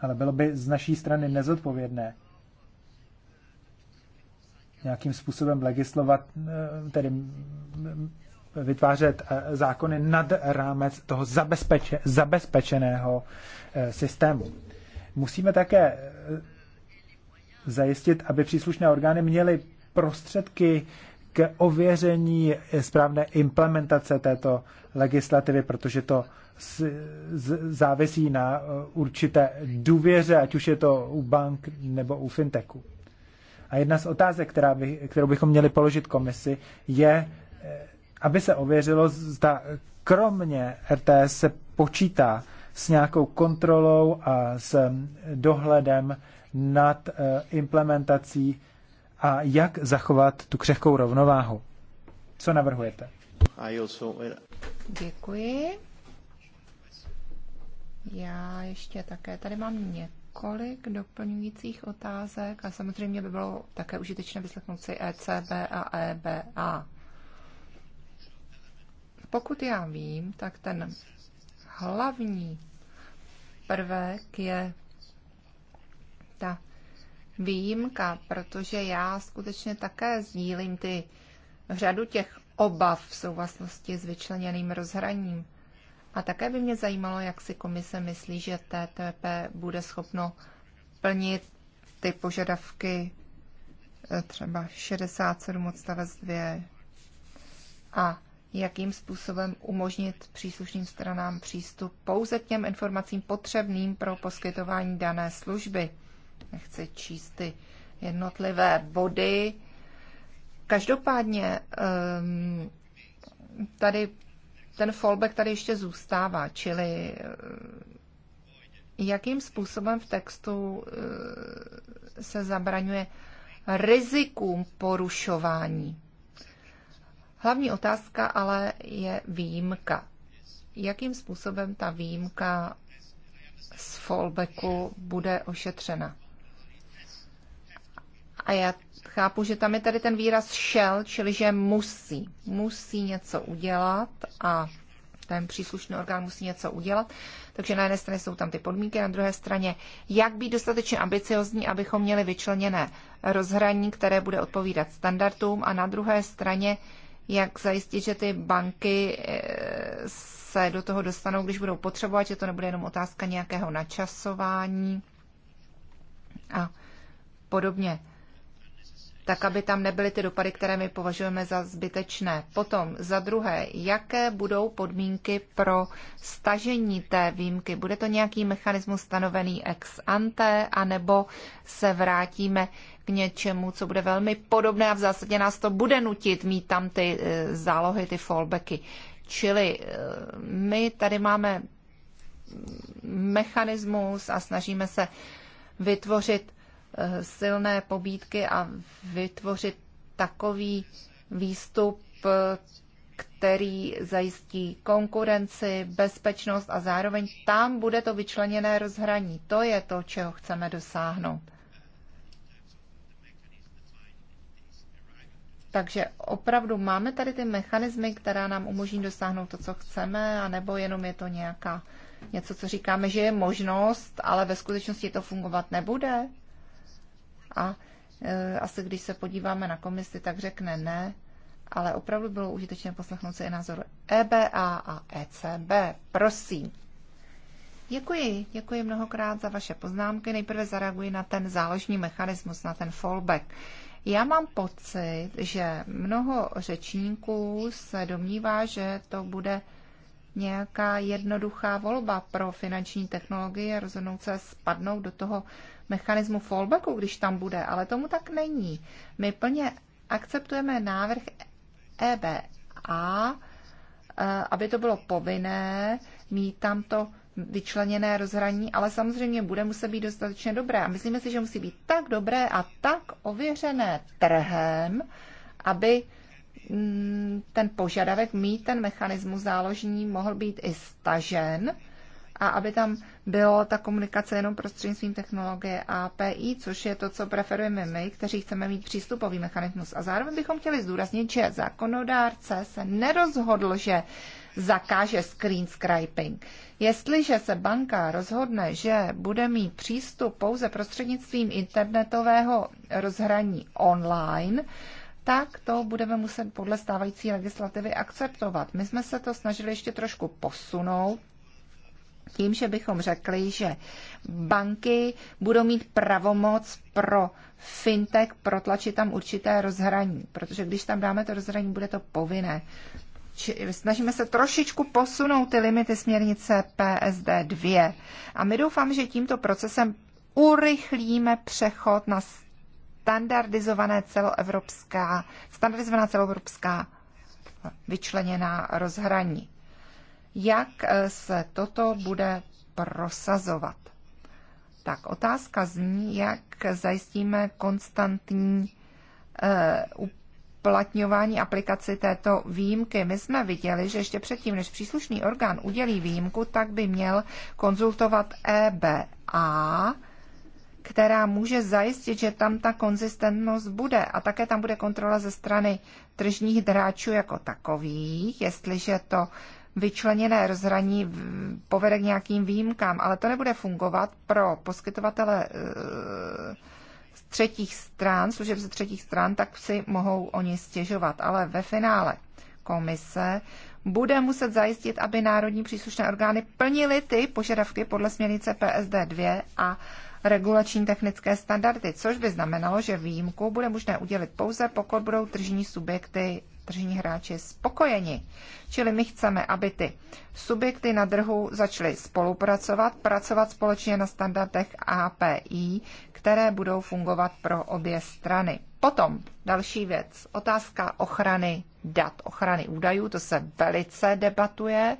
Ale bylo by z naší strany nezodpovědné nějakým způsobem legislovat, eh, tedy eh, vytvářet eh, zákony nad rámec toho zabezpeče, zabezpečeného systému. Musíme také zajistit, aby příslušné orgány měly prostředky k ověření správné implementace této legislativy, protože to závisí na uh, určité důvěře, ať už je to u bank nebo u fintechu. A jedna z otázek, která by, kterou bychom měli položit komisi, je, eh, aby se ověřilo, zda kromě RTS se počítá s nějakou kontrolou a s dohledem nad eh, implementací a jak zachovat tu křehkou rovnováhu. Co navrhujete? Děkuji. Já ještě také tady mám několik doplňujících otázek a samozřejmě by bylo také užitečné vyslechnout si ECB a EBA. Pokud já vím, tak ten hlavní prvek je ta výjimka, protože já skutečně také sdílím ty řadu těch obav v souvislosti s vyčleněným rozhraním. A také by mě zajímalo, jak si komise myslí, že TTP bude schopno plnit ty požadavky eh, třeba 67 odstavec 2 a jakým způsobem umožnit příslušným stranám přístup pouze k těm informacím potřebným pro poskytování dané služby. Nechci číst ty jednotlivé body. Každopádně ehm, tady ten fallback tady ještě zůstává, čili eh, jakým způsobem v textu eh, se zabraňuje rizikům porušování. Hlavní otázka ale je výjimka. Jakým způsobem ta výjimka z fallbacku bude ošetřena? a já chápu, že tam je tady ten výraz šel, čili že musí. Musí něco udělat a ten příslušný orgán musí něco udělat. Takže na jedné straně jsou tam ty podmínky, na druhé straně, jak být dostatečně ambiciozní, abychom měli vyčleněné rozhraní, které bude odpovídat standardům a na druhé straně, jak zajistit, že ty banky eh, se do toho dostanou, když budou potřebovat, že to nebude jenom otázka nějakého načasování a podobně tak aby tam nebyly ty dopady, které my považujeme za zbytečné. Potom za druhé, jaké budou podmínky pro stažení té výjimky? Bude to nějaký mechanismus stanovený ex ante, anebo se vrátíme k něčemu, co bude velmi podobné a v zásadě nás to bude nutit mít tam ty eh, zálohy, ty fallbacky. Čili eh, my tady máme mechanismus a snažíme se vytvořit silné pobídky a vytvořit takový výstup, který zajistí konkurenci, bezpečnost a zároveň tam bude to vyčleněné rozhraní. To je to, čeho chceme dosáhnout. Takže opravdu máme tady ty mechanismy, která nám umožní dosáhnout to, co chceme, anebo jenom je to nějaká něco, co říkáme, že je možnost, ale ve skutečnosti to fungovat nebude? a e, asi když se podíváme na komisi, tak řekne ne, ale opravdu bylo užitečné poslechnout se i názoru EBA a ECB. Prosím. Děkuji, děkuji mnohokrát za vaše poznámky. Nejprve zareaguji na ten záložní mechanismus, na ten fallback. Já mám pocit, že mnoho řečníků se domnívá, že to bude nějaká jednoduchá volba pro finanční technologie a rozhodnout se spadnout do toho mechanismu fallbacku, když tam bude, ale tomu tak není. My plně akceptujeme návrh EBA, eh, aby to bylo povinné, mít tam to vyčleněné rozhraní, ale samozřejmě bude muset být dostatečně dobré. A myslíme si, že musí být tak dobré a tak ověřené trhem, aby mm, ten požadavek mít ten mechanismus záložní mohl být i stažen a aby tam byla ta komunikace jenom prostřednictvím technologie API, což je to, co preferujeme my, kteří chceme mít přístupový mechanismus. A zároveň bychom chtěli zdůraznit, že zákonodárce se nerozhodl, že zakáže screen scraping. Jestliže se banka rozhodne, že bude mít přístup pouze prostřednictvím internetového rozhraní online, tak to budeme muset podle stávající legislativy akceptovat. My jsme se to snažili ještě trošku posunout, tím, že bychom řekli, že banky budou mít pravomoc pro fintech protlačit tam určité rozhraní, protože když tam dáme to rozhraní, bude to povinné. Či, snažíme se trošičku posunout ty limity směrnice PSD 2 a my doufám, že tímto procesem urychlíme přechod na standardizované celoevropská, standardizovaná celoevropská vyčleněná rozhraní jak eh, se toto bude prosazovat. Tak otázka zní, jak zajistíme konstantní eh, uplatňování aplikaci této výjimky. My jsme viděli, že ještě předtím, než příslušný orgán udělí výjimku, tak by měl konzultovat EBA, která může zajistit, že tam ta konzistentnost bude. A také tam bude kontrola ze strany tržních dráčů jako takových, jestliže to vyčleněné rozhraní povede k nějakým výjimkám, ale to nebude fungovat pro poskytovatele e, z třetích stran, služeb ze třetích stran, tak si mohou oni stěžovat. Ale ve finále komise bude muset zajistit, aby národní příslušné orgány plnily ty požadavky podle směrnice PSD 2 a regulační technické standardy, což by znamenalo, že výjimku bude možné udělit pouze, pokud budou tržní subjekty tržní hráči spokojeni. Čili my chceme, aby ty subjekty na trhu začaly spolupracovat, pracovat společně na standardech API, které budou fungovat pro obě strany. Potom další věc, otázka ochrany dat, ochrany údajů, to se velice debatuje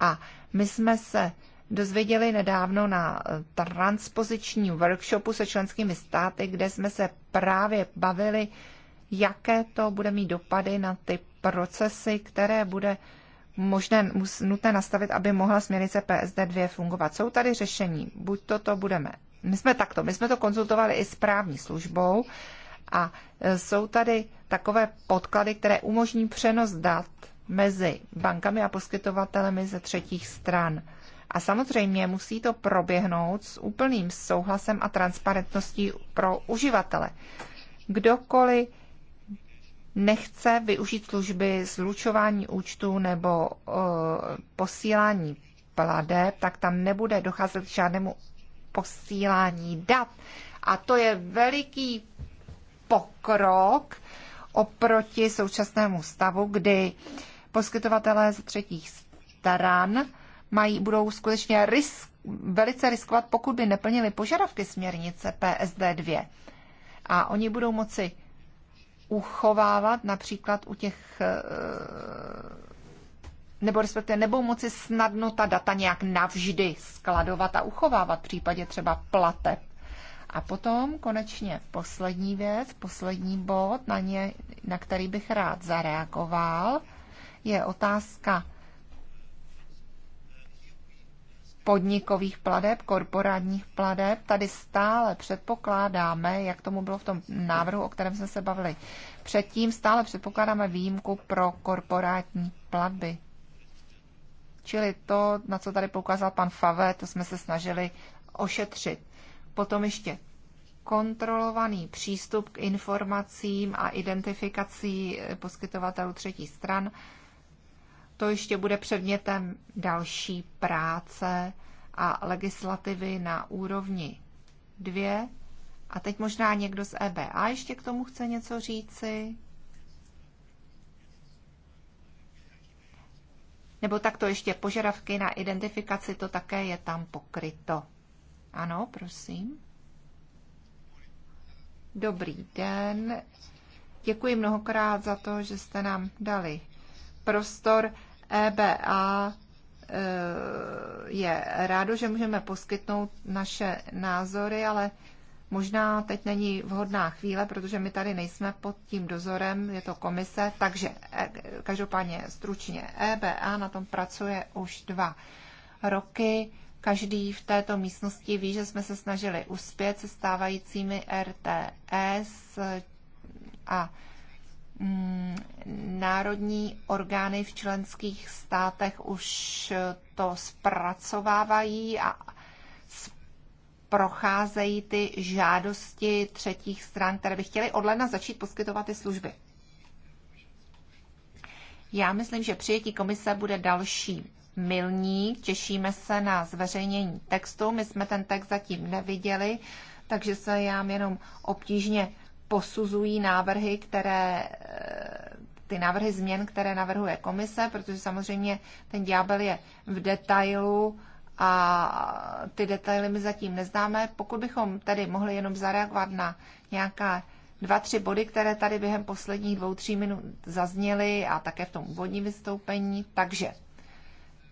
a my jsme se dozvěděli nedávno na transpozičním workshopu se členskými státy, kde jsme se právě bavili, jaké to bude mít dopady na ty procesy, které bude možné, nutné nastavit, aby mohla směrnice PSD2 fungovat. Jsou tady řešení, buď to to budeme. My jsme takto, my jsme to konzultovali i s právní službou a e, jsou tady takové podklady, které umožní přenos dat mezi bankami a poskytovatelemi ze třetích stran. A samozřejmě musí to proběhnout s úplným souhlasem a transparentností pro uživatele. Kdokoliv nechce využít služby zlučování účtů nebo e, posílání pladeb, tak tam nebude docházet k žádnému posílání dat. A to je veliký pokrok oproti současnému stavu, kdy poskytovatelé z třetích stran mají, budou skutečně risk, velice riskovat, pokud by neplnili požadavky směrnice PSD 2. A oni budou moci uchovávat například u těch eh, nebo respektive nebou moci snadno ta data nějak navždy skladovat a uchovávat v případě třeba plateb. A potom konečně poslední věc, poslední bod, na, ně, na který bych rád zareagoval, je otázka podnikových pladeb, korporátních pladeb. Tady stále předpokládáme, jak tomu bylo v tom návrhu, o kterém jsme se bavili předtím, stále předpokládáme výjimku pro korporátní platby. Čili to, na co tady poukázal pan Fave, to jsme se snažili ošetřit. Potom ještě kontrolovaný přístup k informacím a identifikací eh, poskytovatelů třetí stran to ještě bude předmětem další práce a legislativy na úrovni 2. A teď možná někdo z EBA ještě k tomu chce něco říci. Nebo takto ještě požadavky na identifikaci, to také je tam pokryto. Ano, prosím. Dobrý den. Děkuji mnohokrát za to, že jste nám dali prostor. EBA e, je rádo, že můžeme poskytnout naše názory, ale možná teď není vhodná chvíle, protože my tady nejsme pod tím dozorem, je to komise, takže e, každopádně stručně EBA na tom pracuje už dva roky. Každý v této místnosti ví, že jsme se snažili uspět se stávajícími RTS a Mm, národní orgány v členských státech už to zpracovávají a procházejí ty žádosti třetích stran, které by chtěly od ledna začít poskytovat ty služby. Já myslím, že přijetí komise bude další milník. Těšíme se na zveřejnění textu. My jsme ten text zatím neviděli, takže se já jenom obtížně posuzují návrhy, které eh, ty návrhy změn, které navrhuje komise, protože samozřejmě ten ďábel je v detailu a ty detaily my zatím neznáme. Pokud bychom tady mohli jenom zareagovat na nějaká dva, tři body, které tady během posledních dvou, tří minut zazněly a také v tom úvodním vystoupení. Takže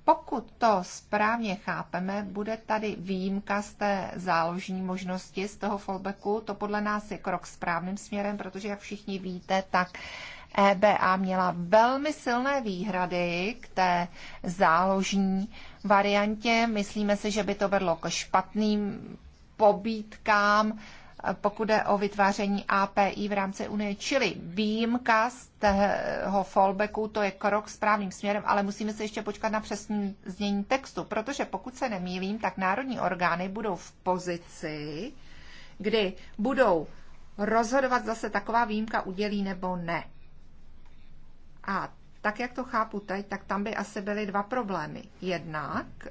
pokud to správně chápeme, bude tady výjimka z té záložní možnosti, z toho fallbacku. To podle nás je krok správným směrem, protože, jak všichni víte, tak EBA měla velmi silné výhrady k té záložní variantě. Myslíme si, že by to vedlo k špatným pobítkám pokud je o vytváření API v rámci Unie. Čili výjimka z toho fallbacku, to je krok správným směrem, ale musíme se ještě počkat na přesný znění textu, protože pokud se nemýlím, tak národní orgány budou v pozici, kdy budou rozhodovat, zase taková výjimka udělí nebo ne. A tak, jak to chápu teď, tak tam by asi byly dva problémy. Jednak eh,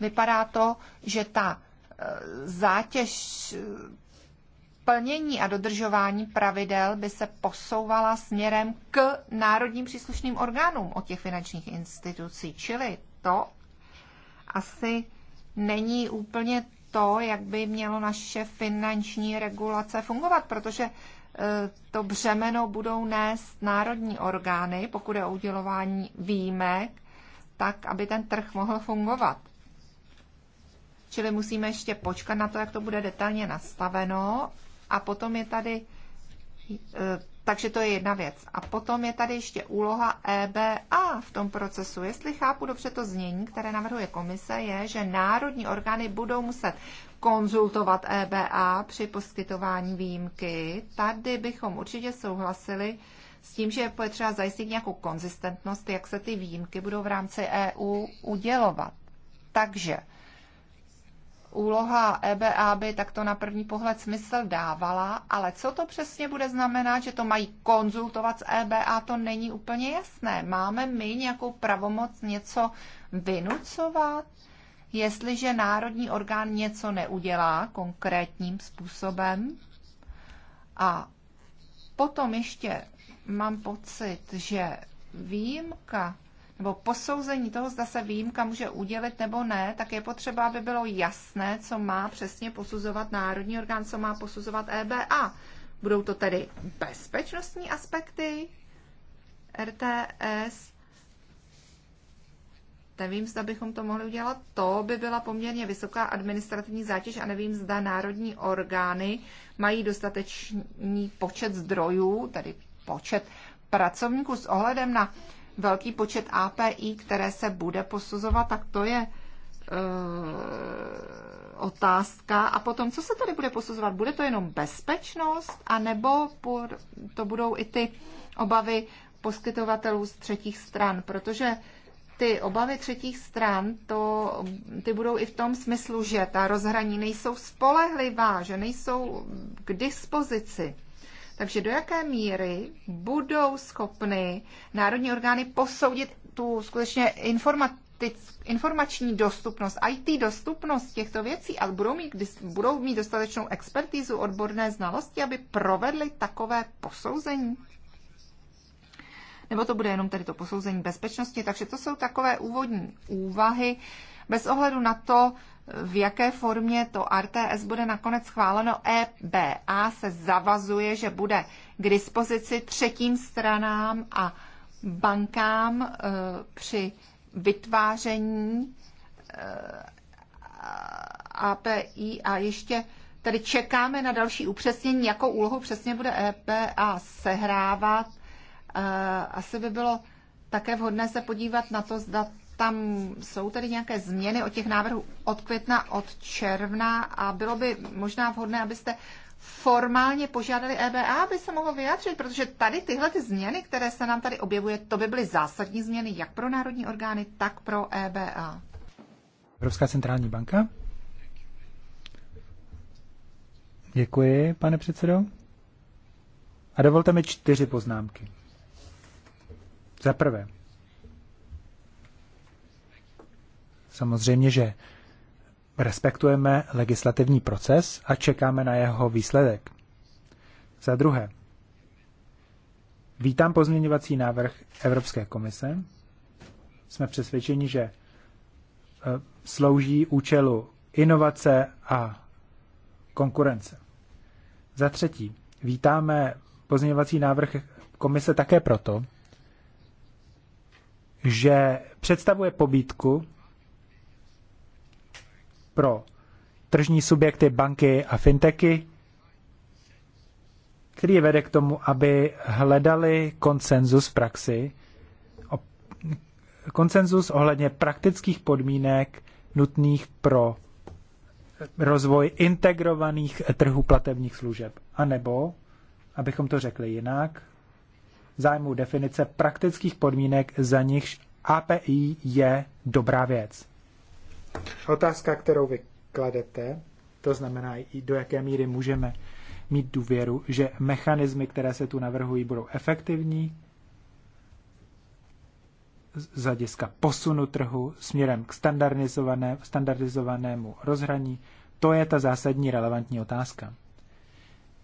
vypadá to, že ta e, zátěž plnění a dodržování pravidel by se posouvala směrem k národním příslušným orgánům od těch finančních institucí. Čili to asi není úplně to, jak by mělo naše finanční regulace fungovat, protože e, to břemeno budou nést národní orgány, pokud je o udělování výjimek, tak, aby ten trh mohl fungovat. Čili musíme ještě počkat na to, jak to bude detailně nastaveno. A potom je tady, e, takže to je jedna věc. A potom je tady ještě úloha EBA v tom procesu. Jestli chápu dobře to znění, které navrhuje komise, je, že národní orgány budou muset konzultovat EBA při poskytování výjimky. Tady bychom určitě souhlasili s tím, že je potřeba zajistit nějakou konzistentnost, jak se ty výjimky budou v rámci EU udělovat. Takže úloha EBA by takto na první pohled smysl dávala, ale co to přesně bude znamenat, že to mají konzultovat s EBA, to není úplně jasné. Máme my nějakou pravomoc něco vynucovat? Jestliže národní orgán něco neudělá konkrétním způsobem a potom ještě mám pocit, že výjimka nebo posouzení toho, zda se výjimka může udělit nebo ne, tak je potřeba, aby bylo jasné, co má přesně posuzovat národní orgán, co má posuzovat EBA. Budou to tedy bezpečnostní aspekty RTS? Nevím, zda bychom to mohli udělat. To by byla poměrně vysoká administrativní zátěž a nevím, zda národní orgány mají dostatečný počet zdrojů, tedy počet pracovníků s ohledem na velký počet API, které se bude posuzovat, tak to je eh, otázka. A potom, co se tady bude posuzovat? Bude to jenom bezpečnost, anebo to budou i ty obavy poskytovatelů z třetích stran? Protože ty obavy třetích stran, to, ty budou i v tom smyslu, že ta rozhraní nejsou spolehlivá, že nejsou k dispozici. Takže do jaké míry budou schopny národní orgány posoudit tu skutečně informační dostupnost, IT dostupnost těchto věcí, ale budou mít, budou mít dostatečnou expertízu, odborné znalosti, aby provedly takové posouzení? Nebo to bude jenom tady to posouzení bezpečnosti? Takže to jsou takové úvodní úvahy, bez ohledu na to, v jaké formě to RTS bude nakonec schváleno. EBA se zavazuje, že bude k dispozici třetím stranám a bankám e, při vytváření e, API a ještě tady čekáme na další upřesnění, jakou úlohu přesně bude EBA sehrávat. E, asi by bylo také vhodné se podívat na to, zda tam jsou tady nějaké změny od těch návrhů od května, od června a bylo by možná vhodné, abyste formálně požádali EBA, aby se mohlo vyjádřit, protože tady tyhle ty změny, které se nám tady objevuje, to by byly zásadní změny jak pro národní orgány, tak pro EBA. Evropská centrální banka. Děkuji, pane předsedo. A dovolte mi čtyři poznámky. Za prvé, Samozřejmě, že respektujeme legislativní proces a čekáme na jeho výsledek. Za druhé, vítám pozměňovací návrh Evropské komise. Jsme přesvědčeni, že e, slouží účelu inovace a konkurence. Za třetí, vítáme pozměňovací návrh komise také proto, že představuje pobídku pro tržní subjekty, banky a fintechy, který vede k tomu, aby hledali konsenzus v praxi, konsenzus ohledně praktických podmínek nutných pro rozvoj integrovaných trhů platebních služeb. A nebo, abychom to řekli jinak, zájmu definice praktických podmínek, za nichž API je dobrá věc. Otázka, kterou vy kladete, to znamená, i do jaké míry můžeme mít důvěru, že mechanismy, které se tu navrhují, budou efektivní z hlediska posunu trhu směrem k standardizované, standardizovanému rozhraní, to je ta zásadní relevantní otázka.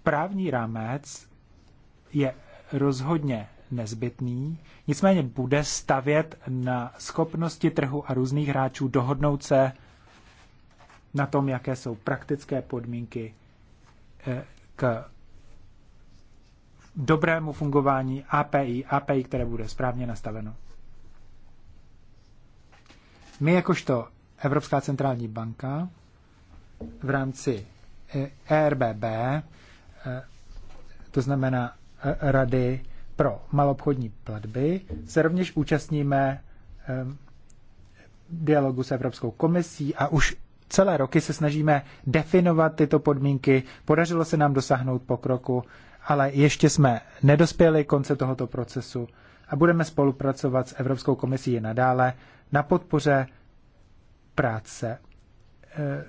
Právní rámec je rozhodně nezbytný, nicméně bude stavět na schopnosti trhu a různých hráčů dohodnout se na tom, jaké jsou praktické podmínky eh, k dobrému fungování API, API, které bude správně nastaveno. My jakožto Evropská centrální banka v rámci ERBB, eh, e eh, to znamená Rady pro malobchodní platby se rovněž účastníme ehm, dialogu s Evropskou komisí a už celé roky se snažíme definovat tyto podmínky. Podařilo se nám dosáhnout pokroku, ale ještě jsme nedospěli konce tohoto procesu a budeme spolupracovat s Evropskou komisí i nadále na podpoře práce eh,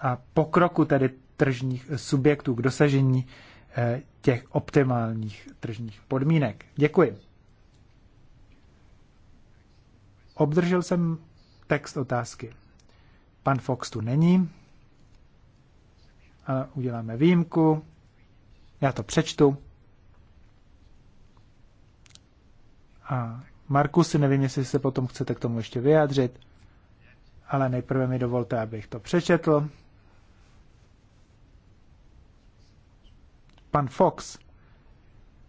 a pokroku tedy tržních subjektů k dosažení těch optimálních tržních podmínek. Děkuji. Obdržel jsem text otázky. Pan Fox tu není, ale uděláme výjimku. Já to přečtu. A Marku si nevím, jestli se potom chcete k tomu ještě vyjádřit, ale nejprve mi dovolte, abych to přečetl. Pan Fox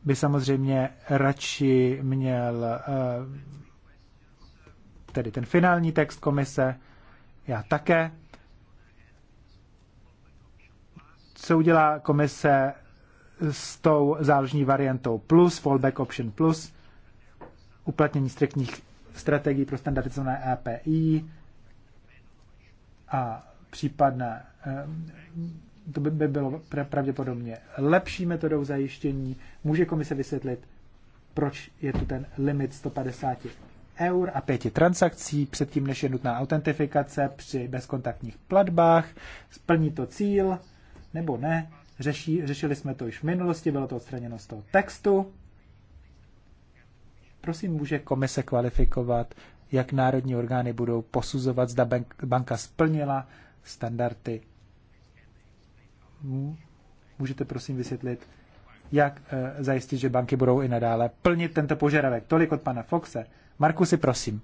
by samozřejmě radši měl eh, tedy ten finální text komise, já také. Co udělá komise s tou záložní variantou plus, fallback option plus, uplatnění striktních strategií pro standardizované API a případné eh, to by bylo pravděpodobně lepší metodou zajištění. Může komise vysvětlit, proč je tu ten limit 150 eur a pěti transakcí, předtím než je nutná autentifikace při bezkontaktních platbách. Splní to cíl nebo ne? Řeší, řešili jsme to již v minulosti, bylo to odstraněno z toho textu. Prosím, může komise kvalifikovat, jak národní orgány budou posuzovat, zda banka splnila standardy Můžete prosím vysvětlit, jak eh, zajistit, že banky budou i nadále plnit tento požadavek. Tolik od pana Foxe. Marku si prosím.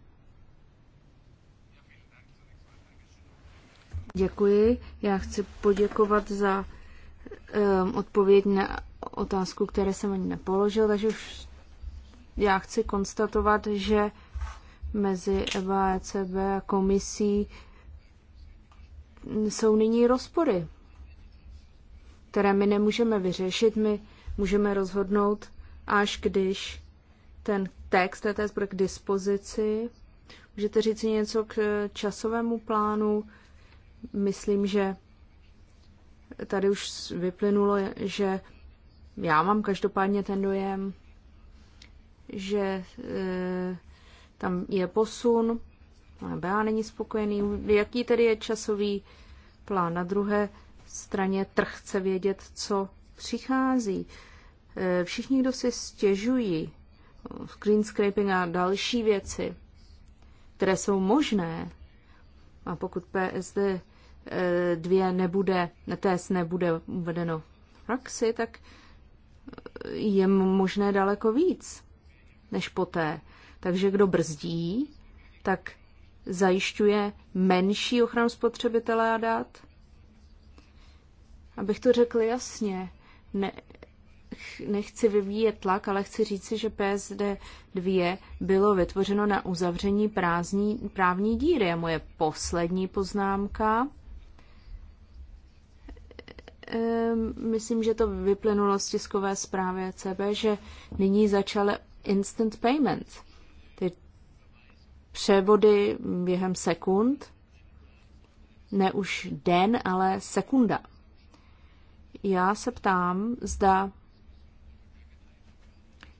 Děkuji. Já chci poděkovat za um, odpověď na otázku, které jsem ani nepoložil, takže už já chci konstatovat, že mezi EBA, ECB a komisí jsou nyní rozpory které my nemůžeme vyřešit, my můžeme rozhodnout, až když ten text e TTS bude k dispozici. Můžete říct něco k časovému plánu? Myslím, že tady už vyplynulo, že já mám každopádně ten dojem, že e, tam je posun, BA není spokojený. Jaký tedy je časový plán? Na druhé straně trh chce vědět, co přichází. E, všichni, kdo si stěžují, e, screen scraping a další věci, které jsou možné, a pokud PSD e, dvě nebude, TS nebude uvedeno v praxi, tak je možné daleko víc než poté. Takže kdo brzdí, tak zajišťuje menší ochranu spotřebitele a dát Abych to řekl jasně, ne, nechci vyvíjet tlak, ale chci říci, že PSD 2 bylo vytvořeno na uzavření prázdní, právní díry. A moje poslední poznámka. Ehm, myslím, že to vyplynulo z tiskové zprávy e CB, že nyní začaly instant Payment, Ty převody během sekund, ne už den, ale sekunda. Já se ptám, zda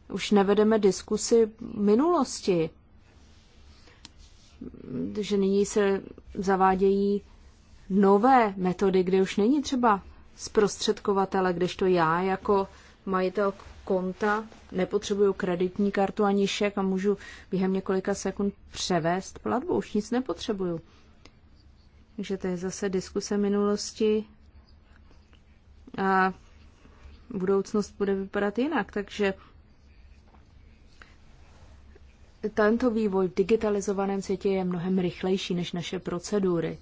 už nevedeme diskusy minulosti, že nyní se zavádějí nové metody, kde už není třeba zprostředkovatele, kdežto já jako majitel konta nepotřebuju kreditní kartu ani šek a můžu během několika sekund převést platbu, už nic nepotřebuju. Takže to je zase diskuse minulosti, a budoucnost bude vypadat jinak. Takže tento vývoj v digitalizovaném světě je mnohem rychlejší než naše procedury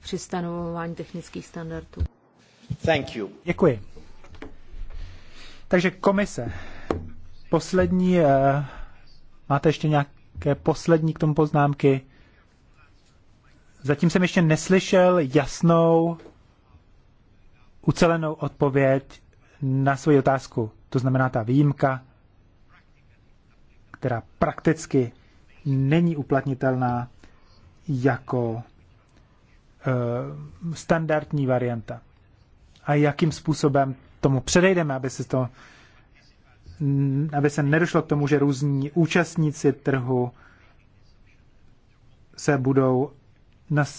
při stanovování technických standardů. Thank you. Děkuji. Takže komise. Poslední, uh, máte ještě nějaké poslední k tomu poznámky? Zatím jsem ještě neslyšel jasnou ucelenou odpověď na svoji otázku. To znamená ta výjimka, která prakticky není uplatnitelná jako e, standardní varianta. A jakým způsobem tomu předejdeme, aby se to aby se nedošlo k tomu, že různí účastníci trhu se budou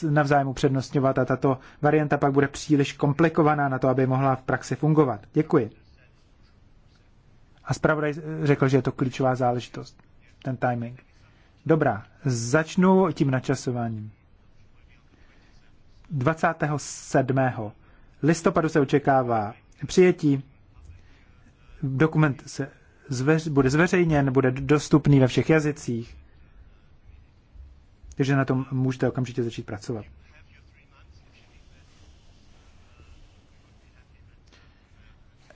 navzájem upřednostňovat a tato varianta pak bude příliš komplikovaná na to, aby mohla v praxi fungovat. Děkuji. A zpravodaj řekl, že je to klíčová záležitost, ten timing. Dobrá, začnu tím načasováním. 27. listopadu se očekává přijetí. Dokument se zveř, bude zveřejněn, bude dostupný ve všech jazycích. Takže na tom můžete okamžitě začít pracovat.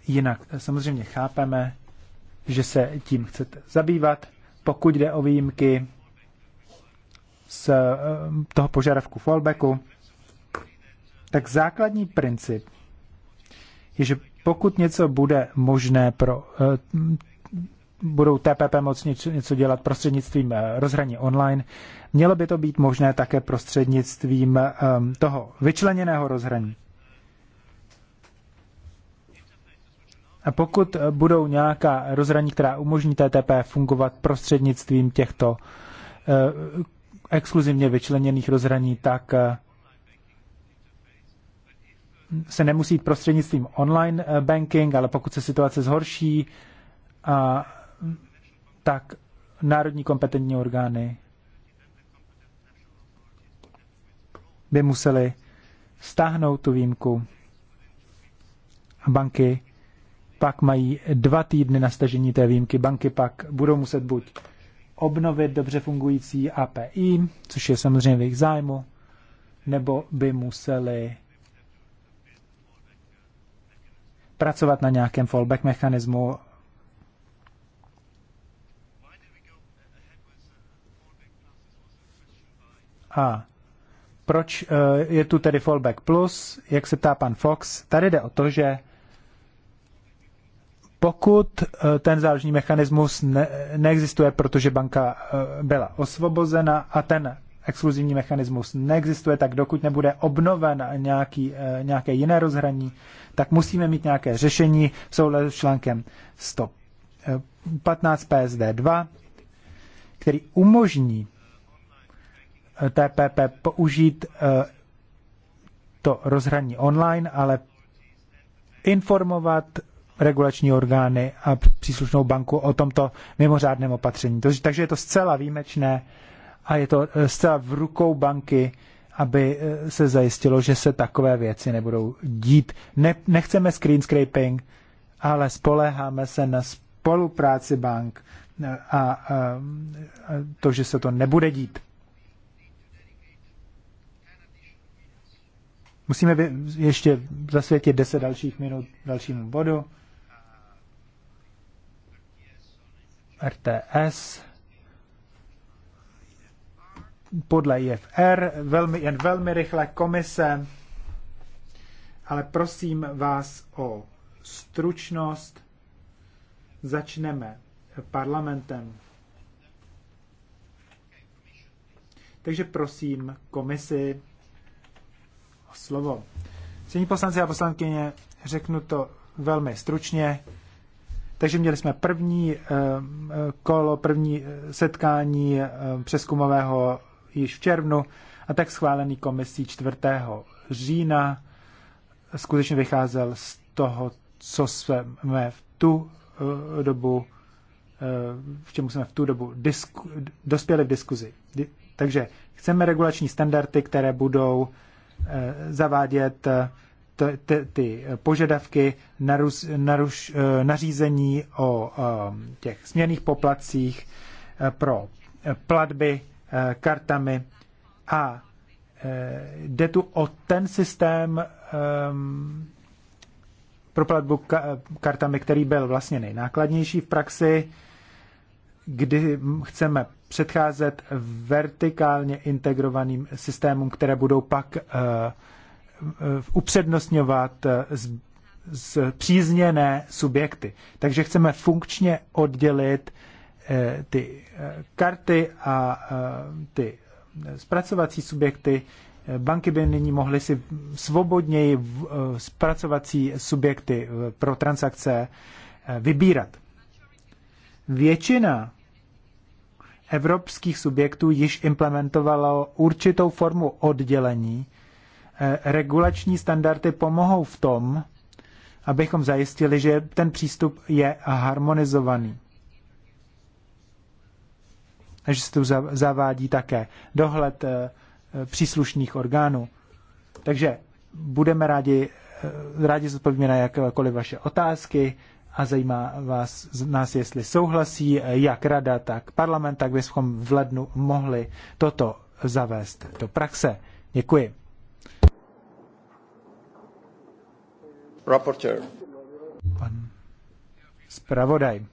Jinak eh, samozřejmě chápeme, že se tím chcete zabývat. Pokud jde o výjimky z eh, toho požadavku fallbacku, tak základní princip je, že pokud něco bude možné pro eh, budou TPP moc něco, něco dělat prostřednictvím eh, rozhraní online. Mělo by to být možné také prostřednictvím um, toho vyčleněného rozhraní. A pokud eh, budou nějaká rozhraní, která umožní TTP fungovat prostřednictvím těchto uh, exkluzivně vyčleněných rozhraní, tak uh, se nemusí jít prostřednictvím online banking, ale pokud se situace zhorší a tak národní kompetentní orgány by museli stáhnout tu výjimku a banky pak mají dva týdny na stažení té výjimky. Banky pak budou muset buď obnovit dobře fungující API, což je samozřejmě v jejich zájmu, nebo by museli pracovat na nějakém fallback mechanismu A proč eh, je tu tedy fallback plus, jak se ptá pan Fox, tady jde o to, že pokud eh, ten záležní mechanismus ne, neexistuje, protože banka eh, byla osvobozena a ten exkluzivní mechanismus neexistuje, tak dokud nebude obnoven nějaký, nějaké jiné rozhraní, tak musíme mít nějaké řešení v souladu s článkem 115 PSD 2, který umožní TPP použít eh, to rozhraní online, ale informovat regulační orgány a příslušnou banku o tomto mimořádném opatření. Takže je to zcela výjimečné a je to eh, zcela v rukou banky, aby eh, se zajistilo, že se takové věci nebudou dít. Ne, nechceme screen scraping, ale spoleháme se na spolupráci bank a, a, a to, že se to nebude dít. Musíme ještě zasvětit 10 dalších minut dalšímu bodu. RTS podle IFR, velmi, jen velmi rychle komise, ale prosím vás o stručnost. Začneme parlamentem. Takže prosím komisi, slovo. Cení poslanci a poslankyně, řeknu to velmi stručně. Takže měli jsme první eh, eh, kolo, první eh, setkání přeskumového již v červnu a tak schválený komisí 4. října skutečně vycházel z toho, co jsme v tu dobu, v čemu jsme v tu dobu disku, dospěli v diskuzi. Takže chceme regulační standardy, které budou Eh, zavádět eh, ty, ty požadavky naruš, naruš, eh, nařízení o těch směrných poplacích pro platby kartami a jde tu o ten systém pro platbu kartami, který byl vlastně nejnákladnější v praxi, kdy chceme předcházet vertikálně integrovaným systémům, které budou pak eh, eh, upřednostňovat eh, přízněné subjekty. Takže chceme funkčně oddělit ty karty a ty zpracovací subjekty. Banky by nyní mohly si svobodněji zpracovací subjekty pro transakce vybírat. Většina evropských subjektů již implementovalo určitou formu oddělení. Eh, regulační standardy pomohou v tom, abychom zajistili, že ten přístup je harmonizovaný. A že se tu zavádí také dohled eh, příslušných orgánů. Takže budeme rádi, eh, rádi zodpovíme na jakékoliv vaše otázky, a zajímá vás, nás, jestli souhlasí jak rada, tak parlament, tak bychom v lednu mohli toto zavést do praxe. Děkuji. Rapporteur. Pan zpravodaj.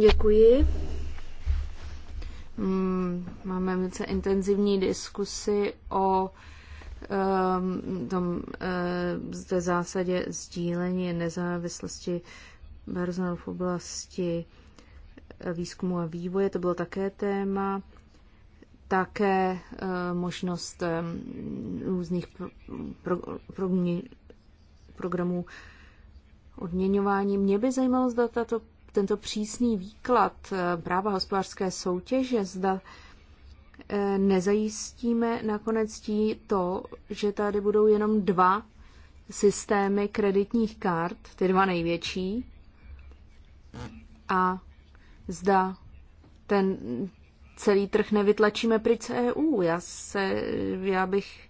Děkuji. Mm, máme velice intenzivní diskusi o Ehm, tom, té eh, zásadě sdílení nezávislosti personálu v oblasti eh, výzkumu a vývoje, to bylo také téma, také eh, možnost ehm, různých pro, pro, pro, programů odměňování. Mě by zajímalo, zda tato, tento přísný výklad práva hospodářské soutěže, zda Eh, nezajistíme nakonec tí to, že tady budou jenom dva systémy kreditních kart, ty dva největší, a zda ten celý trh nevytlačíme pryč z EU. Já, se, já bych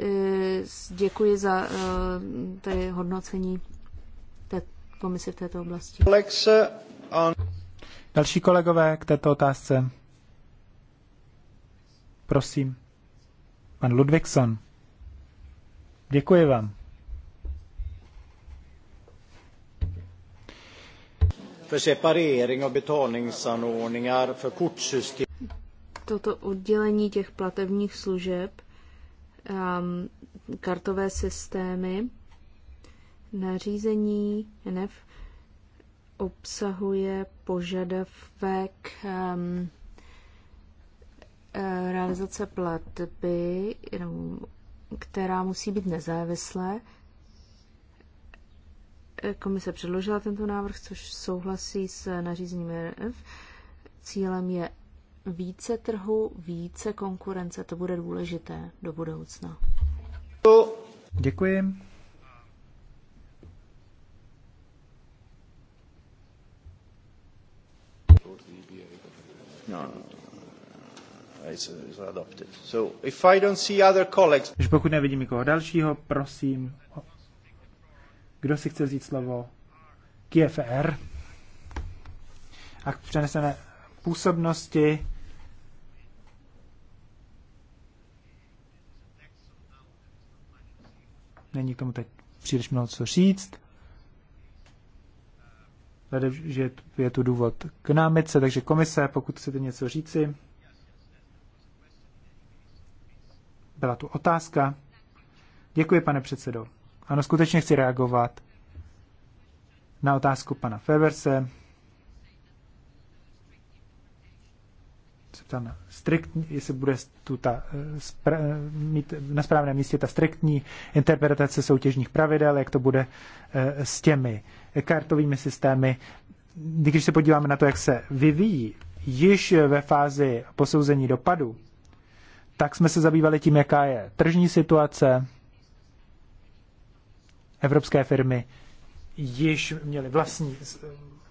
eh, děkuji za eh, tedy hodnocení té komise v této oblasti. Další kolegové k této otázce. Prosím. Pan Ludvíkson. Děkuji vám. Toto oddělení těch platebních služeb, um, kartové systémy, nařízení NF obsahuje požadavek um, Eh, realizace platby, která musí být nezávislé. Eh, komise předložila tento návrh, což souhlasí s nařízením RF. Cílem je více trhu, více konkurence. To bude důležité do budoucna. Děkuji. No, no is, is adopted. So if I don't see other colleagues... Když pokud nevidím nikoho dalšího, prosím, kdo si chce vzít slovo? KFR. A přeneseme působnosti. Není k tomu teď příliš mnoho co říct. Vede, že je tu důvod k námitce, takže komise, pokud chcete něco říci. Byla tu otázka. Děkuji, pane předsedo. Ano, skutečně chci reagovat na otázku pana Feverse. Se ptám na striktní, jestli bude tu ta, eh, spra, eh, mít na správném místě ta striktní interpretace soutěžních pravidel, jak to bude eh, s těmi kartovými systémy. Když se podíváme na to, jak se vyvíjí již ve fázi posouzení dopadu, tak jsme se zabývali tím, jaká je tržní situace. Evropské firmy již měly vlastní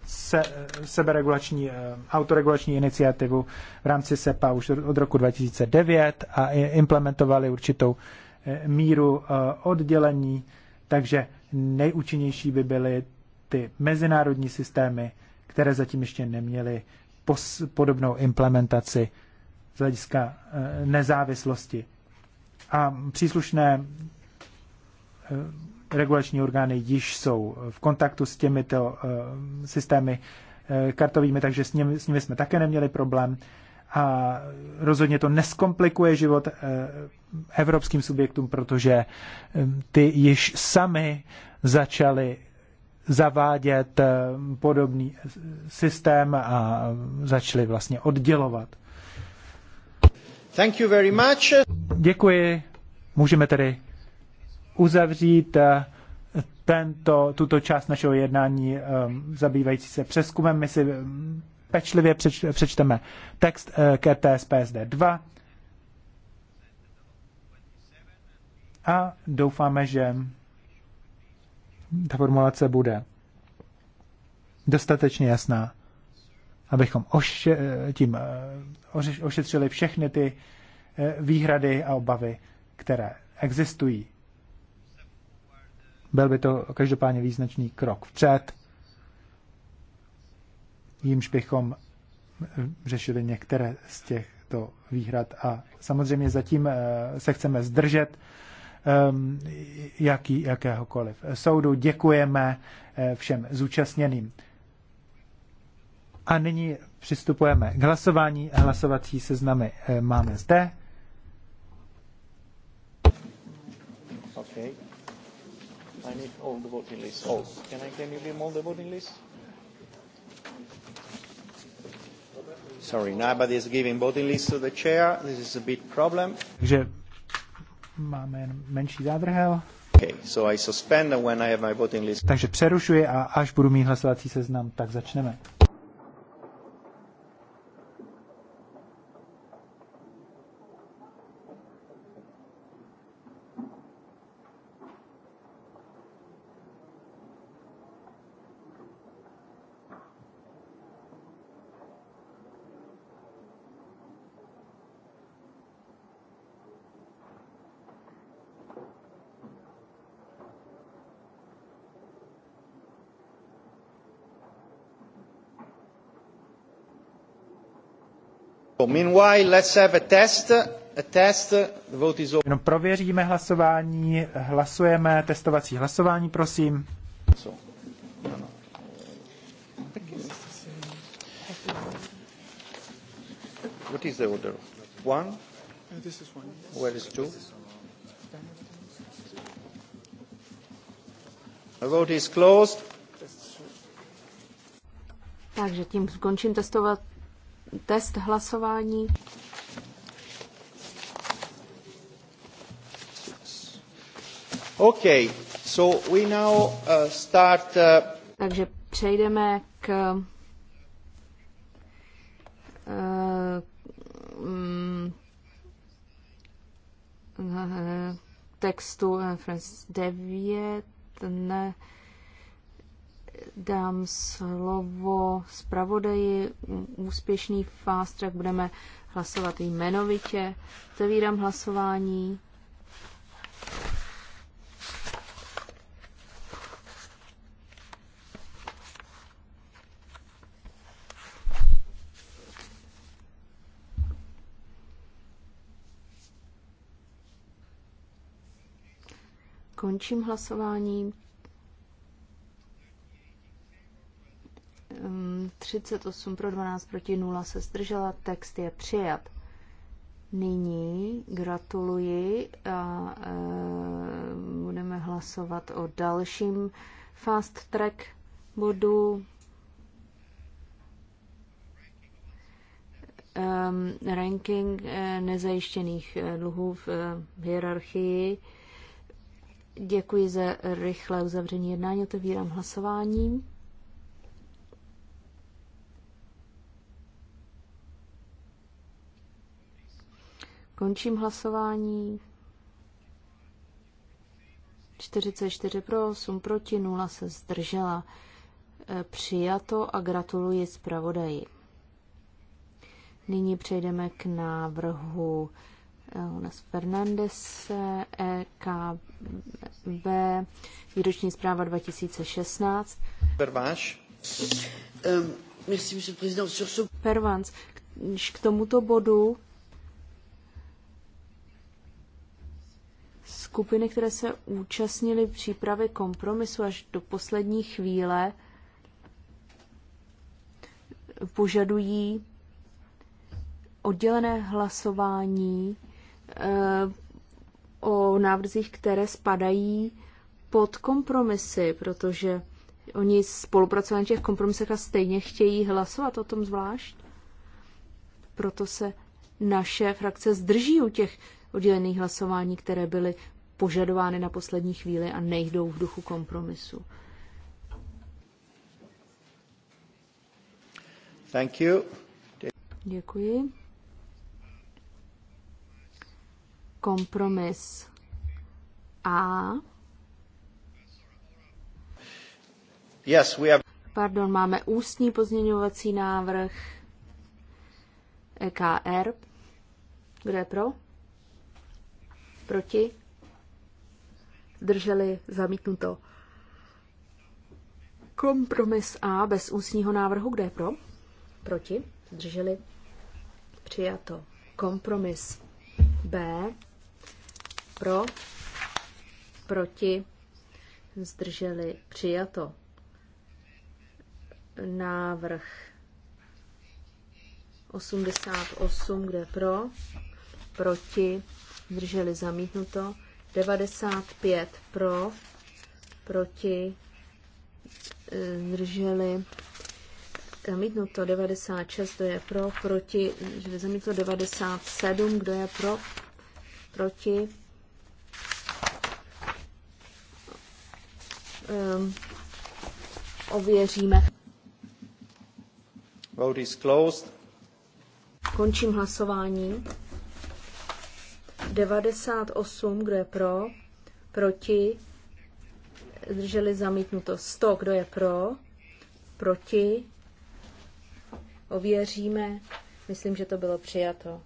se, seberegulační, eh, autoregulační iniciativu v rámci SEPA už od roku 2009 a implementovali určitou eh, míru eh, oddělení, takže nejúčinnější by byly ty mezinárodní systémy, které zatím ještě neměly podobnou implementaci z hlediska eh, nezávislosti. A příslušné eh, regulační orgány již jsou v kontaktu s těmito eh, systémy kartovými, takže s nimi, s nimi jsme také neměli problém. A rozhodně to neskomplikuje život evropským subjektům, protože ty již sami začaly zavádět podobný systém a začali vlastně oddělovat Thank you very much. Děkuji. Můžeme tedy uzavřít eh, tento, tuto část našeho jednání eh, zabývající se přeskumem. My si mm, pečlivě přeč, přečteme text eh, ke PSD 2 a doufáme, že ta formulace bude dostatečně jasná abychom oše, tím eh, ošetřili všechny ty eh, výhrady a obavy, které existují. Byl by to každopádně význačný krok vpřed, jímž bychom eh, řešili některé z těchto výhrad a samozřejmě zatím se chceme zdržet ehm, jaký, jakéhokoliv soudu. Děkujeme všem zúčastněným. A nyní přistupujeme k hlasování. Hlasovací seznamy eh, máme zde. Okay. I need all the voting lists. All. Can I can you give me all the voting lists? Sorry, nobody is giving voting lists to the chair. This is a big problem. Takže máme menší zádrhel. Okay, so I suspend when I have my voting list. Takže přerušuji a až budu mít hlasovací seznam, tak začneme. Meanwhile, prověříme hlasování, hlasujeme, testovací hlasování, prosím. No, no. What is the order? One? This is one. Where is two? The vote is closed. Takže tím skončím testovat test hlasování. Okay, so we now uh, start. Uh... Takže přejdeme k uh, um, textu uh, Francis 9 ne, dám slovo zpravodaji. Úspěšný fast track budeme hlasovat jmenovitě. Otevírám hlasování. Končím hlasování. 38 pro 12 proti 0 se zdržela, text je přijat. Nyní gratuluji a e, budeme hlasovat o dalším fast track bodu. Um, ranking e, nezajištěných e, dluhů v e, hierarchii. Děkuji za rychlé uzavření jednání. Otevírám hlasování. Končím hlasování. 44 pro, 8 proti, 0 se zdržela. E, přijato a gratuluji zpravodaji. Nyní přejdeme k návrhu Jonas Fernandez, EKB, výroční zpráva 2016. Perváš. Pervans, k tomuto bodu skupiny, které se účastnily přípravy kompromisu až do poslední chvíle, požadují oddělené hlasování eh, o návrzích, které spadají pod kompromisy, protože oni spolupracovali na těch kompromisech a stejně chtějí hlasovat o tom zvlášť. Proto se naše frakce zdrží u těch oddělených hlasování, které byly požadovány na poslední chvíli a nejdou v duchu kompromisu. Thank you. Děkuji. Kompromis A. Yes, we have... Pardon, máme ústní pozměňovací návrh EKR. Kdo je pro? proti, drželi zamítnuto. Kompromis A bez ústního návrhu, kde je pro, proti, drželi přijato. Kompromis B pro, proti, zdrželi přijato. Návrh 88, kde pro, proti, zdrželi zamítnuto, 95 pro, proti, e, zdrželi zamítnuto 96, kdo je pro, proti, zdrželi zamítnuto 97, kdo je pro, proti, um, ověříme. Vote is closed. Končím hlasování. 98, kdo je pro, proti, zdrželi zamítnuto 100, kdo je pro, proti, ověříme, myslím, že to bylo přijato.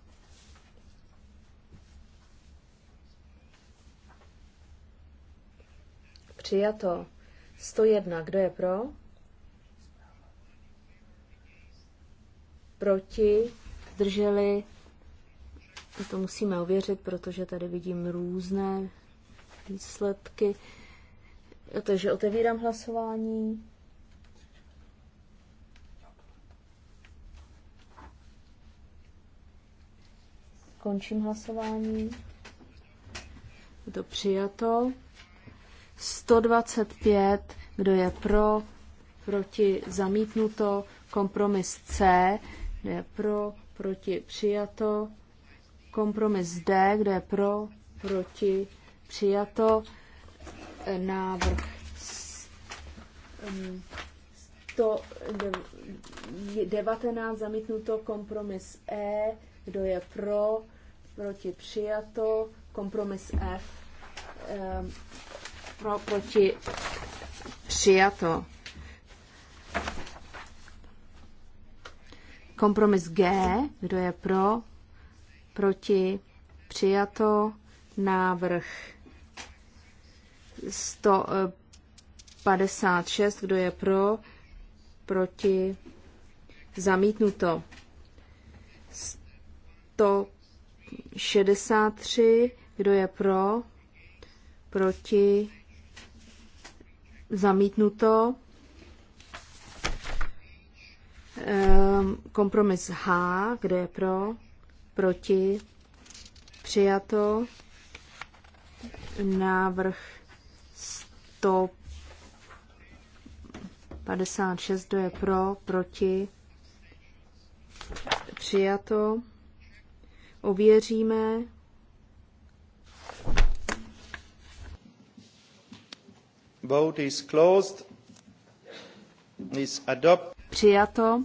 Přijato 101, kdo je pro, proti, zdrželi to musíme ověřit, protože tady vidím různé výsledky. Takže otevírám hlasování. Končím hlasování. Je to přijato. 125, kdo je pro, proti zamítnuto, kompromis C, kdo je pro, proti přijato. Kompromis D, kde je pro, proti, přijato. Návrh 119 zamítnuto, kompromis E, kdo je pro, proti přijato, kompromis F, ehm, pro, proti přijato. Kompromis G, kdo je pro, proti, přijato, návrh 156, eh, kdo je pro, proti, zamítnuto. 163, kdo je pro, proti, zamítnuto. Ehm, kompromis H, kdo je pro, proti, přijato, návrh 156, kdo je pro, proti, přijato, ověříme, Vote is closed. Is adopt. Přijato.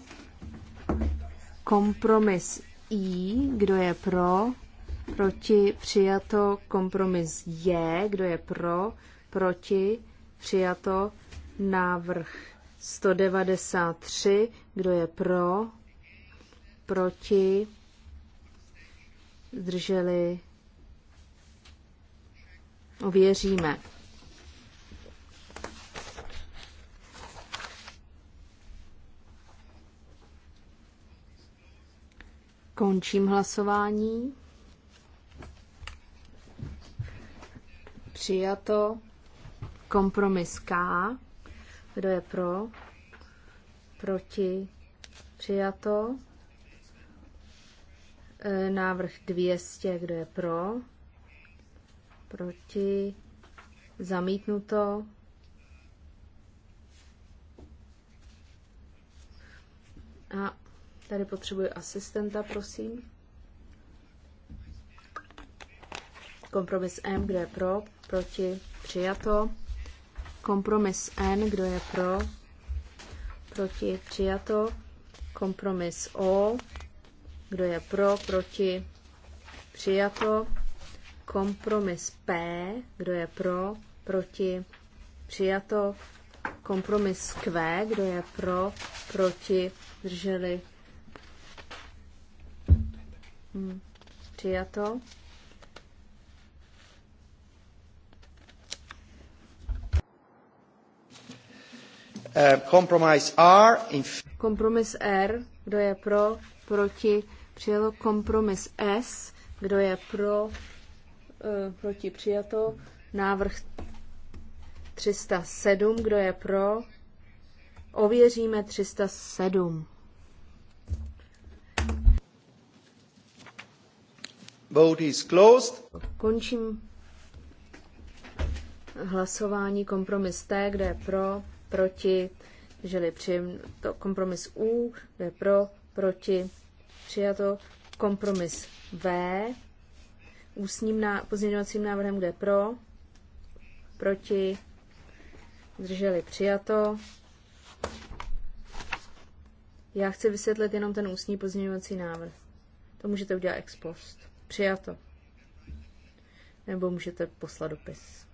Kompromis i, kdo je pro, proti, přijato, kompromis J, kdo je pro, proti, přijato, návrh 193, kdo je pro, proti, zdrželi, ověříme. Končím hlasování. Přijato. Kompromis K. Kdo je pro? Proti? Přijato. E, návrh 200. Kdo je pro? Proti? Zamítnuto. A Tady potřebuji asistenta, prosím. Kompromis M, kdo je pro, proti, přijato. Kompromis N, kdo je pro, proti, přijato. Kompromis O, kdo je pro, proti, přijato. Kompromis P, kdo je pro, proti, přijato. Kompromis Q, kdo je pro, proti, drželi, Hm, přijato. Kompromis eh, R. Kompromis R. Kdo je pro? Proti? Přijalo kompromis S. Kdo je pro? Eh, proti? Přijato. Návrh 307. Kdo je pro? Ověříme 307. Vote is closed. Končím hlasování kompromis T, kde je pro, proti, želi přijím to kompromis U, kde je pro, proti, přijato kompromis V, ústním na pozměňovacím návrhem, kde je pro, proti, zdrželi přijato. Já chci vysvětlit jenom ten ústní pozměňovací návrh. To můžete udělat ex post. Přijato. Nebo můžete poslat dopis.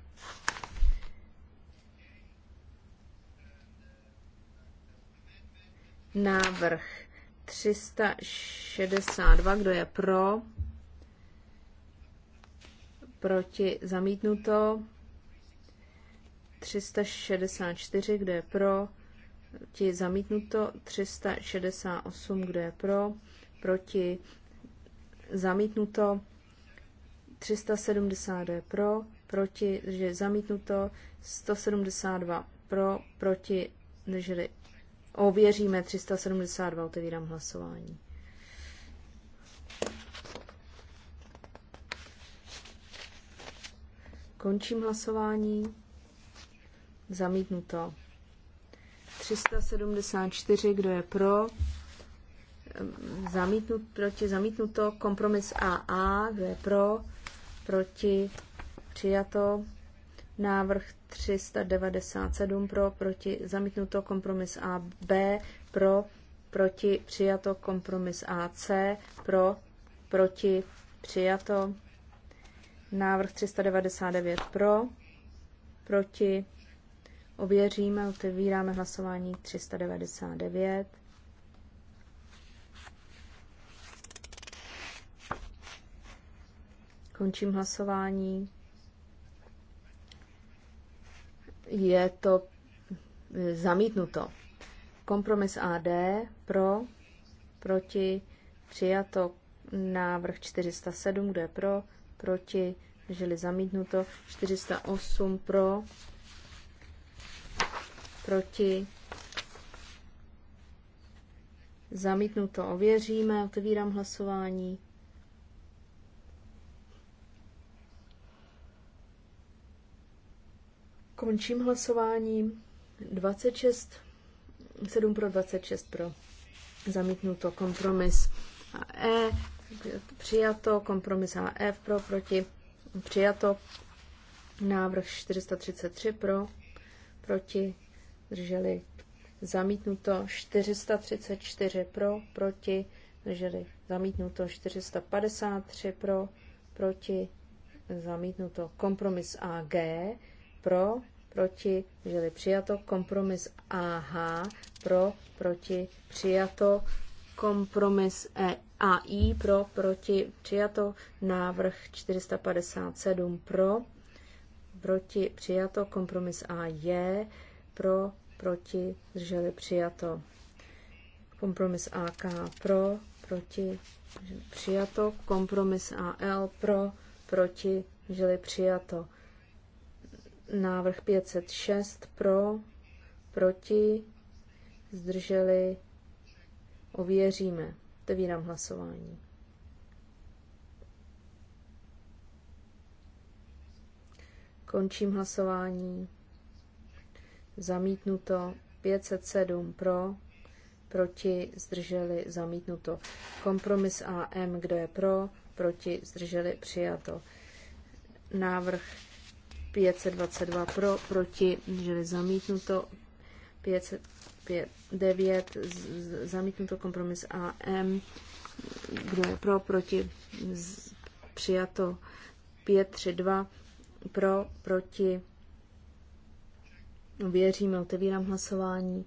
Návrh 362, kdo je pro? Proti zamítnuto. 364, kdo je pro? Proti zamítnuto. 368, kdo je pro? Proti zamítnuto, 370 je pro, proti, že zamítnuto, 172 pro, proti, drželi. Ověříme 372, otevírám hlasování. Končím hlasování. Zamítnuto. 374, kdo je pro? zamítnut, proti, zamítnuto, kompromis AA, kdo je pro, proti, přijato, návrh 397 pro, proti, zamítnuto, kompromis AB, pro, proti, přijato, kompromis AC, pro, proti, přijato, návrh 399 pro, proti, ověříme, otevíráme hlasování 399. Končím hlasování. Je to e, zamítnuto. Kompromis AD pro, proti, přijato návrh 407, kde pro, proti, žili zamítnuto, 408 pro, proti, zamítnuto, ověříme, otevírám hlasování. Končím hlasování. 26, 7 pro 26 pro. Zamítnuto kompromis a E, přijato, kompromis a F pro, proti, přijato, návrh 433 pro, proti, drželi, zamítnuto 434 pro, proti, drželi, zamítnuto 453 pro, proti, zamítnuto kompromis AG pro, proti, žili přijato, kompromis AH, pro, proti, přijato, kompromis e, AI, pro, proti, přijato, návrh 457, pro, proti, přijato, kompromis AJ, pro, proti, zdrželi přijato, kompromis AK, pro, proti, přijato, kompromis AL, pro, proti, žili přijato, Návrh 506 pro, proti, zdrželi, ověříme. Otevírám hlasování. Končím hlasování. Zamítnuto 507 pro, proti, zdrželi, zamítnuto. Kompromis AM, kdo je pro, proti, zdrželi, přijato. Návrh 522 pro, proti, že je zamítnuto 509, zamítnuto kompromis AM, kdo je pro, proti, z, přijato 532 pro, proti, věříme, otevírám hlasování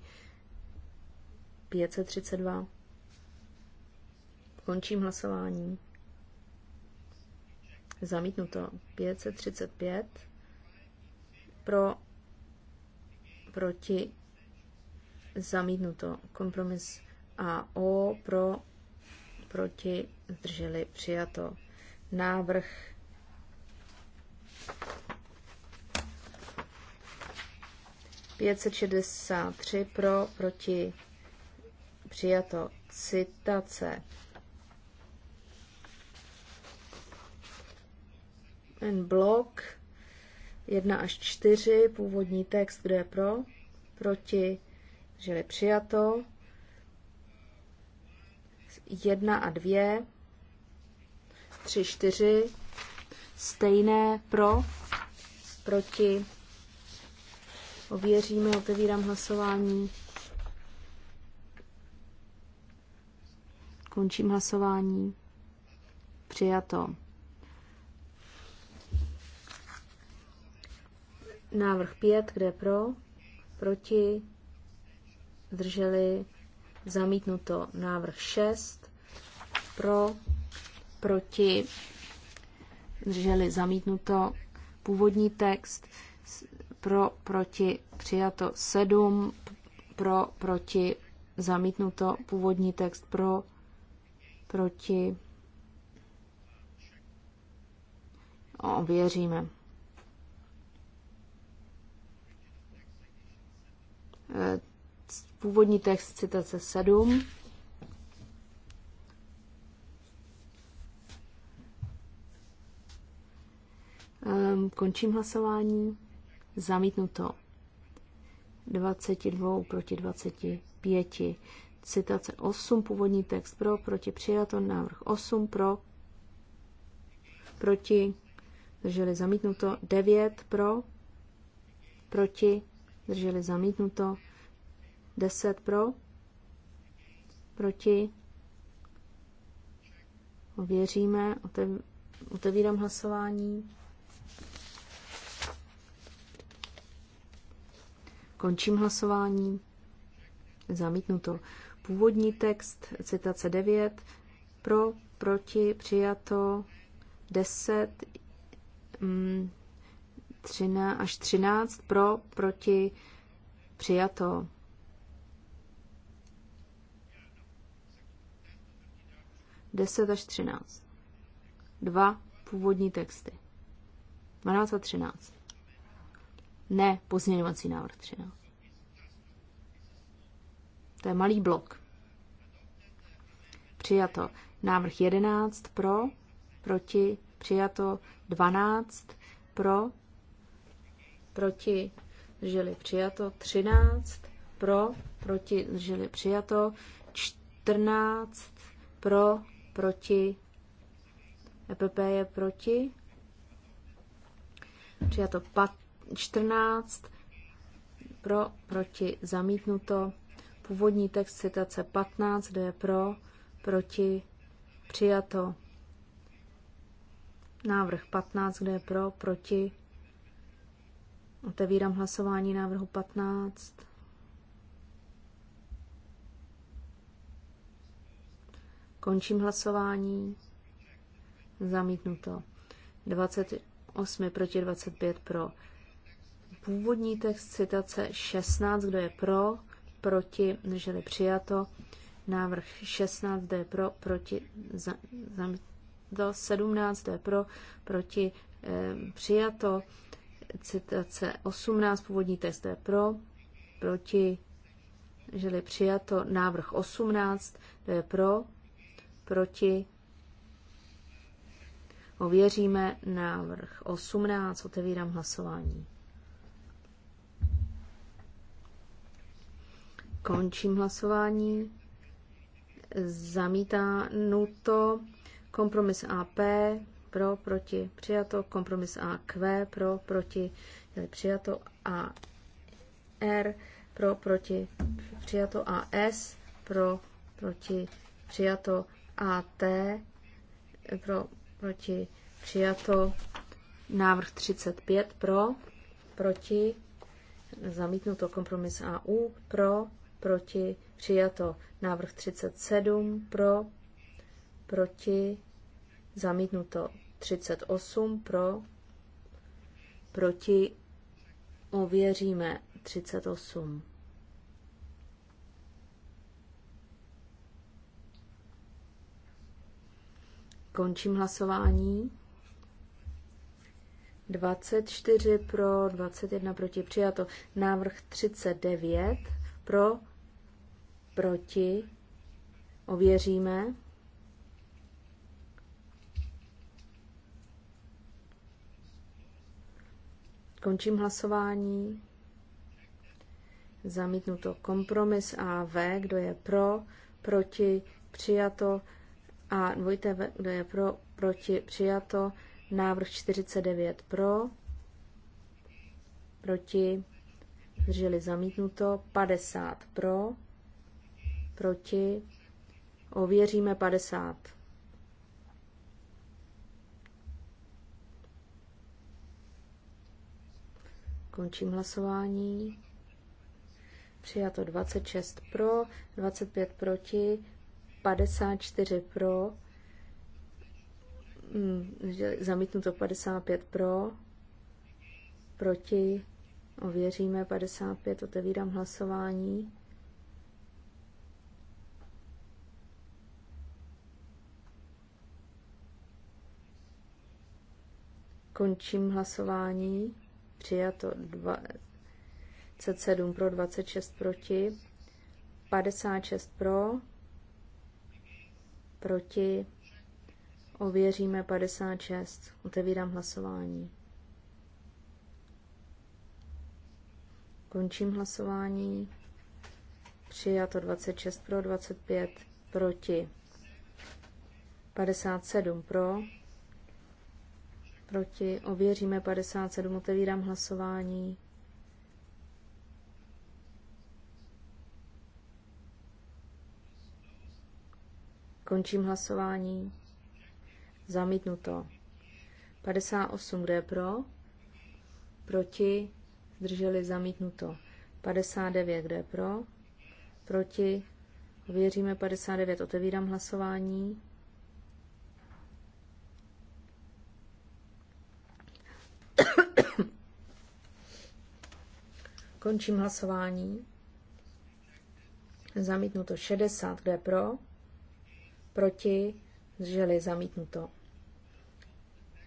532. Končím hlasování. Zamítnuto 535 pro, proti, zamítnuto. Kompromis A O pro, proti, zdrželi, přijato. Návrh Pětset tři pro, proti, přijato. Citace. en blok 1 až 4, původní text, kdo je pro, proti, že je přijato. 1 a 2, 3, 4, stejné pro, proti, ověříme, otevírám hlasování. Končím hlasování. Přijato. Návrh 5, kde pro, proti, zdrželi, zamítnuto. Návrh 6, pro, proti, zdrželi, zamítnuto. Původní text, pro, proti, přijato 7, pro, proti, zamítnuto. Původní text pro, proti, ověříme. Eh, původní text citace 7. Ehm, končím hlasování. Zamítnuto. 22 proti 25. Citace 8, původní text pro, proti přijato, návrh 8 pro, proti, drželi zamítnuto, 9 pro, proti, zdrželi zamítnuto, 10 pro, proti, ověříme, otevírám hlasování, končím hlasování, zamítnuto. Původní text, citace 9, pro, proti, přijato, 10, 13 až 13 pro, proti, přijato. Deset až třináct. Dva původní texty. 12 a 13. Ne pozměňovací návrh 13. To je malý blok. Přijato. Návrh 11 pro, proti, přijato 12 pro, proti, zdrželi přijato. 13 pro, proti, zdrželi přijato. 14 pro, proti, EPP je proti. Přijato 14 pro, proti, zamítnuto. Původní text citace 15, kde je pro, proti, přijato. Návrh 15, kde je pro, proti, Otevírám hlasování návrhu 15. Končím hlasování. Zamítnuto. 28 proti 25 pro. Původní text citace 16, kdo je pro, proti, neželi přijato. Návrh 16, kdo je pro, proti, zamítnuto. 17, kdo je pro, proti, e, přijato citace 18, původní text je pro, proti, že žili přijato, návrh 18, to je pro, proti, ověříme návrh 18, otevírám hlasování. Končím hlasování. Zamítá nuto kompromis AP pro, proti, přijato, kompromis a Q, pro, proti, přijato a r pro, proti, přijato a s pro, proti, přijato a t pro, proti, přijato návrh 35, pro, proti, zamítnuto kompromis a u pro, proti, přijato návrh 37, pro, proti, Zamítnuto 38 pro, proti ověříme 38. Končím hlasování. 24 pro, 21 proti přijato. Návrh 39 pro, proti ověříme. Končím hlasování. Zamítnuto kompromis A V. kdo je pro, proti, přijato. A dvojité V, kdo je pro, proti, přijato. Návrh 49 pro, proti, zdrželi zamítnuto. 50 pro, proti, ověříme 50. Končím hlasování. Přijato 26 pro, 25 proti, 54 pro, Zamítnu to 55 pro, proti, ověříme 55, otevírám hlasování. Končím hlasování přijato 27 pro, 26 proti, 56 pro, proti, ověříme 56, otevírám hlasování. Končím hlasování. Přijato 26 pro, 25 proti. 57 pro, proti, ověříme 57, otevírám hlasování. Končím hlasování. Zamítnuto. 58, kde je pro? Proti, zdrželi zamítnuto. 59, kde je pro? Proti, ověříme 59, otevírám hlasování. Končím hlasování. Zamítnuto 60, kde pro? Proti? zželi zamítnuto.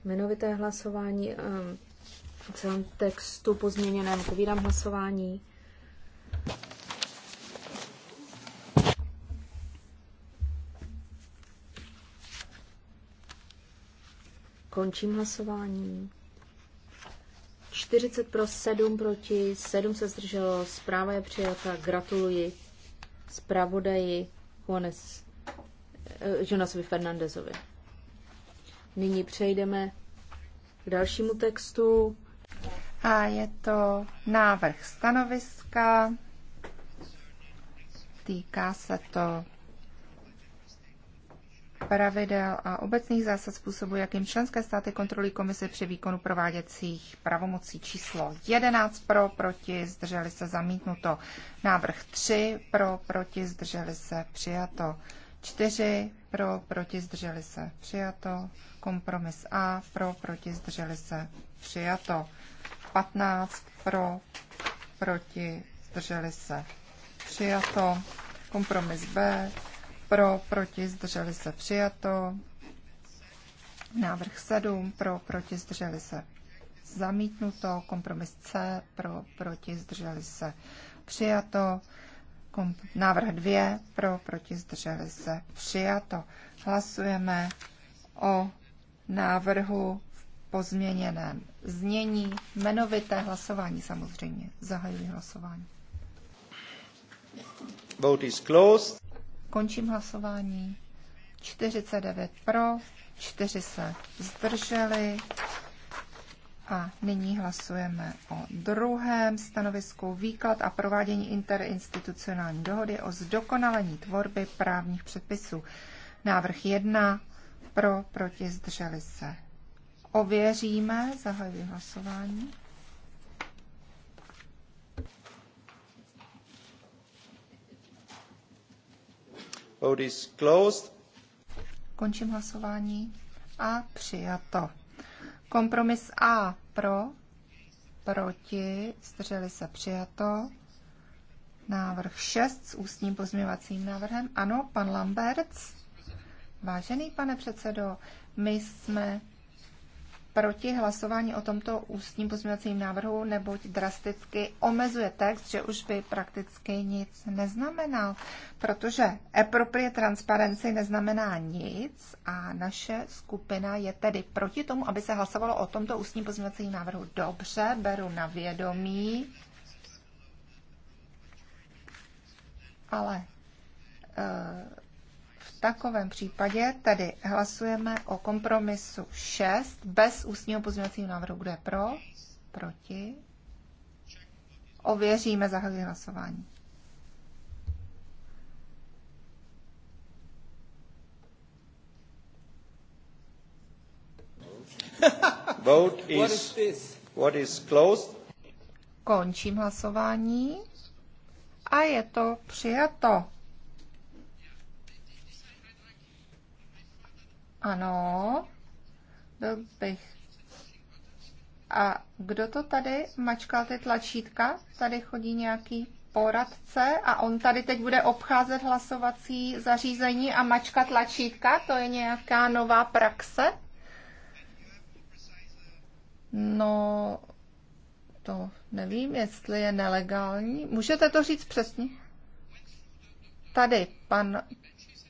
Jmenovité hlasování ehm, v celém textu pozměněném. Povídám hlasování. Končím hlasování. 40 pro 7 proti, 7 se zdrželo, zpráva je přijata, gratuluji zpravodaji Juanes, eh, Jonasovi Fernandezovi. Nyní přejdeme k dalšímu textu. A je to návrh stanoviska. Týká se to pravidel a obecných zásad způsobu, jakým členské státy kontrolují komisi při výkonu prováděcích pravomocí číslo 11 pro, proti, zdrželi se zamítnuto. Návrh 3 pro, proti, zdrželi se přijato. 4 pro, proti, zdrželi se přijato. Kompromis A pro, proti, zdrželi se přijato. 15 pro, proti, zdrželi se přijato. Kompromis B pro, proti, zdrželi se přijato. Návrh 7 pro, proti, zdrželi se zamítnuto. Kompromis C pro, proti, zdrželi se přijato. Kom, návrh 2 pro, proti, zdrželi se přijato. Hlasujeme o návrhu v pozměněném znění. Jmenovité hlasování samozřejmě. Zahajuji hlasování. Vote is closed. Končím hlasování. 49 pro, 4 se zdrželi. A nyní hlasujeme o druhém stanovisku výklad a provádění interinstitucionální dohody o zdokonalení tvorby právních předpisů. Návrh 1 pro, proti, zdrželi se. Ověříme, zahajuji hlasování. Vote is closed. Končím hlasování a přijato. Kompromis A pro, proti, zdrželi se přijato. Návrh 6 s ústním pozměvacím návrhem. Ano, pan Lamberts. Vážený pane předsedo, my jsme proti hlasování o tomto ústním pozměňovacím návrhu, neboť drasticky omezuje text, že už by prakticky nic neznamenal, protože appropriate transparency neznamená nic a naše skupina je tedy proti tomu, aby se hlasovalo o tomto ústním pozměňovacím návrhu. Dobře, beru na vědomí, ale eh, takovém případě tedy hlasujeme o kompromisu 6 bez ústního pozměňovacího návrhu. Kdo je pro? Proti? Ověříme zahajuji hlasování. Vote is, what is closed. Končím hlasování a je to přijato. Ano, byl bych. A kdo to tady mačkal ty tlačítka? Tady chodí nějaký poradce a on tady teď bude obcházet hlasovací zařízení a mačkat tlačítka? To je nějaká nová praxe? No, to nevím, jestli je nelegální. Můžete to říct přesně? Tady pan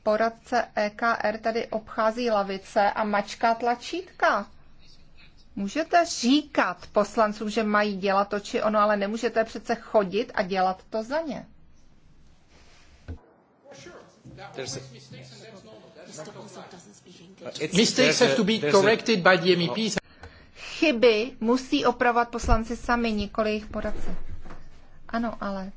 poradce EKR tady obchází lavice a mačká tlačítka. Můžete říkat poslancům, že mají dělat to či ono, ale nemůžete přece chodit a dělat to za ně. E Chyby musí opravovat poslanci sami, nikoli jejich poradce. Ano, ale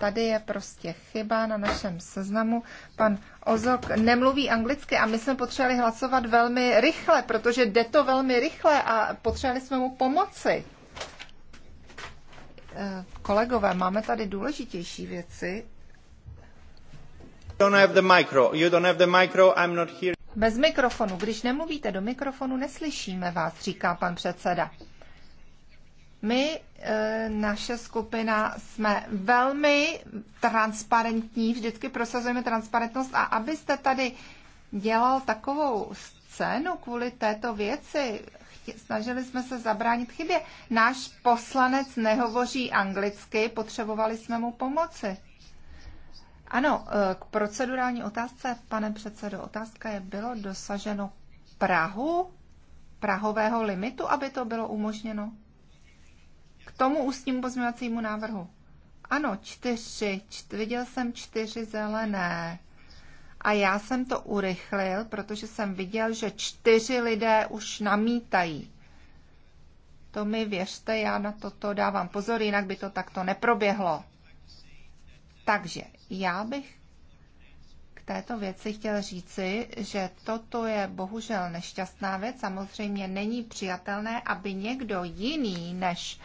Tady je prostě chyba na našem seznamu. Pan Ozok nemluví anglicky a my jsme potřebovali hlasovat velmi rychle, protože jde to velmi rychle a potřebovali jsme mu pomoci. Eh, kolegové, máme tady důležitější věci. the You don't have the I'm not here. Bez mikrofonu. Když nemluvíte do mikrofonu, neslyšíme vás, říká pan předseda. My, eh, naše skupina, jsme velmi transparentní, vždycky prosazujeme transparentnost a abyste tady dělal takovou scénu kvůli této věci, snažili jsme se zabránit chybě. Náš poslanec nehovoří anglicky, potřebovali jsme mu pomoci. Ano, eh, k procedurální otázce, pane předsedo, otázka je, bylo dosaženo Prahu, prahového limitu, aby to bylo umožněno? tomu ústnímu pozměňovacímu návrhu. Ano, čtyři. Čty, viděl jsem čtyři zelené. A já jsem to urychlil, protože jsem viděl, že čtyři lidé už namítají. To mi věřte, já na toto dávám pozor, jinak by to takto neproběhlo. Takže já bych k této věci chtěl říci, že toto je bohužel nešťastná věc. Samozřejmě není přijatelné, aby někdo jiný než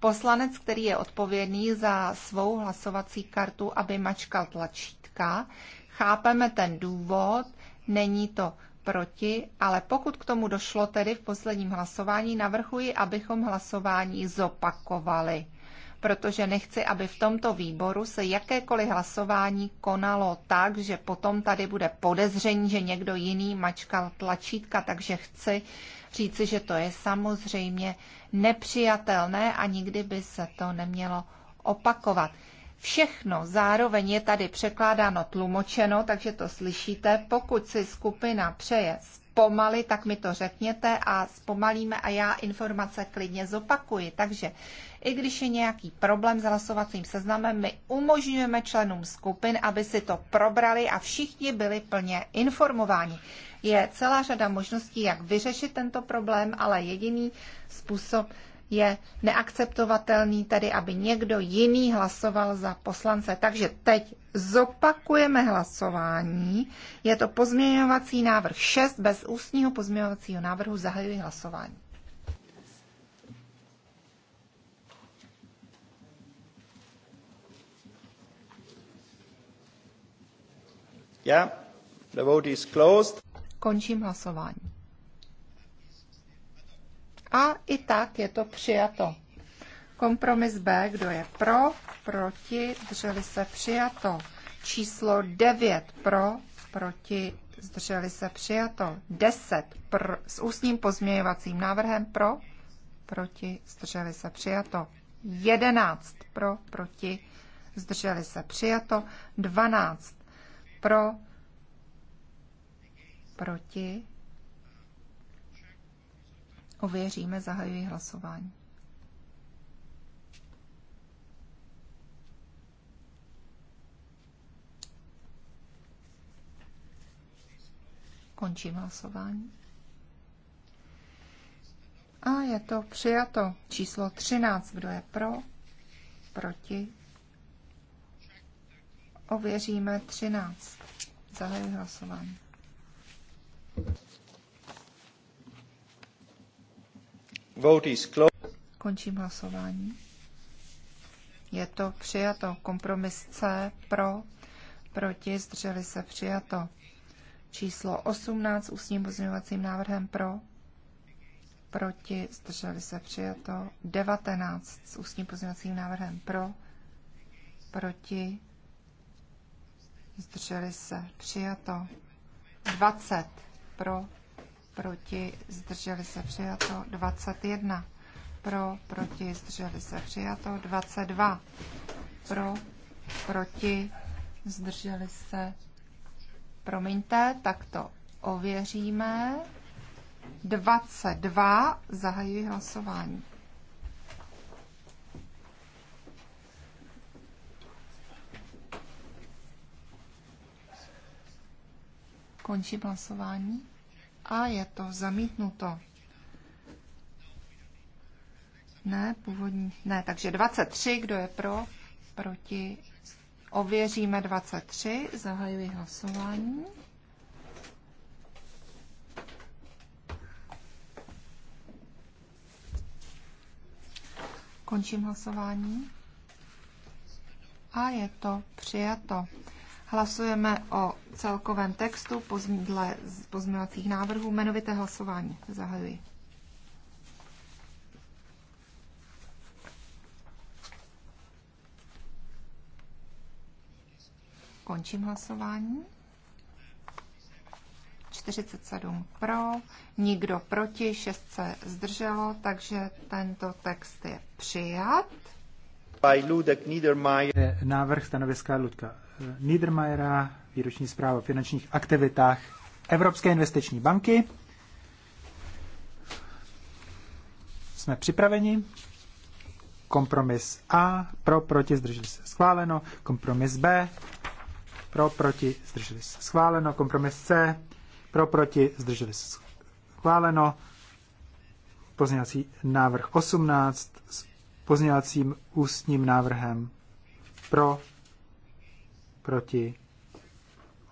poslanec, který je odpovědný za svou hlasovací kartu, aby mačkal tlačítka. Chápeme ten důvod, není to proti, ale pokud k tomu došlo tedy v posledním hlasování, navrhuji, abychom hlasování zopakovali protože nechci, aby v tomto výboru se jakékoliv hlasování konalo tak, že potom tady bude podezření, že někdo jiný mačkal tlačítka, takže chci říci, že to je samozřejmě nepřijatelné a nikdy by se to nemělo opakovat. Všechno zároveň je tady překládáno, tlumočeno, takže to slyšíte. Pokud si skupina přeje zpomaly, tak mi to řekněte a zpomalíme a já informace klidně zopakuji. Takže i když je nějaký problém s hlasovacím seznamem, my umožňujeme členům skupin, aby si to probrali a všichni byli plně informováni. Je celá řada možností, jak vyřešit tento problém, ale jediný způsob je neakceptovatelný, tedy aby někdo jiný hlasoval za poslance. Takže teď zopakujeme hlasování. Je to pozměňovací návrh 6 bez ústního pozměňovacího návrhu. Zahajuji hlasování. Yeah. The vote is closed. Končím hlasování. A i tak je to přijato. Kompromis B, kdo je pro, proti, drželi se přijato. Číslo 9 pro, proti, zdrželi se přijato. 10 pr, s ústním pozměňovacím návrhem pro, proti, zdrželi se přijato. 11 pro, proti, zdrželi se přijato. 12 pro, proti. Ověříme, zahajuji hlasování. Končím hlasování. A je to přijato. Číslo 13. Kdo je pro? Proti? Ověříme 13. Zahajuji hlasování. Vote is Končím hlasování. Je to přijato. Kompromis C pro, proti, zdrželi se přijato. Číslo 18 ústním pozměňovacím návrhem pro, proti, zdrželi se přijato. 19 s ústním pozměňovacím návrhem pro, proti, zdrželi se, přijato. 20 pro, proti, zdrželi se, přijato. 21 pro, proti, zdrželi se, přijato. 22 pro, proti, zdrželi se. Promiňte, tak to ověříme. 22 zahajuji hlasování. Končím hlasování a je to zamítnuto. Ne, původní, ne, takže 23, kdo je pro, proti, ověříme 23, zahajuji hlasování. Končím hlasování. A je to přijato. Hlasujeme o celkovém textu dle pozměňovacích návrhů. Jmenovité hlasování zahajuji. Končím hlasování. 47 pro, nikdo proti, 6 se zdrželo, takže tento text je přijat. Návrh stanoviska Ludka Niedermayera, výroční zpráva o finančních aktivitách Evropské investiční banky. Jsme připraveni. Kompromis A, pro, proti, zdrželi se schváleno. Kompromis B, pro, proti, zdrželi se schváleno. Kompromis C, pro, proti, zdrželi se schváleno. Pozněvací návrh 18 s pozněvacím ústním návrhem pro, proti.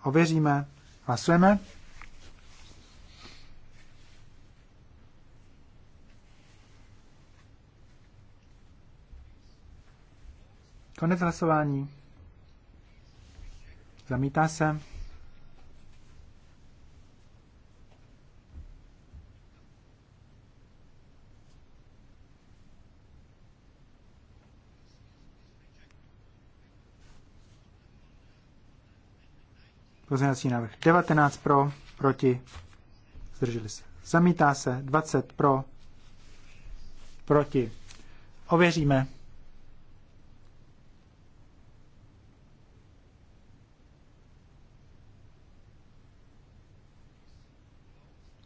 Ověříme. Hlasujeme. Konec hlasování. Zamítá se. Pozměňovací návrh 19 pro, proti, zdrželi se. Zamítá se 20 pro, proti. Ověříme.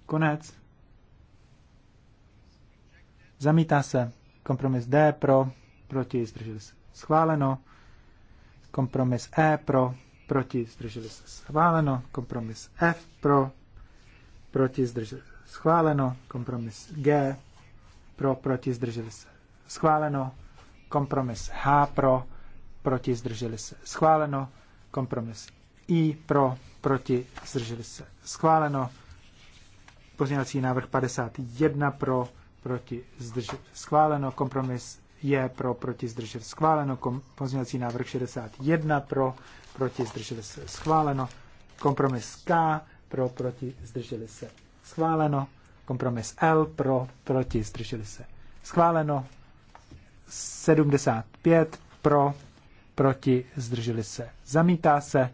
Konec. Zamítá se. Kompromis D pro, proti, zdrželi se. Schváleno. Kompromis E pro, proti, zdrželi se schváleno, kompromis F pro, proti, zdrželi se schváleno, kompromis G pro, proti, zdrželi se schváleno, kompromis H pro, proti, zdrželi se schváleno, kompromis I pro, proti, zdrželi se schváleno, pozměňovací návrh 51 pro, proti, zdrželi se schváleno, kompromis je pro, proti, zdržel schváleno, kom, pozměňovací návrh 61 pro, proti, zdrželi se, schváleno. Kompromis K, pro, proti, zdrželi se, schváleno. Kompromis L, pro, proti, zdrželi se, schváleno. 75, pro, proti, zdrželi se, zamítá se.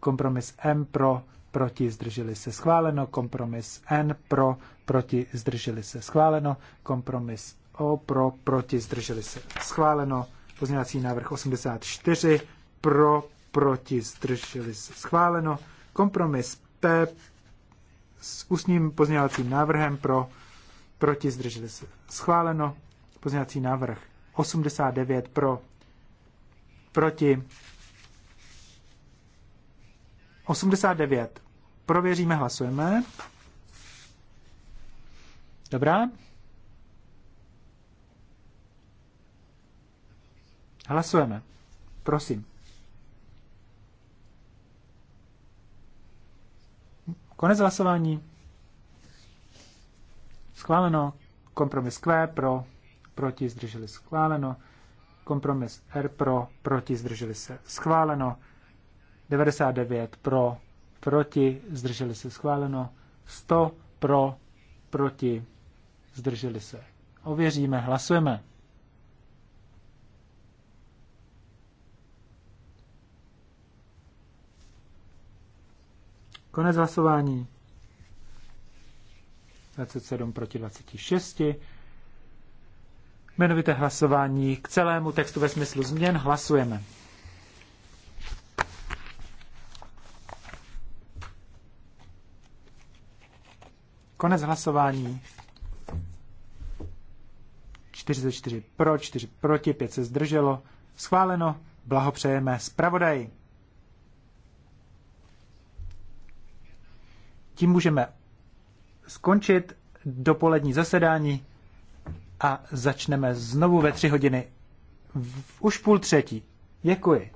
Kompromis M, pro, proti, zdrželi se, schváleno. Kompromis N, pro, proti, zdrželi se, schváleno. Kompromis O, pro, proti, zdrželi se, schváleno. Pozměňovací návrh 84, pro, proti, zdrželi se. Schváleno. Kompromis P s ústním pozměňovacím návrhem pro, proti, zdrželi se. Schváleno. Pozměňovací návrh 89 pro, proti. 89. Prověříme, hlasujeme. Dobrá. Hlasujeme. Prosím. Konec hlasování. Schváleno. Kompromis Q pro, proti, zdrželi schváleno. Kompromis R pro, proti, zdrželi se schváleno. 99 pro, proti, zdrželi se schváleno. 100 pro, proti, zdrželi se. Ověříme, hlasujeme. Konec hlasování. 27 proti 26. Jmenovité hlasování k celému textu ve smyslu změn hlasujeme. Konec hlasování. 44 pro, 4 proti, 5 se zdrželo. Schváleno. Blahopřejeme zpravodaji. Tím můžeme skončit dopolední zasedání a začneme znovu ve tři hodiny, v, už půl třetí. Děkuji.